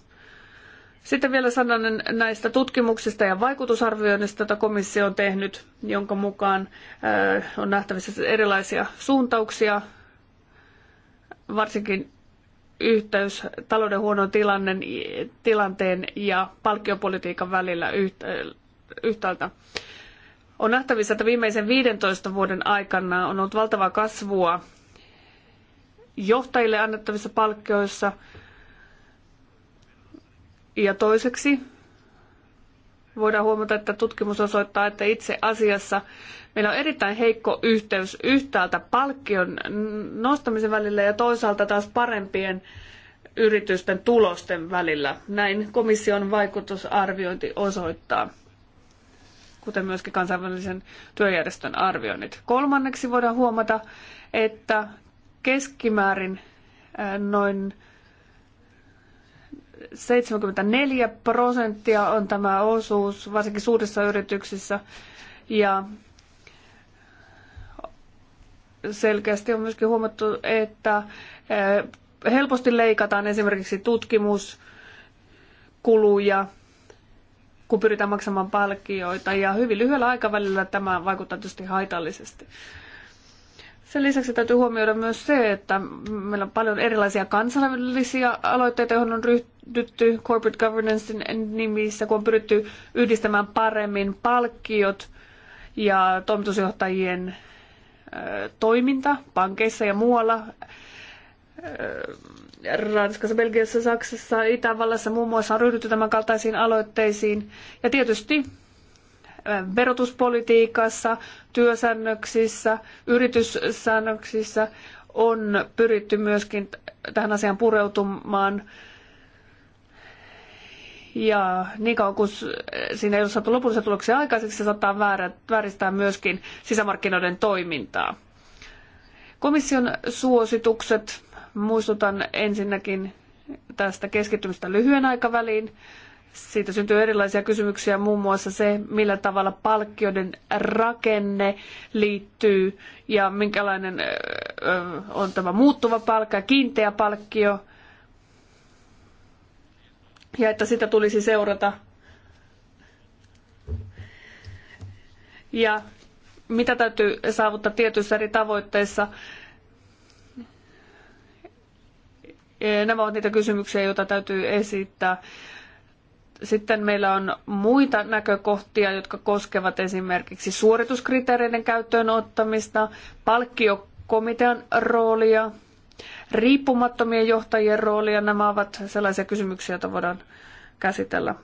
Sitten vielä sananen näistä tutkimuksista ja vaikutusarvioinnista, joita komissio on tehnyt, jonka mukaan on nähtävissä erilaisia suuntauksia, varsinkin yhteys talouden huonon tilannen, tilanteen ja palkkiopolitiikan välillä yhtäältä. On nähtävissä, että viimeisen 15 vuoden aikana on ollut valtavaa kasvua johtajille annettavissa palkkioissa. Ja toiseksi voidaan huomata, että tutkimus osoittaa, että itse asiassa meillä on erittäin heikko yhteys yhtäältä palkkion nostamisen välillä ja toisaalta taas parempien yritysten tulosten välillä. Näin komission vaikutusarviointi osoittaa, kuten myöskin kansainvälisen työjärjestön arvioinnit. Kolmanneksi voidaan huomata, että keskimäärin noin 74 prosenttia on tämä osuus, varsinkin suurissa yrityksissä. Ja selkeästi on myöskin huomattu, että helposti leikataan esimerkiksi tutkimuskuluja, kun pyritään maksamaan palkkioita. Ja hyvin lyhyellä aikavälillä tämä vaikuttaa tietysti haitallisesti. Sen lisäksi täytyy huomioida myös se, että meillä on paljon erilaisia kansainvälisiä aloitteita, joihin on ryhdytty corporate governancein nimissä, kun on pyritty yhdistämään paremmin palkkiot ja toimitusjohtajien toiminta pankeissa ja muualla. Ranskassa, Belgiassa, Saksassa, Itävallassa muun muassa on ryhdytty tämän kaltaisiin aloitteisiin. Ja tietysti verotuspolitiikassa, työsäännöksissä, yrityssäännöksissä on pyritty myöskin tähän asiaan pureutumaan. Ja niin kauan kuin siinä ei ole saatu lopullisia tuloksia aikaiseksi, se saattaa vääristää myöskin sisämarkkinoiden toimintaa. Komission suositukset, muistutan ensinnäkin tästä keskittymistä lyhyen aikaväliin siitä syntyy erilaisia kysymyksiä, muun muassa se, millä tavalla palkkioiden rakenne liittyy ja minkälainen on tämä muuttuva palkka ja kiinteä palkkio. Ja että sitä tulisi seurata. Ja mitä täytyy saavuttaa tietyissä eri tavoitteissa. Nämä ovat niitä kysymyksiä, joita täytyy esittää. Sitten meillä on muita näkökohtia, jotka koskevat esimerkiksi suorituskriteereiden käyttöön ottamista, palkkiokomitean roolia, riippumattomien johtajien roolia. Nämä ovat sellaisia kysymyksiä, joita voidaan käsitellä.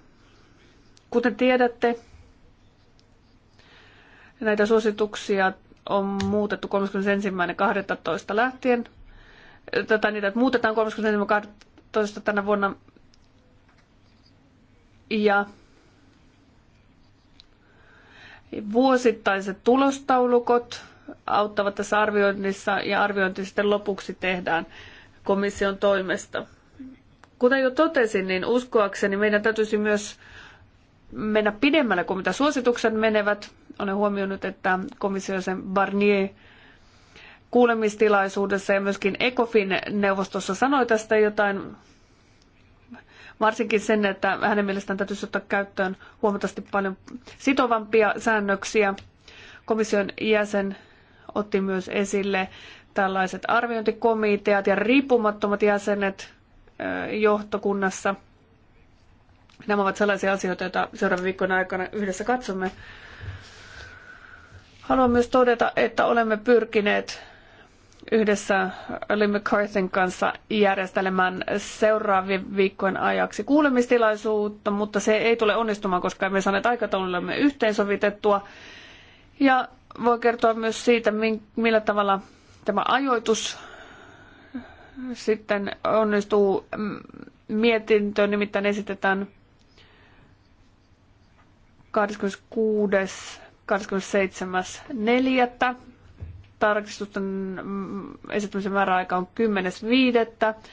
Kuten tiedätte, näitä suosituksia on muutettu 31.12. lähtien. Tätä, niitä muutetaan 31.12. tänä vuonna ja vuosittaiset tulostaulukot auttavat tässä arvioinnissa ja arviointi sitten lopuksi tehdään komission toimesta. Kuten jo totesin, niin uskoakseni meidän täytyisi myös mennä pidemmälle kuin mitä suositukset menevät. Olen huomioinut, että komissio sen Barnier kuulemistilaisuudessa ja myöskin ECOFIN neuvostossa sanoi tästä jotain Varsinkin sen, että hänen mielestään täytyisi ottaa käyttöön huomattavasti paljon sitovampia säännöksiä. Komission jäsen otti myös esille tällaiset arviointikomiteat ja riippumattomat jäsenet johtokunnassa. Nämä ovat sellaisia asioita, joita seuraavan viikon aikana yhdessä katsomme. Haluan myös todeta, että olemme pyrkineet yhdessä Lee McCarthyn kanssa järjestelemään seuraavien viikkojen ajaksi kuulemistilaisuutta, mutta se ei tule onnistumaan, koska emme saaneet aikataulullemme yhteensovitettua. Ja voi kertoa myös siitä, millä tavalla tämä ajoitus sitten onnistuu mietintö, nimittäin esitetään 26. 27.4 tarkistusten mm, esittämisen määräaika on 10.5.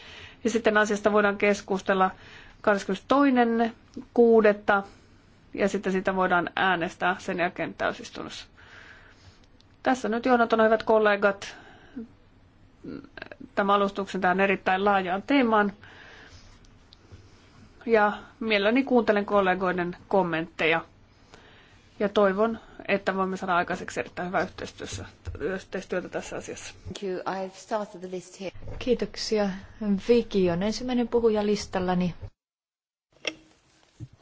Ja sitten asiasta voidaan keskustella 22.6. Ja sitten sitä voidaan äänestää sen jälkeen täysistunnossa. Tässä nyt johdantona hyvät kollegat tämän alustuksen tähän erittäin laajaan teemaan. Ja mielelläni kuuntelen kollegoiden kommentteja. Ja toivon, että voimme saada aikaiseksi erittäin hyvää yhteistyössä yhteistyötä tässä asiassa. Kiitoksia. Viki on ensimmäinen puhuja listallani.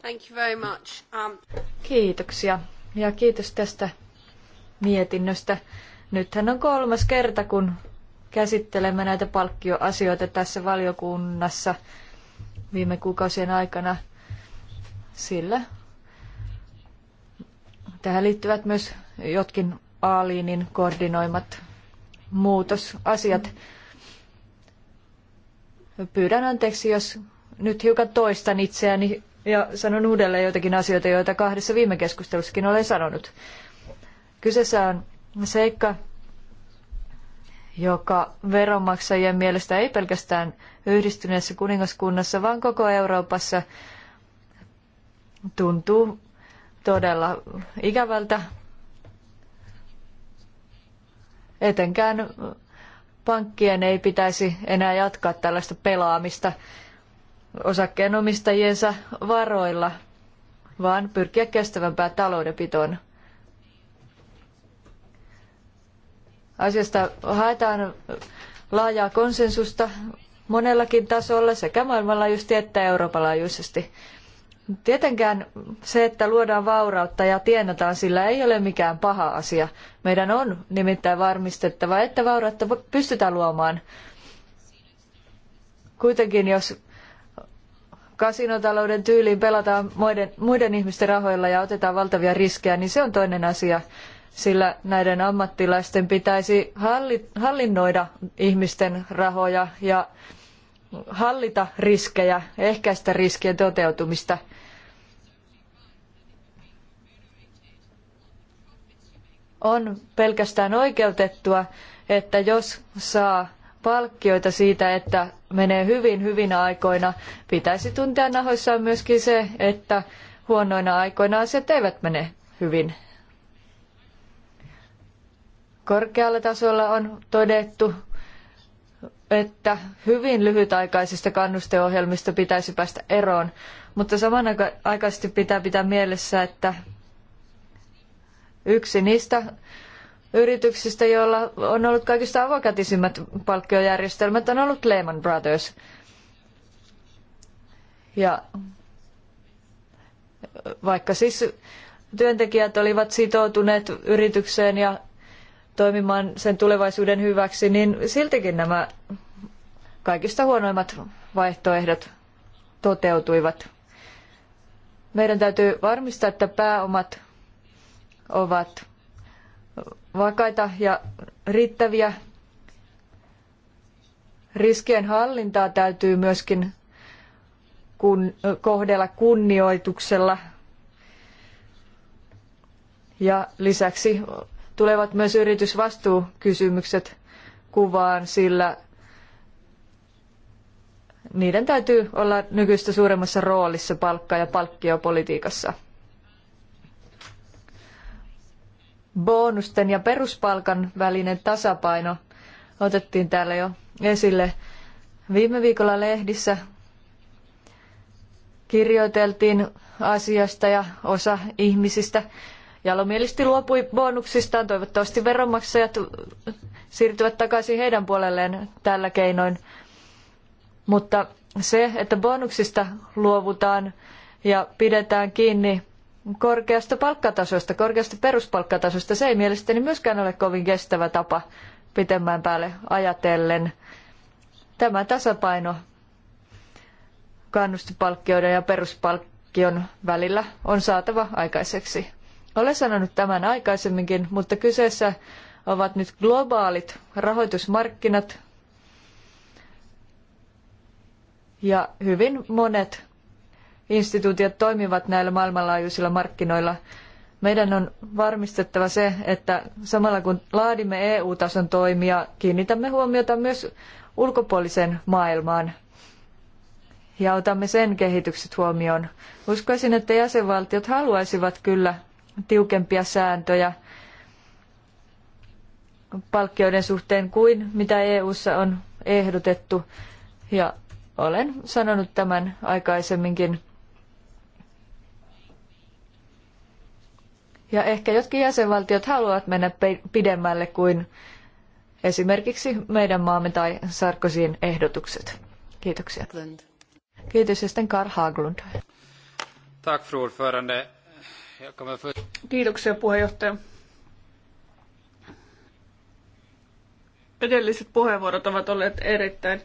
Thank you very much. Um... Kiitoksia ja kiitos tästä mietinnöstä. Nythän on kolmas kerta, kun käsittelemme näitä palkkioasioita tässä valiokunnassa viime kuukausien aikana, sillä tähän liittyvät myös jotkin Aalinin koordinoimat muutosasiat. Pyydän anteeksi, jos nyt hiukan toistan itseäni ja sanon uudelleen joitakin asioita, joita kahdessa viime keskustelussakin olen sanonut. Kyseessä on seikka, joka veronmaksajien mielestä ei pelkästään yhdistyneessä kuningaskunnassa, vaan koko Euroopassa tuntuu todella ikävältä Etenkään pankkien ei pitäisi enää jatkaa tällaista pelaamista osakkeenomistajiensa varoilla, vaan pyrkiä kestävämpään taloudenpitoon. Asiasta haetaan laajaa konsensusta monellakin tasolla sekä maailmanlaajuisesti että Euroopan laajuisesti. Tietenkään se, että luodaan vaurautta ja tienataan sillä ei ole mikään paha asia. Meidän on nimittäin varmistettava, että vaurautta pystytään luomaan. Kuitenkin jos kasinotalouden tyyliin pelataan muiden, muiden ihmisten rahoilla ja otetaan valtavia riskejä, niin se on toinen asia, sillä näiden ammattilaisten pitäisi hallinnoida ihmisten rahoja ja hallita riskejä, ehkäistä riskien toteutumista. On pelkästään oikeutettua, että jos saa palkkioita siitä, että menee hyvin hyvinä aikoina, pitäisi tuntea nahoissaan myöskin se, että huonoina aikoina asiat eivät mene hyvin. Korkealla tasolla on todettu että hyvin lyhytaikaisista kannusteohjelmista pitäisi päästä eroon, mutta samanaikaisesti pitää pitää mielessä, että yksi niistä yrityksistä, joilla on ollut kaikista avokätisimmät palkkiojärjestelmät, on ollut Lehman Brothers. Ja vaikka siis työntekijät olivat sitoutuneet yritykseen ja toimimaan sen tulevaisuuden hyväksi, niin siltikin nämä kaikista huonoimmat vaihtoehdot toteutuivat. Meidän täytyy varmistaa, että pääomat ovat vakaita ja riittäviä. Riskien hallintaa täytyy myöskin kun, kohdella kunnioituksella. Ja lisäksi tulevat myös yritysvastuukysymykset kuvaan, sillä niiden täytyy olla nykyistä suuremmassa roolissa palkka- ja palkkiopolitiikassa. Bonusten ja peruspalkan välinen tasapaino otettiin täällä jo esille. Viime viikolla lehdissä kirjoiteltiin asiasta ja osa ihmisistä jalomielisesti luopui bonuksistaan. Toivottavasti veronmaksajat siirtyvät takaisin heidän puolelleen tällä keinoin. Mutta se, että bonuksista luovutaan ja pidetään kiinni korkeasta palkkatasosta, korkeasta peruspalkkatasosta, se ei mielestäni myöskään ole kovin kestävä tapa pitemmän päälle ajatellen. Tämä tasapaino kannustipalkkioiden ja peruspalkkion välillä on saatava aikaiseksi. Olen sanonut tämän aikaisemminkin, mutta kyseessä ovat nyt globaalit rahoitusmarkkinat ja hyvin monet instituutiot toimivat näillä maailmanlaajuisilla markkinoilla. Meidän on varmistettava se, että samalla kun laadimme EU-tason toimia, kiinnitämme huomiota myös ulkopuoliseen maailmaan ja otamme sen kehitykset huomioon. Uskoisin, että jäsenvaltiot haluaisivat kyllä tiukempia sääntöjä palkkioiden suhteen kuin mitä EU:ssa on ehdotettu. Ja olen sanonut tämän aikaisemminkin. Ja ehkä jotkin jäsenvaltiot haluavat mennä pidemmälle kuin esimerkiksi meidän maamme tai Sarkozyn ehdotukset. Kiitoksia. Kiitos ja sitten Karl Haglund. Tack fru ordförande. Kiitoksia puheenjohtaja. Edelliset puheenvuorot ovat olleet erittäin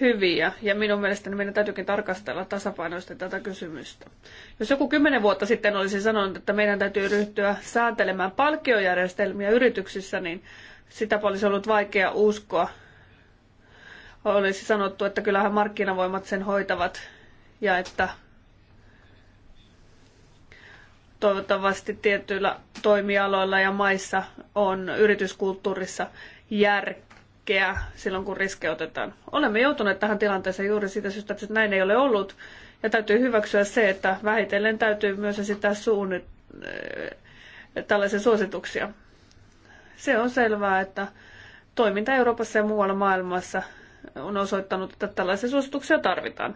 hyviä ja minun mielestäni meidän täytyykin tarkastella tasapainoisesti tätä kysymystä. Jos joku kymmenen vuotta sitten olisi sanonut, että meidän täytyy ryhtyä sääntelemään palkkiojärjestelmiä yrityksissä, niin sitä olisi ollut vaikea uskoa. Olisi sanottu, että kyllähän markkinavoimat sen hoitavat ja että toivottavasti tietyillä toimialoilla ja maissa on yrityskulttuurissa järkeä silloin, kun riskeutetaan. Olemme joutuneet tähän tilanteeseen juuri siitä syystä, että näin ei ole ollut. Ja täytyy hyväksyä se, että vähitellen täytyy myös esittää suunnit, äh, tällaisia suosituksia. Se on selvää, että toiminta Euroopassa ja muualla maailmassa on osoittanut, että tällaisia suosituksia tarvitaan.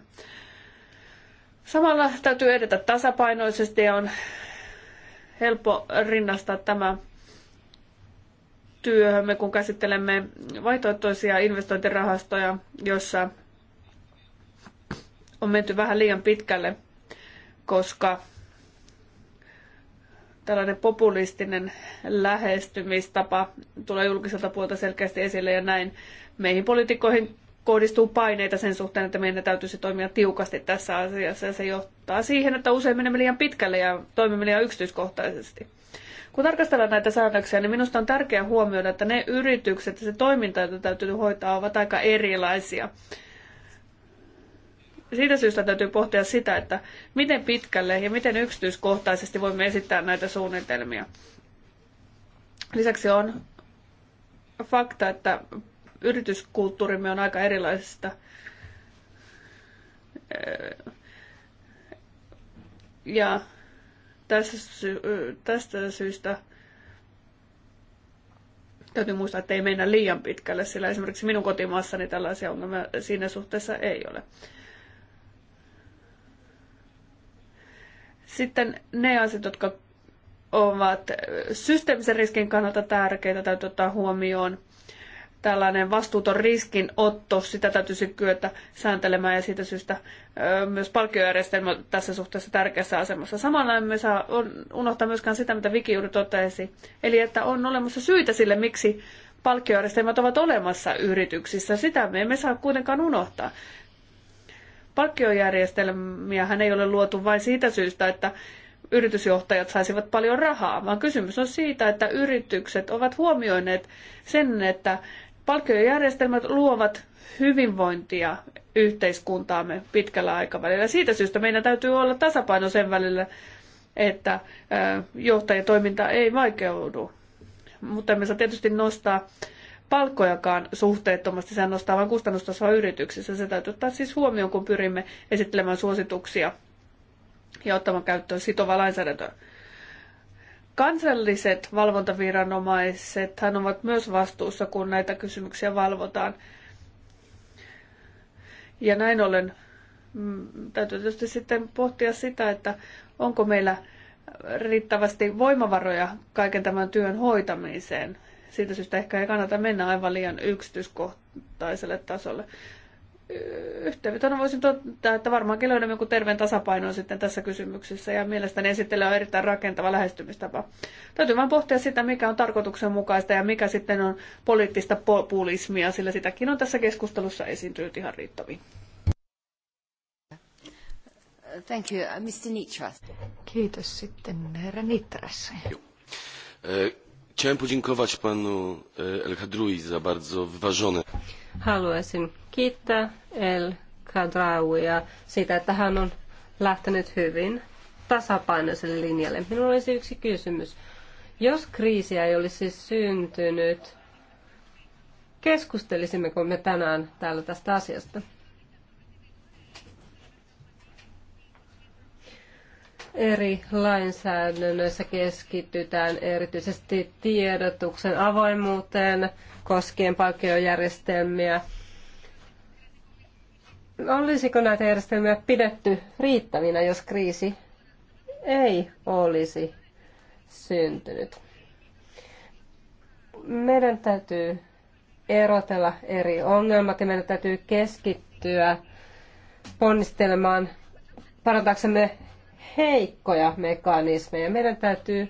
Samalla täytyy edetä tasapainoisesti ja on helppo rinnastaa tämä työhön, kun käsittelemme vaihtoehtoisia investointirahastoja, jossa on menty vähän liian pitkälle, koska tällainen populistinen lähestymistapa tulee julkiselta puolta selkeästi esille ja näin meihin poliitikkoihin kohdistuu paineita sen suhteen, että meidän täytyisi toimia tiukasti tässä asiassa ja se johtaa siihen, että usein menemme liian pitkälle ja toimimme liian yksityiskohtaisesti. Kun tarkastellaan näitä säännöksiä, niin minusta on tärkeää huomioida, että ne yritykset ja se toiminta, jota täytyy hoitaa, ovat aika erilaisia. Siitä syystä täytyy pohtia sitä, että miten pitkälle ja miten yksityiskohtaisesti voimme esittää näitä suunnitelmia. Lisäksi on fakta, että yrityskulttuurimme on aika erilaisista. Ja tästä, tästä syystä täytyy muistaa, että ei mennä liian pitkälle, sillä esimerkiksi minun kotimaassani tällaisia ongelmia siinä suhteessa ei ole. Sitten ne asiat, jotka ovat systeemisen riskin kannalta tärkeitä, täytyy ottaa huomioon tällainen vastuuton riskinotto, sitä täytyisi kyetä sääntelemään ja siitä syystä myös palkkiojärjestelmä tässä suhteessa tärkeässä asemassa. Samalla emme saa unohtaa myöskään sitä, mitä Viki juuri totesi, eli että on olemassa syitä sille, miksi palkkiojärjestelmät ovat olemassa yrityksissä. Sitä me emme saa kuitenkaan unohtaa. Palkkiojärjestelmiähän ei ole luotu vain siitä syystä, että yritysjohtajat saisivat paljon rahaa, vaan kysymys on siitä, että yritykset ovat huomioineet sen, että Palkkiojärjestelmät luovat hyvinvointia yhteiskuntaamme pitkällä aikavälillä. Siitä syystä meidän täytyy olla tasapaino sen välillä, että johtajien toiminta ei vaikeudu. Mutta emme saa tietysti nostaa palkkojakaan suhteettomasti, sehän nostaa vain kustannustasoa yrityksissä. Se täytyy ottaa siis huomioon, kun pyrimme esittelemään suosituksia ja ottamaan käyttöön sitovaa lainsäädäntöä. Kansalliset valvontaviranomaiset ovat myös vastuussa, kun näitä kysymyksiä valvotaan. Ja näin ollen mm, täytyy tietysti sitten pohtia sitä, että onko meillä riittävästi voimavaroja kaiken tämän työn hoitamiseen. Siitä syystä ehkä ei kannata mennä aivan liian yksityiskohtaiselle tasolle yhteenvetona voisin totta, että varmaankin löydämme joku terveen tasapaino sitten tässä kysymyksessä ja mielestäni esittely on erittäin rakentava lähestymistapa. Täytyy vain pohtia sitä, mikä on tarkoituksenmukaista ja mikä sitten on poliittista populismia, sillä sitäkin on tässä keskustelussa esiintynyt ihan riittäviin. Thank you, Mr. Nitras. Kiitos sitten herra Nitras. Chciałem podziękować panu e, El Khadrui za bardzo wyważone. Haluaisin kiittää El siitä, että hän on lähtenyt hyvin tasapainoiselle linjalle. Minulla olisi yksi kysymys. Jos kriisiä ei olisi syntynyt, keskustelisimmeko me tänään täällä tästä asiasta? eri lainsäädännöissä keskitytään erityisesti tiedotuksen avoimuuteen koskien palkkiojärjestelmiä. Olisiko näitä järjestelmiä pidetty riittävinä, jos kriisi ei olisi syntynyt? Meidän täytyy erotella eri ongelmat ja meidän täytyy keskittyä ponnistelemaan parantaaksemme heikkoja mekanismeja. Meidän täytyy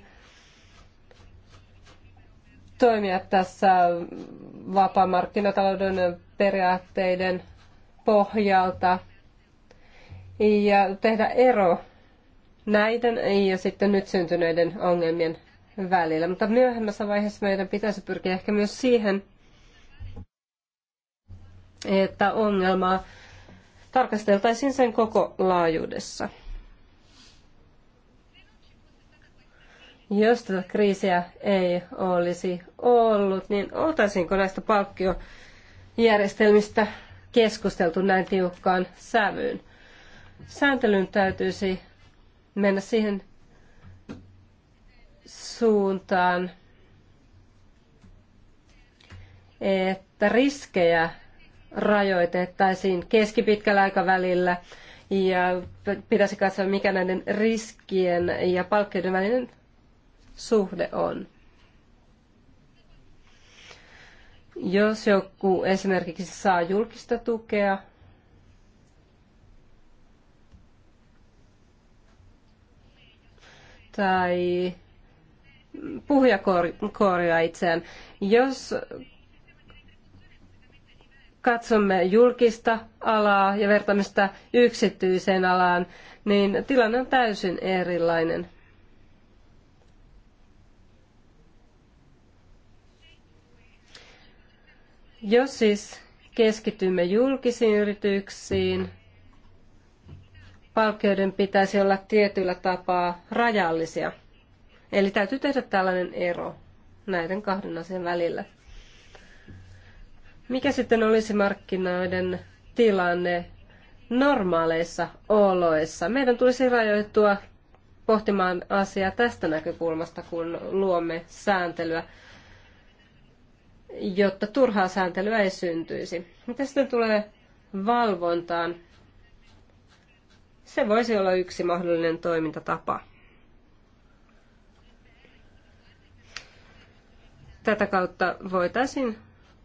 toimia tässä vapaamarkkinatalouden periaatteiden pohjalta ja tehdä ero näiden ja sitten nyt syntyneiden ongelmien välillä. Mutta myöhemmässä vaiheessa meidän pitäisi pyrkiä ehkä myös siihen, että ongelmaa tarkasteltaisiin sen koko laajuudessa. Jos tätä kriisiä ei olisi ollut, niin oltaisinko näistä palkkiojärjestelmistä keskusteltu näin tiukkaan sävyyn? Sääntelyn täytyisi mennä siihen suuntaan, että riskejä rajoitettaisiin keskipitkällä aikavälillä ja pitäisi katsoa, mikä näiden riskien ja palkkioiden välinen suhde on. Jos joku esimerkiksi saa julkista tukea, tai puhuja itseään. Jos katsomme julkista alaa ja vertaamista yksityiseen alaan, niin tilanne on täysin erilainen. Jos siis keskitymme julkisiin yrityksiin, palkkioiden pitäisi olla tietyllä tapaa rajallisia. Eli täytyy tehdä tällainen ero näiden kahden asian välillä. Mikä sitten olisi markkinoiden tilanne normaaleissa oloissa? Meidän tulisi rajoittua pohtimaan asiaa tästä näkökulmasta, kun luomme sääntelyä jotta turhaa sääntelyä ei syntyisi. Mitä sitten tulee valvontaan? Se voisi olla yksi mahdollinen toimintatapa. Tätä kautta voitaisiin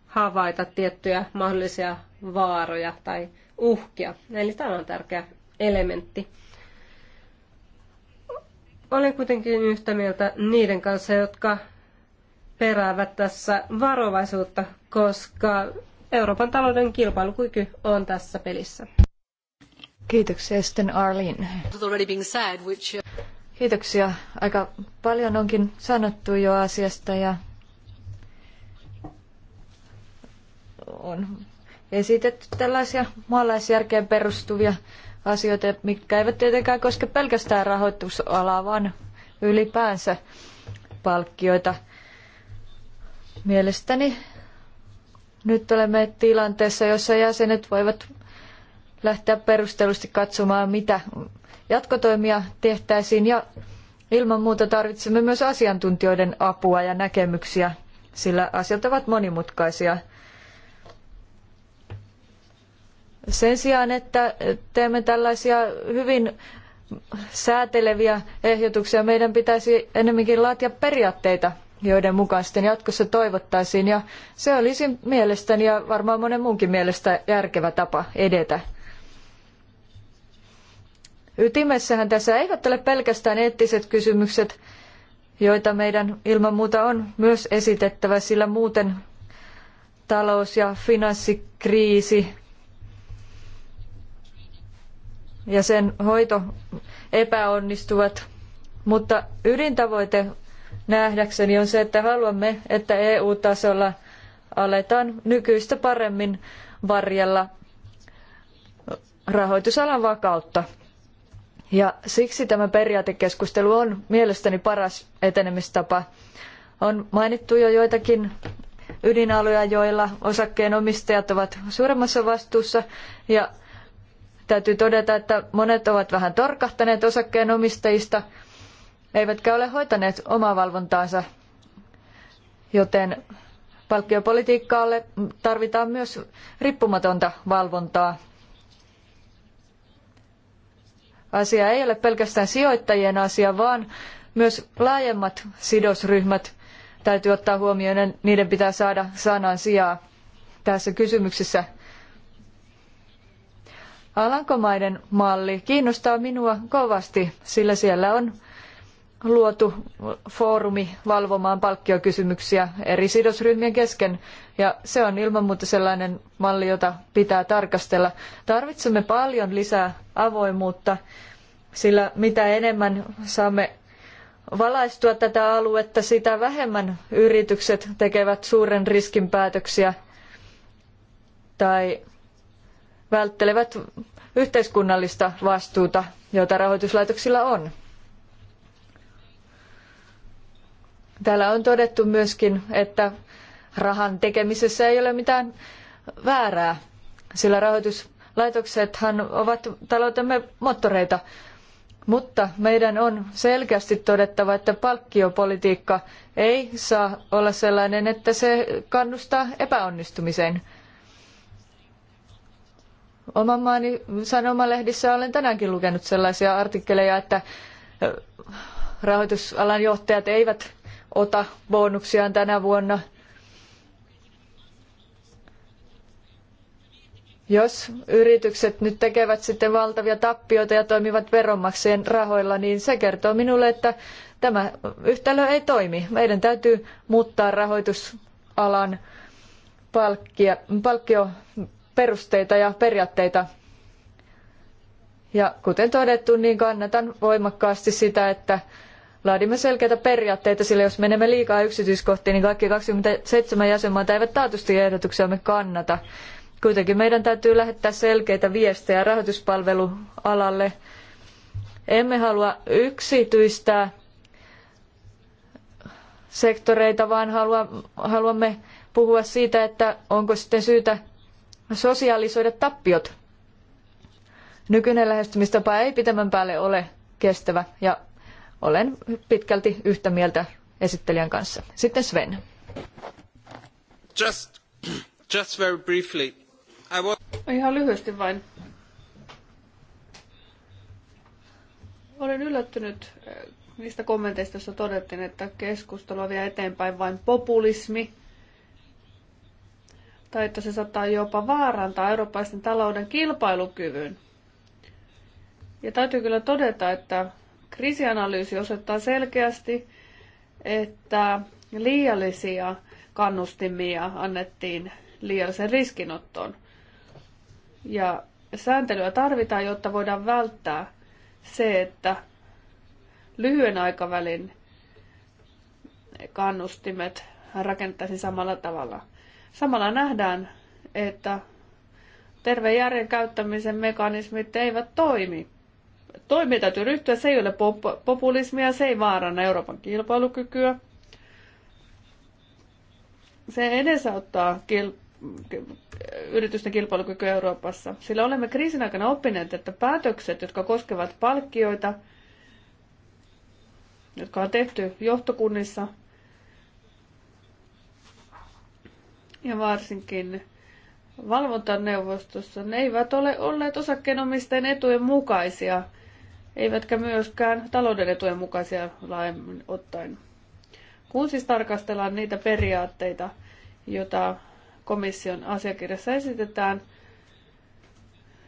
havaita tiettyjä mahdollisia vaaroja tai uhkia. Eli tämä on tärkeä elementti. Olen kuitenkin yhtä mieltä niiden kanssa, jotka peräävät tässä varovaisuutta, koska Euroopan talouden kilpailukyky on tässä pelissä. Kiitoksia sitten Arlene. Uh, Kiitoksia. Aika paljon onkin sanottu jo asiasta ja on esitetty tällaisia maalaisjärkeen perustuvia asioita, mitkä eivät tietenkään koske pelkästään rahoitusalaa, vaan ylipäänsä palkkioita – Mielestäni nyt olemme tilanteessa, jossa jäsenet voivat lähteä perustellusti katsomaan, mitä jatkotoimia tehtäisiin ja ilman muuta tarvitsemme myös asiantuntijoiden apua ja näkemyksiä, sillä asiat ovat monimutkaisia. Sen sijaan, että teemme tällaisia hyvin sääteleviä ehdotuksia, meidän pitäisi ennemminkin laatia periaatteita joiden mukaan sitten jatkossa toivottaisiin. Ja se olisi mielestäni ja varmaan monen muunkin mielestä järkevä tapa edetä. Ytimessähän tässä eivät ole pelkästään eettiset kysymykset, joita meidän ilman muuta on myös esitettävä, sillä muuten talous- ja finanssikriisi ja sen hoito epäonnistuvat. Mutta ydintavoite nähdäkseni on se, että haluamme, että EU-tasolla aletaan nykyistä paremmin varjella rahoitusalan vakautta. Ja siksi tämä periaatekeskustelu on mielestäni paras etenemistapa. On mainittu jo joitakin ydinaloja, joilla osakkeenomistajat ovat suuremmassa vastuussa ja täytyy todeta, että monet ovat vähän torkahtaneet osakkeenomistajista – eivätkä ole hoitaneet omaa valvontaansa, joten palkkiopolitiikkaalle tarvitaan myös riippumatonta valvontaa. Asia ei ole pelkästään sijoittajien asia, vaan myös laajemmat sidosryhmät täytyy ottaa huomioon ja niiden pitää saada sanan sijaa tässä kysymyksessä. Alankomaiden malli kiinnostaa minua kovasti, sillä siellä on luotu foorumi valvomaan palkkiokysymyksiä eri sidosryhmien kesken. Ja se on ilman muuta sellainen malli, jota pitää tarkastella. Tarvitsemme paljon lisää avoimuutta, sillä mitä enemmän saamme valaistua tätä aluetta, sitä vähemmän yritykset tekevät suuren riskin päätöksiä tai välttelevät yhteiskunnallista vastuuta, jota rahoituslaitoksilla on. Täällä on todettu myöskin, että rahan tekemisessä ei ole mitään väärää, sillä rahoituslaitoksethan ovat taloutemme moottoreita. Mutta meidän on selkeästi todettava, että palkkiopolitiikka ei saa olla sellainen, että se kannustaa epäonnistumiseen. Oman maani sanomalehdissä olen tänäänkin lukenut sellaisia artikkeleja, että rahoitusalan johtajat eivät ota bonuksiaan tänä vuonna. Jos yritykset nyt tekevät sitten valtavia tappioita ja toimivat veronmaksajien rahoilla, niin se kertoo minulle, että tämä yhtälö ei toimi. Meidän täytyy muuttaa rahoitusalan palkkia, palkkioperusteita ja periaatteita. Ja kuten todettu, niin kannatan voimakkaasti sitä, että laadimme selkeitä periaatteita, sillä jos menemme liikaa yksityiskohtiin, niin kaikki 27 jäsenmaata eivät taatusti ehdotuksiamme kannata. Kuitenkin meidän täytyy lähettää selkeitä viestejä rahoituspalvelualalle. Emme halua yksityistää sektoreita, vaan haluamme puhua siitä, että onko sitten syytä sosialisoida tappiot. Nykyinen lähestymistapa ei pitemmän päälle ole kestävä ja olen pitkälti yhtä mieltä esittelijän kanssa. Sitten Sven. Just, [CLEARS THROAT] just very briefly. I was... Ihan lyhyesti vain. Olen yllättynyt eh, niistä kommenteista, joissa todettiin, että keskustelua vie eteenpäin vain populismi tai että se saattaa jopa vaarantaa eurooppalaisten talouden kilpailukyvyn. Ja täytyy kyllä todeta, että Kriisianalyysi osoittaa selkeästi, että liiallisia kannustimia annettiin liiallisen riskinottoon. Ja sääntelyä tarvitaan, jotta voidaan välttää se, että lyhyen aikavälin kannustimet rakentaisi samalla tavalla. Samalla nähdään, että terveen järjen käyttämisen mekanismit eivät toimi toimia täytyy ryhtyä. Se ei ole populismia, se ei vaaranna Euroopan kilpailukykyä. Se edesauttaa kil- yritysten kilpailukykyä Euroopassa, sillä olemme kriisin aikana oppineet, että päätökset, jotka koskevat palkkioita, jotka on tehty johtokunnissa ja varsinkin valvontaneuvostossa, ne eivät ole olleet osakkeenomistajien etujen mukaisia – eivätkä myöskään talouden etujen mukaisia laajemmin ottaen. Kun siis tarkastellaan niitä periaatteita, joita komission asiakirjassa esitetään,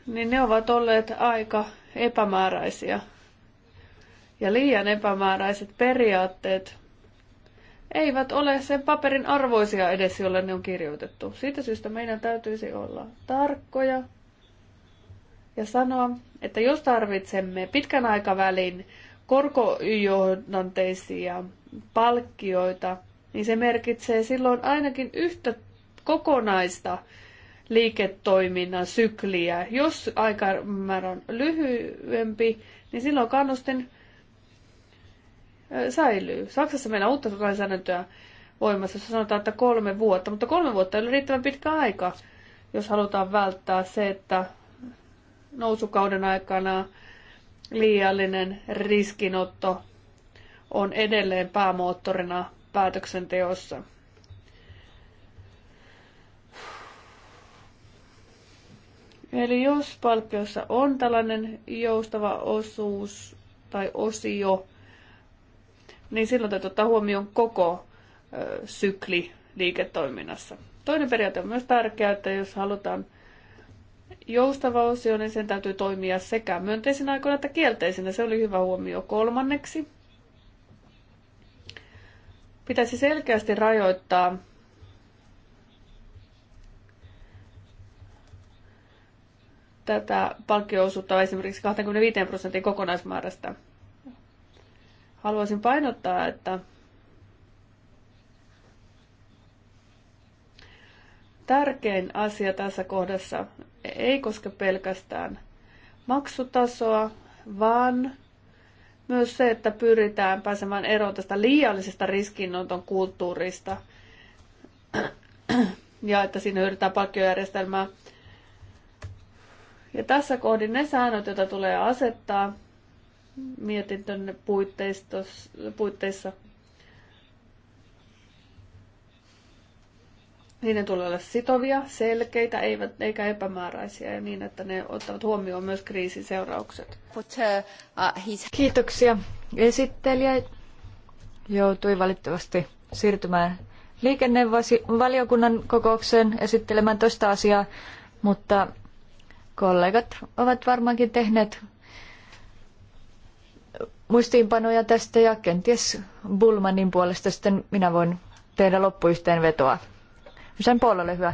niin ne ovat olleet aika epämääräisiä. Ja liian epämääräiset periaatteet eivät ole sen paperin arvoisia edes, jolle ne on kirjoitettu. Siitä syystä meidän täytyisi olla tarkkoja ja sanoa, että jos tarvitsemme pitkän aikavälin korkojohdanteisia palkkioita, niin se merkitsee silloin ainakin yhtä kokonaista liiketoiminnan sykliä. Jos aikamäärä on lyhyempi, niin silloin kannustin säilyy. Saksassa meillä on uutta lainsäädäntöä voimassa, jossa sanotaan, että kolme vuotta, mutta kolme vuotta ei ole riittävän pitkä aika, jos halutaan välttää se, että nousukauden aikana liiallinen riskinotto on edelleen päämoottorina päätöksenteossa. Eli jos palkkiossa on tällainen joustava osuus tai osio, niin silloin täytyy ottaa huomioon koko ö, sykli liiketoiminnassa. Toinen periaate on myös tärkeä, että jos halutaan joustava osio, niin sen täytyy toimia sekä myönteisinä aikoina että kielteisinä. Se oli hyvä huomio kolmanneksi. Pitäisi selkeästi rajoittaa tätä palkkioosuutta esimerkiksi 25 prosentin kokonaismäärästä. Haluaisin painottaa, että tärkein asia tässä kohdassa ei koske pelkästään maksutasoa, vaan myös se, että pyritään pääsemään eroon tästä liiallisesta riskinnoton kulttuurista ja että siinä yritetään palkkiojärjestelmää. Ja tässä kohdin ne säännöt, joita tulee asettaa mietintön puitteissa, Niiden tulee olla sitovia, selkeitä eivät, eikä epämääräisiä ja niin, että ne ottavat huomioon myös kriisin seuraukset. Uh, uh, Kiitoksia. Esittelijä joutui valitettavasti siirtymään liikennevaliokunnan kokoukseen esittelemään toista asiaa, mutta kollegat ovat varmaankin tehneet muistiinpanoja tästä ja kenties Bulmanin puolesta sitten minä voin tehdä loppuyhteenvetoa sen puolelle hyvä.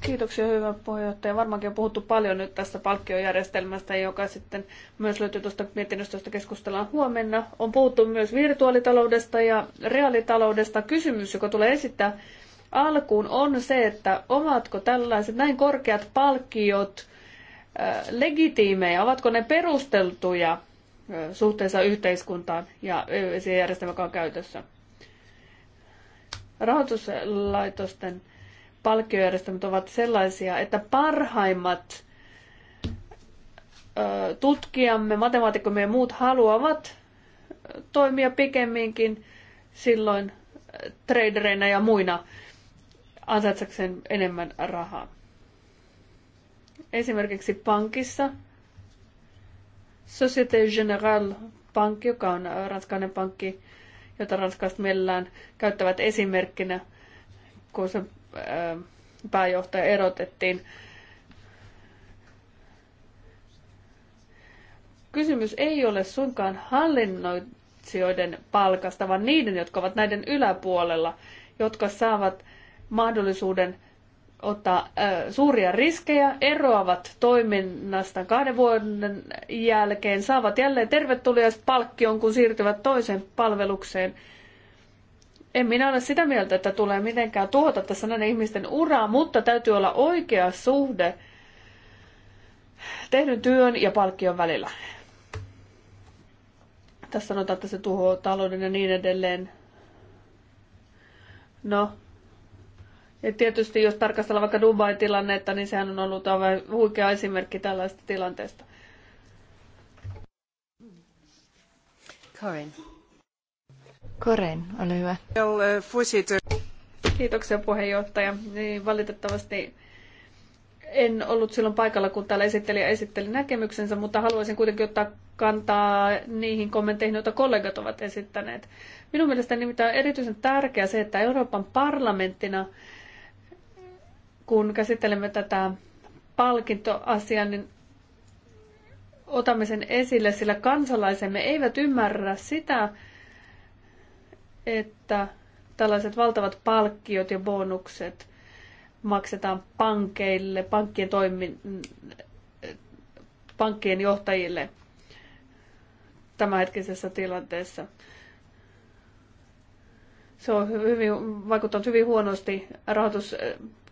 Kiitoksia hyvä puheenjohtaja. Varmaankin on puhuttu paljon nyt tästä palkkiojärjestelmästä, joka sitten myös löytyy tuosta mietinnöstä, josta keskustellaan huomenna. On puhuttu myös virtuaalitaloudesta ja reaalitaloudesta. Kysymys, joka tulee esittää alkuun, on se, että ovatko tällaiset näin korkeat palkkiot äh, legitiimejä, ovatko ne perusteltuja äh, suhteessa yhteiskuntaan ja siihen järjestelmään, joka on käytössä rahoituslaitosten palkkiojärjestelmät ovat sellaisia, että parhaimmat tutkijamme, matemaatikkomme ja muut haluavat toimia pikemminkin silloin tradereina ja muina ansaitsakseen enemmän rahaa. Esimerkiksi pankissa Société Générale pankki, joka on ranskainen pankki, jota ranskalaiset mielellään käyttävät esimerkkinä, kun se pääjohtaja erotettiin. Kysymys ei ole suinkaan hallinnoitsijoiden palkasta, vaan niiden, jotka ovat näiden yläpuolella, jotka saavat mahdollisuuden – ottaa suuria riskejä, eroavat toiminnasta kahden vuoden jälkeen, saavat jälleen tervetuliaispalkkion, kun siirtyvät toiseen palvelukseen. En minä ole sitä mieltä, että tulee mitenkään tuhota tässä näiden ihmisten uraa, mutta täytyy olla oikea suhde tehdyn työn ja palkkion välillä. Tässä sanotaan, että se tuhoaa talouden ja niin edelleen. No, ja tietysti jos tarkastellaan vaikka Dubain tilannetta, niin sehän on ollut aivan huikea esimerkki tällaista tilanteesta. Corin. Corin, ole hyvä. Uh, Kiitoksia puheenjohtaja. Niin, valitettavasti en ollut silloin paikalla, kun täällä esittelijä esitteli näkemyksensä, mutta haluaisin kuitenkin ottaa kantaa niihin kommentteihin, joita kollegat ovat esittäneet. Minun mielestäni nimittäin on erityisen tärkeää se, että Euroopan parlamenttina kun käsittelemme tätä palkintoasiaa, niin otamme sen esille, sillä kansalaisemme eivät ymmärrä sitä, että tällaiset valtavat palkkiot ja bonukset maksetaan pankeille, pankkien, toimin, pankkien johtajille tämänhetkisessä tilanteessa. Se on hyvin, vaikuttanut hyvin huonosti rahoitus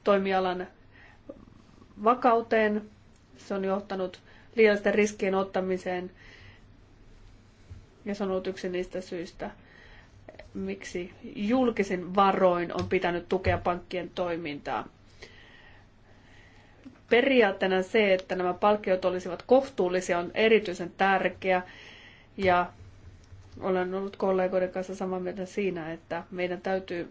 toimialan vakauteen. Se on johtanut liiallisten riskien ottamiseen ja se on ollut yksi niistä syistä, miksi julkisin varoin on pitänyt tukea pankkien toimintaa. Periaatteena se, että nämä palkkiot olisivat kohtuullisia, on erityisen tärkeä ja olen ollut kollegoiden kanssa samaa mieltä siinä, että meidän täytyy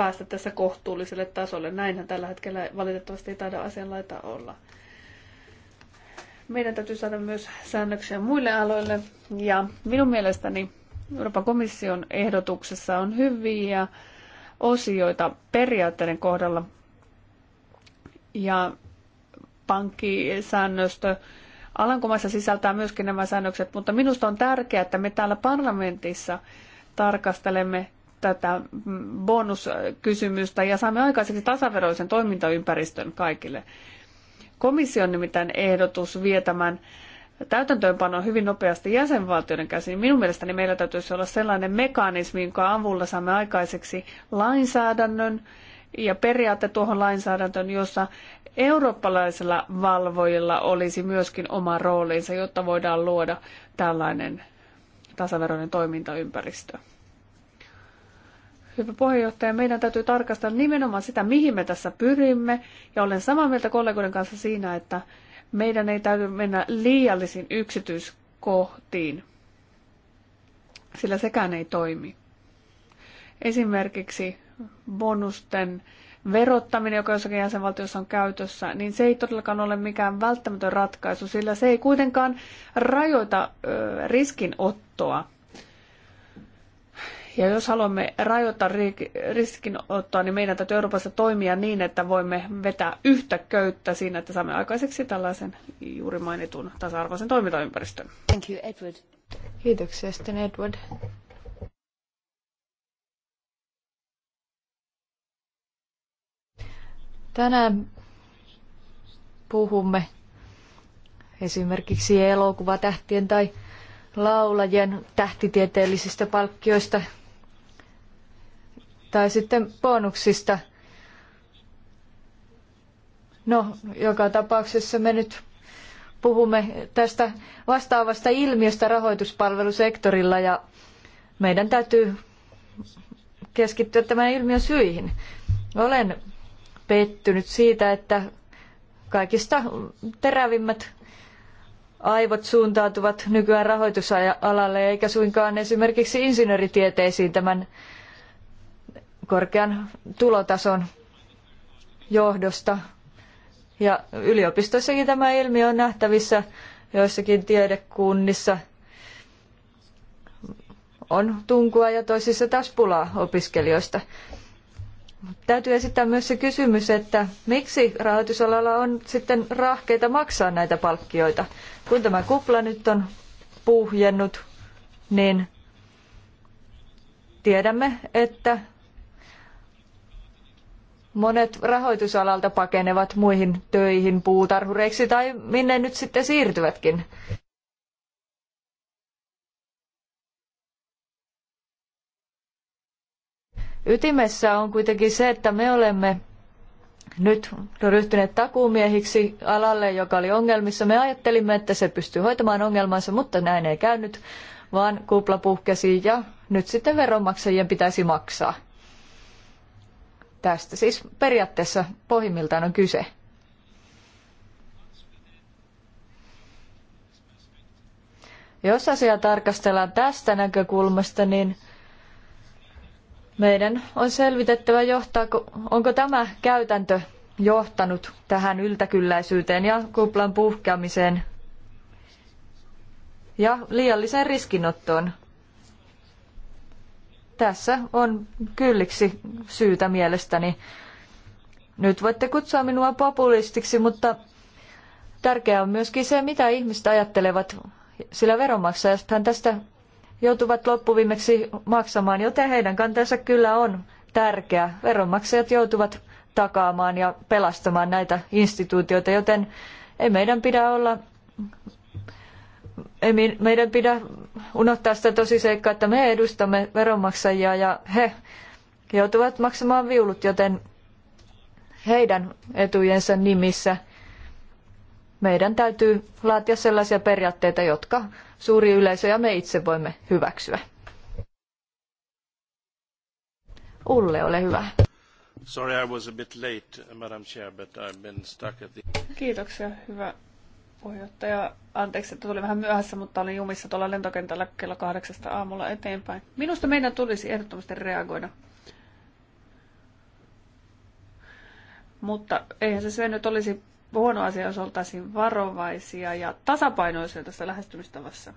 päästä tässä kohtuulliselle tasolle. Näinhän tällä hetkellä valitettavasti ei taida asianlaita olla. Meidän täytyy saada myös säännöksiä muille aloille. Ja minun mielestäni Euroopan komission ehdotuksessa on hyviä osioita periaatteiden kohdalla. Ja pankkisäännöstö Alankomaissa sisältää myöskin nämä säännökset, mutta minusta on tärkeää, että me täällä parlamentissa tarkastelemme tätä bonuskysymystä ja saamme aikaiseksi tasaveroisen toimintaympäristön kaikille. Komission nimittäin ehdotus vie tämän täytäntöönpano hyvin nopeasti jäsenvaltioiden käsiin. Minun mielestäni meillä täytyisi olla sellainen mekanismi, jonka avulla saamme aikaiseksi lainsäädännön ja periaate tuohon lainsäädäntöön, jossa eurooppalaisilla valvojilla olisi myöskin oma roolinsa, jotta voidaan luoda tällainen tasaveroinen toimintaympäristö. Hyvä puheenjohtaja, meidän täytyy tarkastella nimenomaan sitä, mihin me tässä pyrimme. Ja olen samaa mieltä kollegoiden kanssa siinä, että meidän ei täytyy mennä liiallisiin yksityiskohtiin, sillä sekään ei toimi. Esimerkiksi bonusten verottaminen, joka jossakin jäsenvaltiossa on käytössä, niin se ei todellakaan ole mikään välttämätön ratkaisu, sillä se ei kuitenkaan rajoita ö, riskinottoa. Ja jos haluamme rajoittaa riskinottoa, niin meidän täytyy Euroopassa toimia niin, että voimme vetää yhtä köyttä siinä, että saamme aikaiseksi tällaisen juuri mainitun tasa-arvoisen toimintaympäristön. Thank you, Edward. Kiitoksia sitten Edward. Tänään puhumme esimerkiksi elokuvatähtien tai laulajien tähtitieteellisistä palkkioista – tai sitten bonuksista. No, joka tapauksessa me nyt puhumme tästä vastaavasta ilmiöstä rahoituspalvelusektorilla ja meidän täytyy keskittyä tämän ilmiön syihin. Olen pettynyt siitä, että kaikista terävimmät aivot suuntautuvat nykyään rahoitusalalle eikä suinkaan esimerkiksi insinööritieteisiin tämän korkean tulotason johdosta. Ja yliopistoissakin tämä ilmiö on nähtävissä joissakin tiedekunnissa. On tunkua ja toisissa taas pulaa opiskelijoista. Täytyy esittää myös se kysymys, että miksi rahoitusalalla on sitten rahkeita maksaa näitä palkkioita. Kun tämä kupla nyt on puhjennut, niin tiedämme, että Monet rahoitusalalta pakenevat muihin töihin, puutarhureiksi tai minne nyt sitten siirtyvätkin. Ytimessä on kuitenkin se, että me olemme nyt ryhtyneet takuumiehiksi alalle, joka oli ongelmissa. Me ajattelimme, että se pystyy hoitamaan ongelmansa, mutta näin ei käynyt, vaan kupla puhkesi ja nyt sitten veronmaksajien pitäisi maksaa. Tästä siis periaatteessa pohjimmiltaan on kyse. Jos asiaa tarkastellaan tästä näkökulmasta, niin meidän on selvitettävä, johtaako, onko tämä käytäntö johtanut tähän yltäkylläisyyteen ja kuplan puhkeamiseen ja liialliseen riskinottoon tässä on kylliksi syytä mielestäni. Nyt voitte kutsua minua populistiksi, mutta tärkeää on myöskin se, mitä ihmiset ajattelevat, sillä veronmaksajathan tästä joutuvat loppuviimeksi maksamaan, joten heidän kantansa kyllä on tärkeä. Veronmaksajat joutuvat takaamaan ja pelastamaan näitä instituutioita, joten ei meidän pidä olla ei meidän pidä unohtaa sitä tosiseikkaa, että me edustamme veronmaksajia ja he joutuvat maksamaan viulut, joten heidän etujensa nimissä meidän täytyy laatia sellaisia periaatteita, jotka suuri yleisö ja me itse voimme hyväksyä. Ulle, ole hyvä. Sorry, I was a bit late, Madam Chair, but I've been stuck at the... Kiitoksia, hyvä puheenjohtaja. Anteeksi, että tuli vähän myöhässä, mutta olin jumissa tuolla lentokentällä kello kahdeksasta aamulla eteenpäin. Minusta meidän tulisi ehdottomasti reagoida. Mutta eihän se, se nyt olisi huono asia, jos oltaisiin varovaisia ja tasapainoisia tässä lähestymistavassa.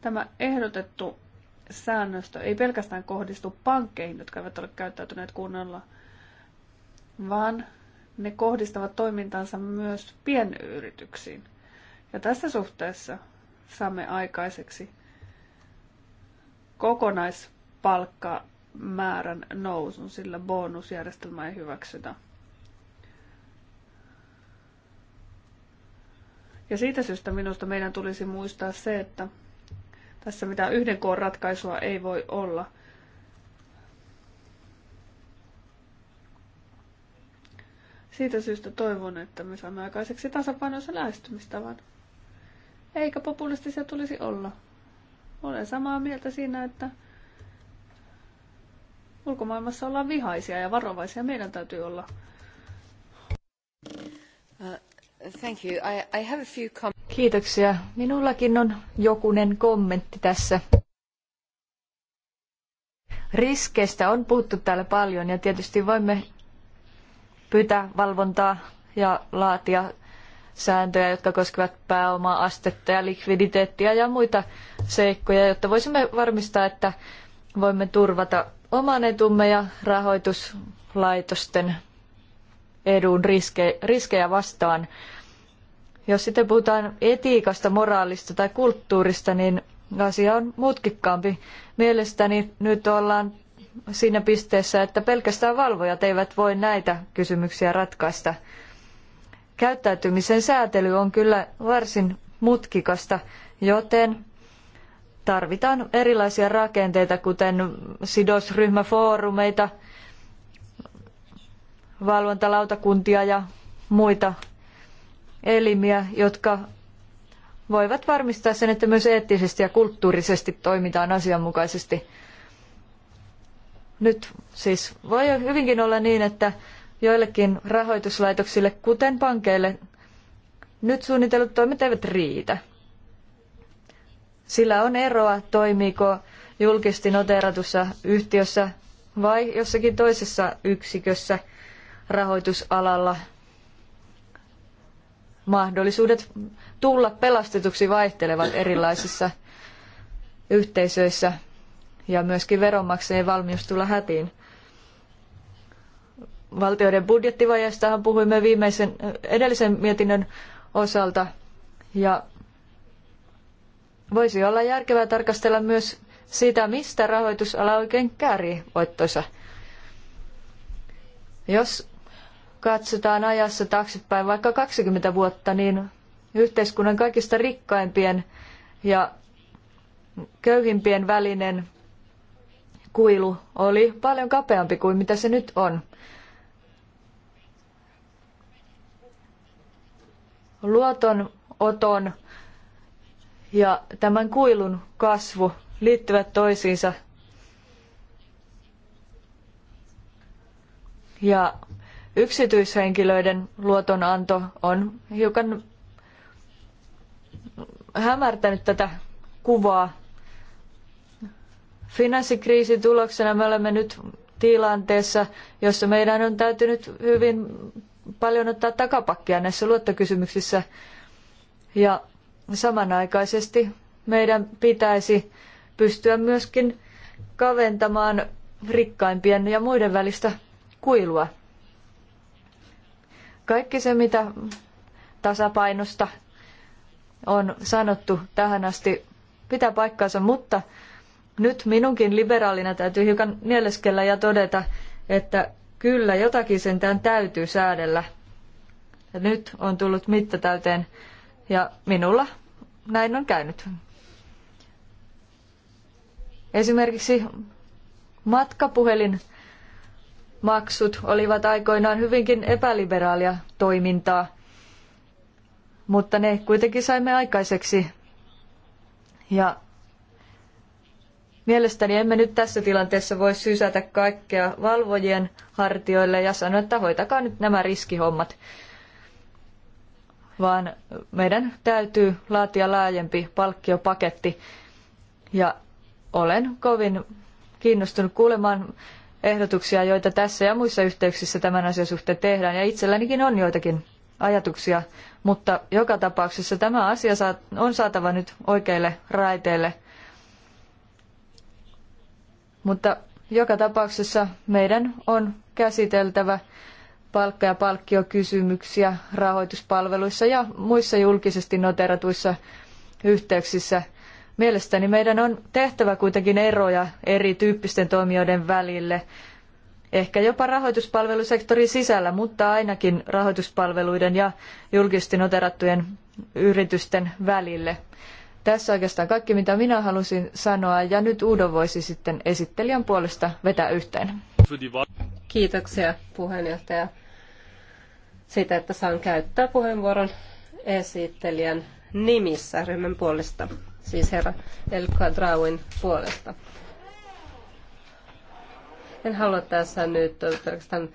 Tämä ehdotettu säännöstö ei pelkästään kohdistu pankkeihin, jotka eivät ole käyttäytyneet kunnolla, vaan ne kohdistavat toimintansa myös pienyrityksiin. Ja tässä suhteessa saamme aikaiseksi kokonaispalkkamäärän nousun, sillä bonusjärjestelmä ei hyväksytä. Ja siitä syystä minusta meidän tulisi muistaa se, että tässä mitään yhden koon ratkaisua ei voi olla. Siitä syystä toivon, että me saamme aikaiseksi tasapainoisen lähestymistavan. Eikä populistisia tulisi olla. Olen samaa mieltä siinä, että ulkomaailmassa ollaan vihaisia ja varovaisia. Meidän täytyy olla. Uh, thank you. I, I have a few Kiitoksia. Minullakin on jokunen kommentti tässä. Riskeistä on puhuttu täällä paljon ja tietysti voimme pyytää valvontaa ja laatia sääntöjä, jotka koskevat pääomaa, astetta ja likviditeettiä ja muita seikkoja, jotta voisimme varmistaa, että voimme turvata oman etumme ja rahoituslaitosten edun riske, riskejä vastaan. Jos sitten puhutaan etiikasta, moraalista tai kulttuurista, niin asia on mutkikkaampi. Mielestäni nyt ollaan siinä pisteessä, että pelkästään valvojat eivät voi näitä kysymyksiä ratkaista. Käyttäytymisen säätely on kyllä varsin mutkikasta, joten tarvitaan erilaisia rakenteita, kuten sidosryhmäfoorumeita, valvontalautakuntia ja muita elimiä, jotka voivat varmistaa sen, että myös eettisesti ja kulttuurisesti toimitaan asianmukaisesti. Nyt siis voi hyvinkin olla niin, että joillekin rahoituslaitoksille, kuten pankeille, nyt suunnitellut toimet eivät riitä. Sillä on eroa, toimiiko julkisesti noteeratussa yhtiössä vai jossakin toisessa yksikössä rahoitusalalla – mahdollisuudet tulla pelastetuksi vaihtelevat erilaisissa yhteisöissä ja myöskin veronmaksajien valmius tulla hätiin. Valtioiden budjettivajeestahan puhuimme viimeisen, edellisen mietinnön osalta ja voisi olla järkevää tarkastella myös sitä, mistä rahoitusala oikein käärii voittonsa. Jos katsotaan ajassa taaksepäin vaikka 20 vuotta, niin yhteiskunnan kaikista rikkaimpien ja köyhimpien välinen kuilu oli paljon kapeampi kuin mitä se nyt on. Luotonoton ja tämän kuilun kasvu liittyvät toisiinsa. Ja yksityishenkilöiden luotonanto on hiukan hämärtänyt tätä kuvaa. Finanssikriisin tuloksena me olemme nyt tilanteessa, jossa meidän on täytynyt hyvin paljon ottaa takapakkia näissä luottokysymyksissä. Ja samanaikaisesti meidän pitäisi pystyä myöskin kaventamaan rikkaimpien ja muiden välistä kuilua. Kaikki se, mitä tasapainosta on sanottu tähän asti, pitää paikkaansa, mutta nyt minunkin liberaalina täytyy hiukan nieleskellä ja todeta, että kyllä jotakin sentään täytyy säädellä. Ja nyt on tullut mitta täyteen ja minulla näin on käynyt. Esimerkiksi matkapuhelin maksut olivat aikoinaan hyvinkin epäliberaalia toimintaa, mutta ne kuitenkin saimme aikaiseksi. Ja mielestäni emme nyt tässä tilanteessa voi sysätä kaikkea valvojien hartioille ja sanoa, että hoitakaa nyt nämä riskihommat, vaan meidän täytyy laatia laajempi palkkiopaketti. Ja olen kovin kiinnostunut kuulemaan ehdotuksia, joita tässä ja muissa yhteyksissä tämän asian suhteen tehdään, ja itsellänikin on joitakin ajatuksia, mutta joka tapauksessa tämä asia on saatava nyt oikeille raiteille. Mutta joka tapauksessa meidän on käsiteltävä palkka- ja palkkiokysymyksiä rahoituspalveluissa ja muissa julkisesti noteratuissa yhteyksissä – Mielestäni meidän on tehtävä kuitenkin eroja erityyppisten toimijoiden välille, ehkä jopa rahoituspalvelusektorin sisällä, mutta ainakin rahoituspalveluiden ja julkisesti noterattujen yritysten välille. Tässä oikeastaan kaikki, mitä minä halusin sanoa, ja nyt Udo voisi sitten esittelijän puolesta vetää yhteen. Kiitoksia puheenjohtaja siitä, että saan käyttää puheenvuoron esittelijän nimissä ryhmän puolesta siis herra El Kadrawin puolesta. En halua tässä nyt pelkästään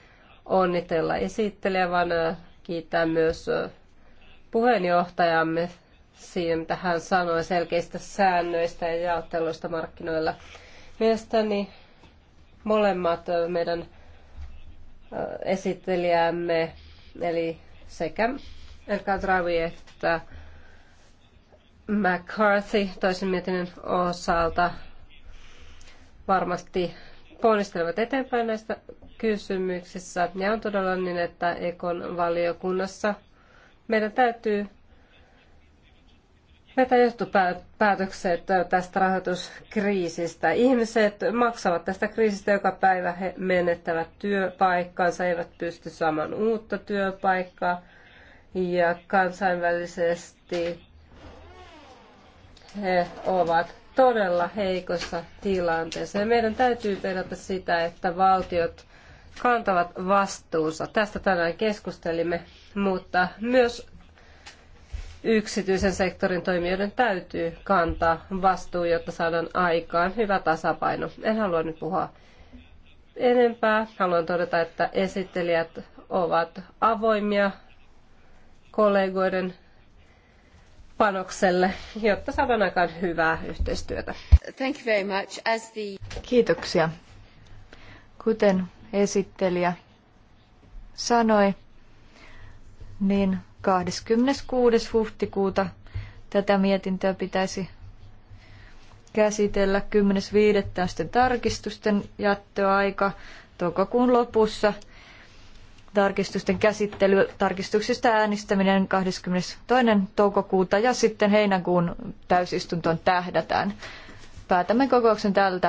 onnitella esittelijä, vaan äh, kiittää myös äh, puheenjohtajamme siihen, mitä hän sanoi selkeistä säännöistä ja jaotteluista markkinoilla. Mielestäni molemmat äh, meidän esittelijämme, eli sekä Elkadravi että McCarthy toisen mietinnön osalta varmasti ponnistelevat eteenpäin näistä kysymyksissä. Ja on todella niin, että Ekon valiokunnassa meidän täytyy vetää johtopäätökset tästä rahoituskriisistä. Ihmiset maksavat tästä kriisistä joka päivä, he menettävät työpaikkaansa, eivät pysty saamaan uutta työpaikkaa ja kansainvälisesti he ovat todella heikossa tilanteessa. Ja meidän täytyy pelätä sitä, että valtiot kantavat vastuunsa. Tästä tänään keskustelimme, mutta myös yksityisen sektorin toimijoiden täytyy kantaa vastuu, jotta saadaan aikaan hyvä tasapaino. En halua nyt puhua enempää. Haluan todeta, että esittelijät ovat avoimia kollegoiden panokselle, jotta saadaan aikaan hyvää yhteistyötä. Thank you very much. As the... Kiitoksia. Kuten esittelijä sanoi, niin 26. huhtikuuta tätä mietintöä pitäisi käsitellä 10.5. sitten tarkistusten jättöaika toukokuun lopussa – tarkistusten käsittely, tarkistuksista äänestäminen 22. toukokuuta ja sitten heinäkuun täysistuntoon tähdätään. Päätämme kokouksen tältä.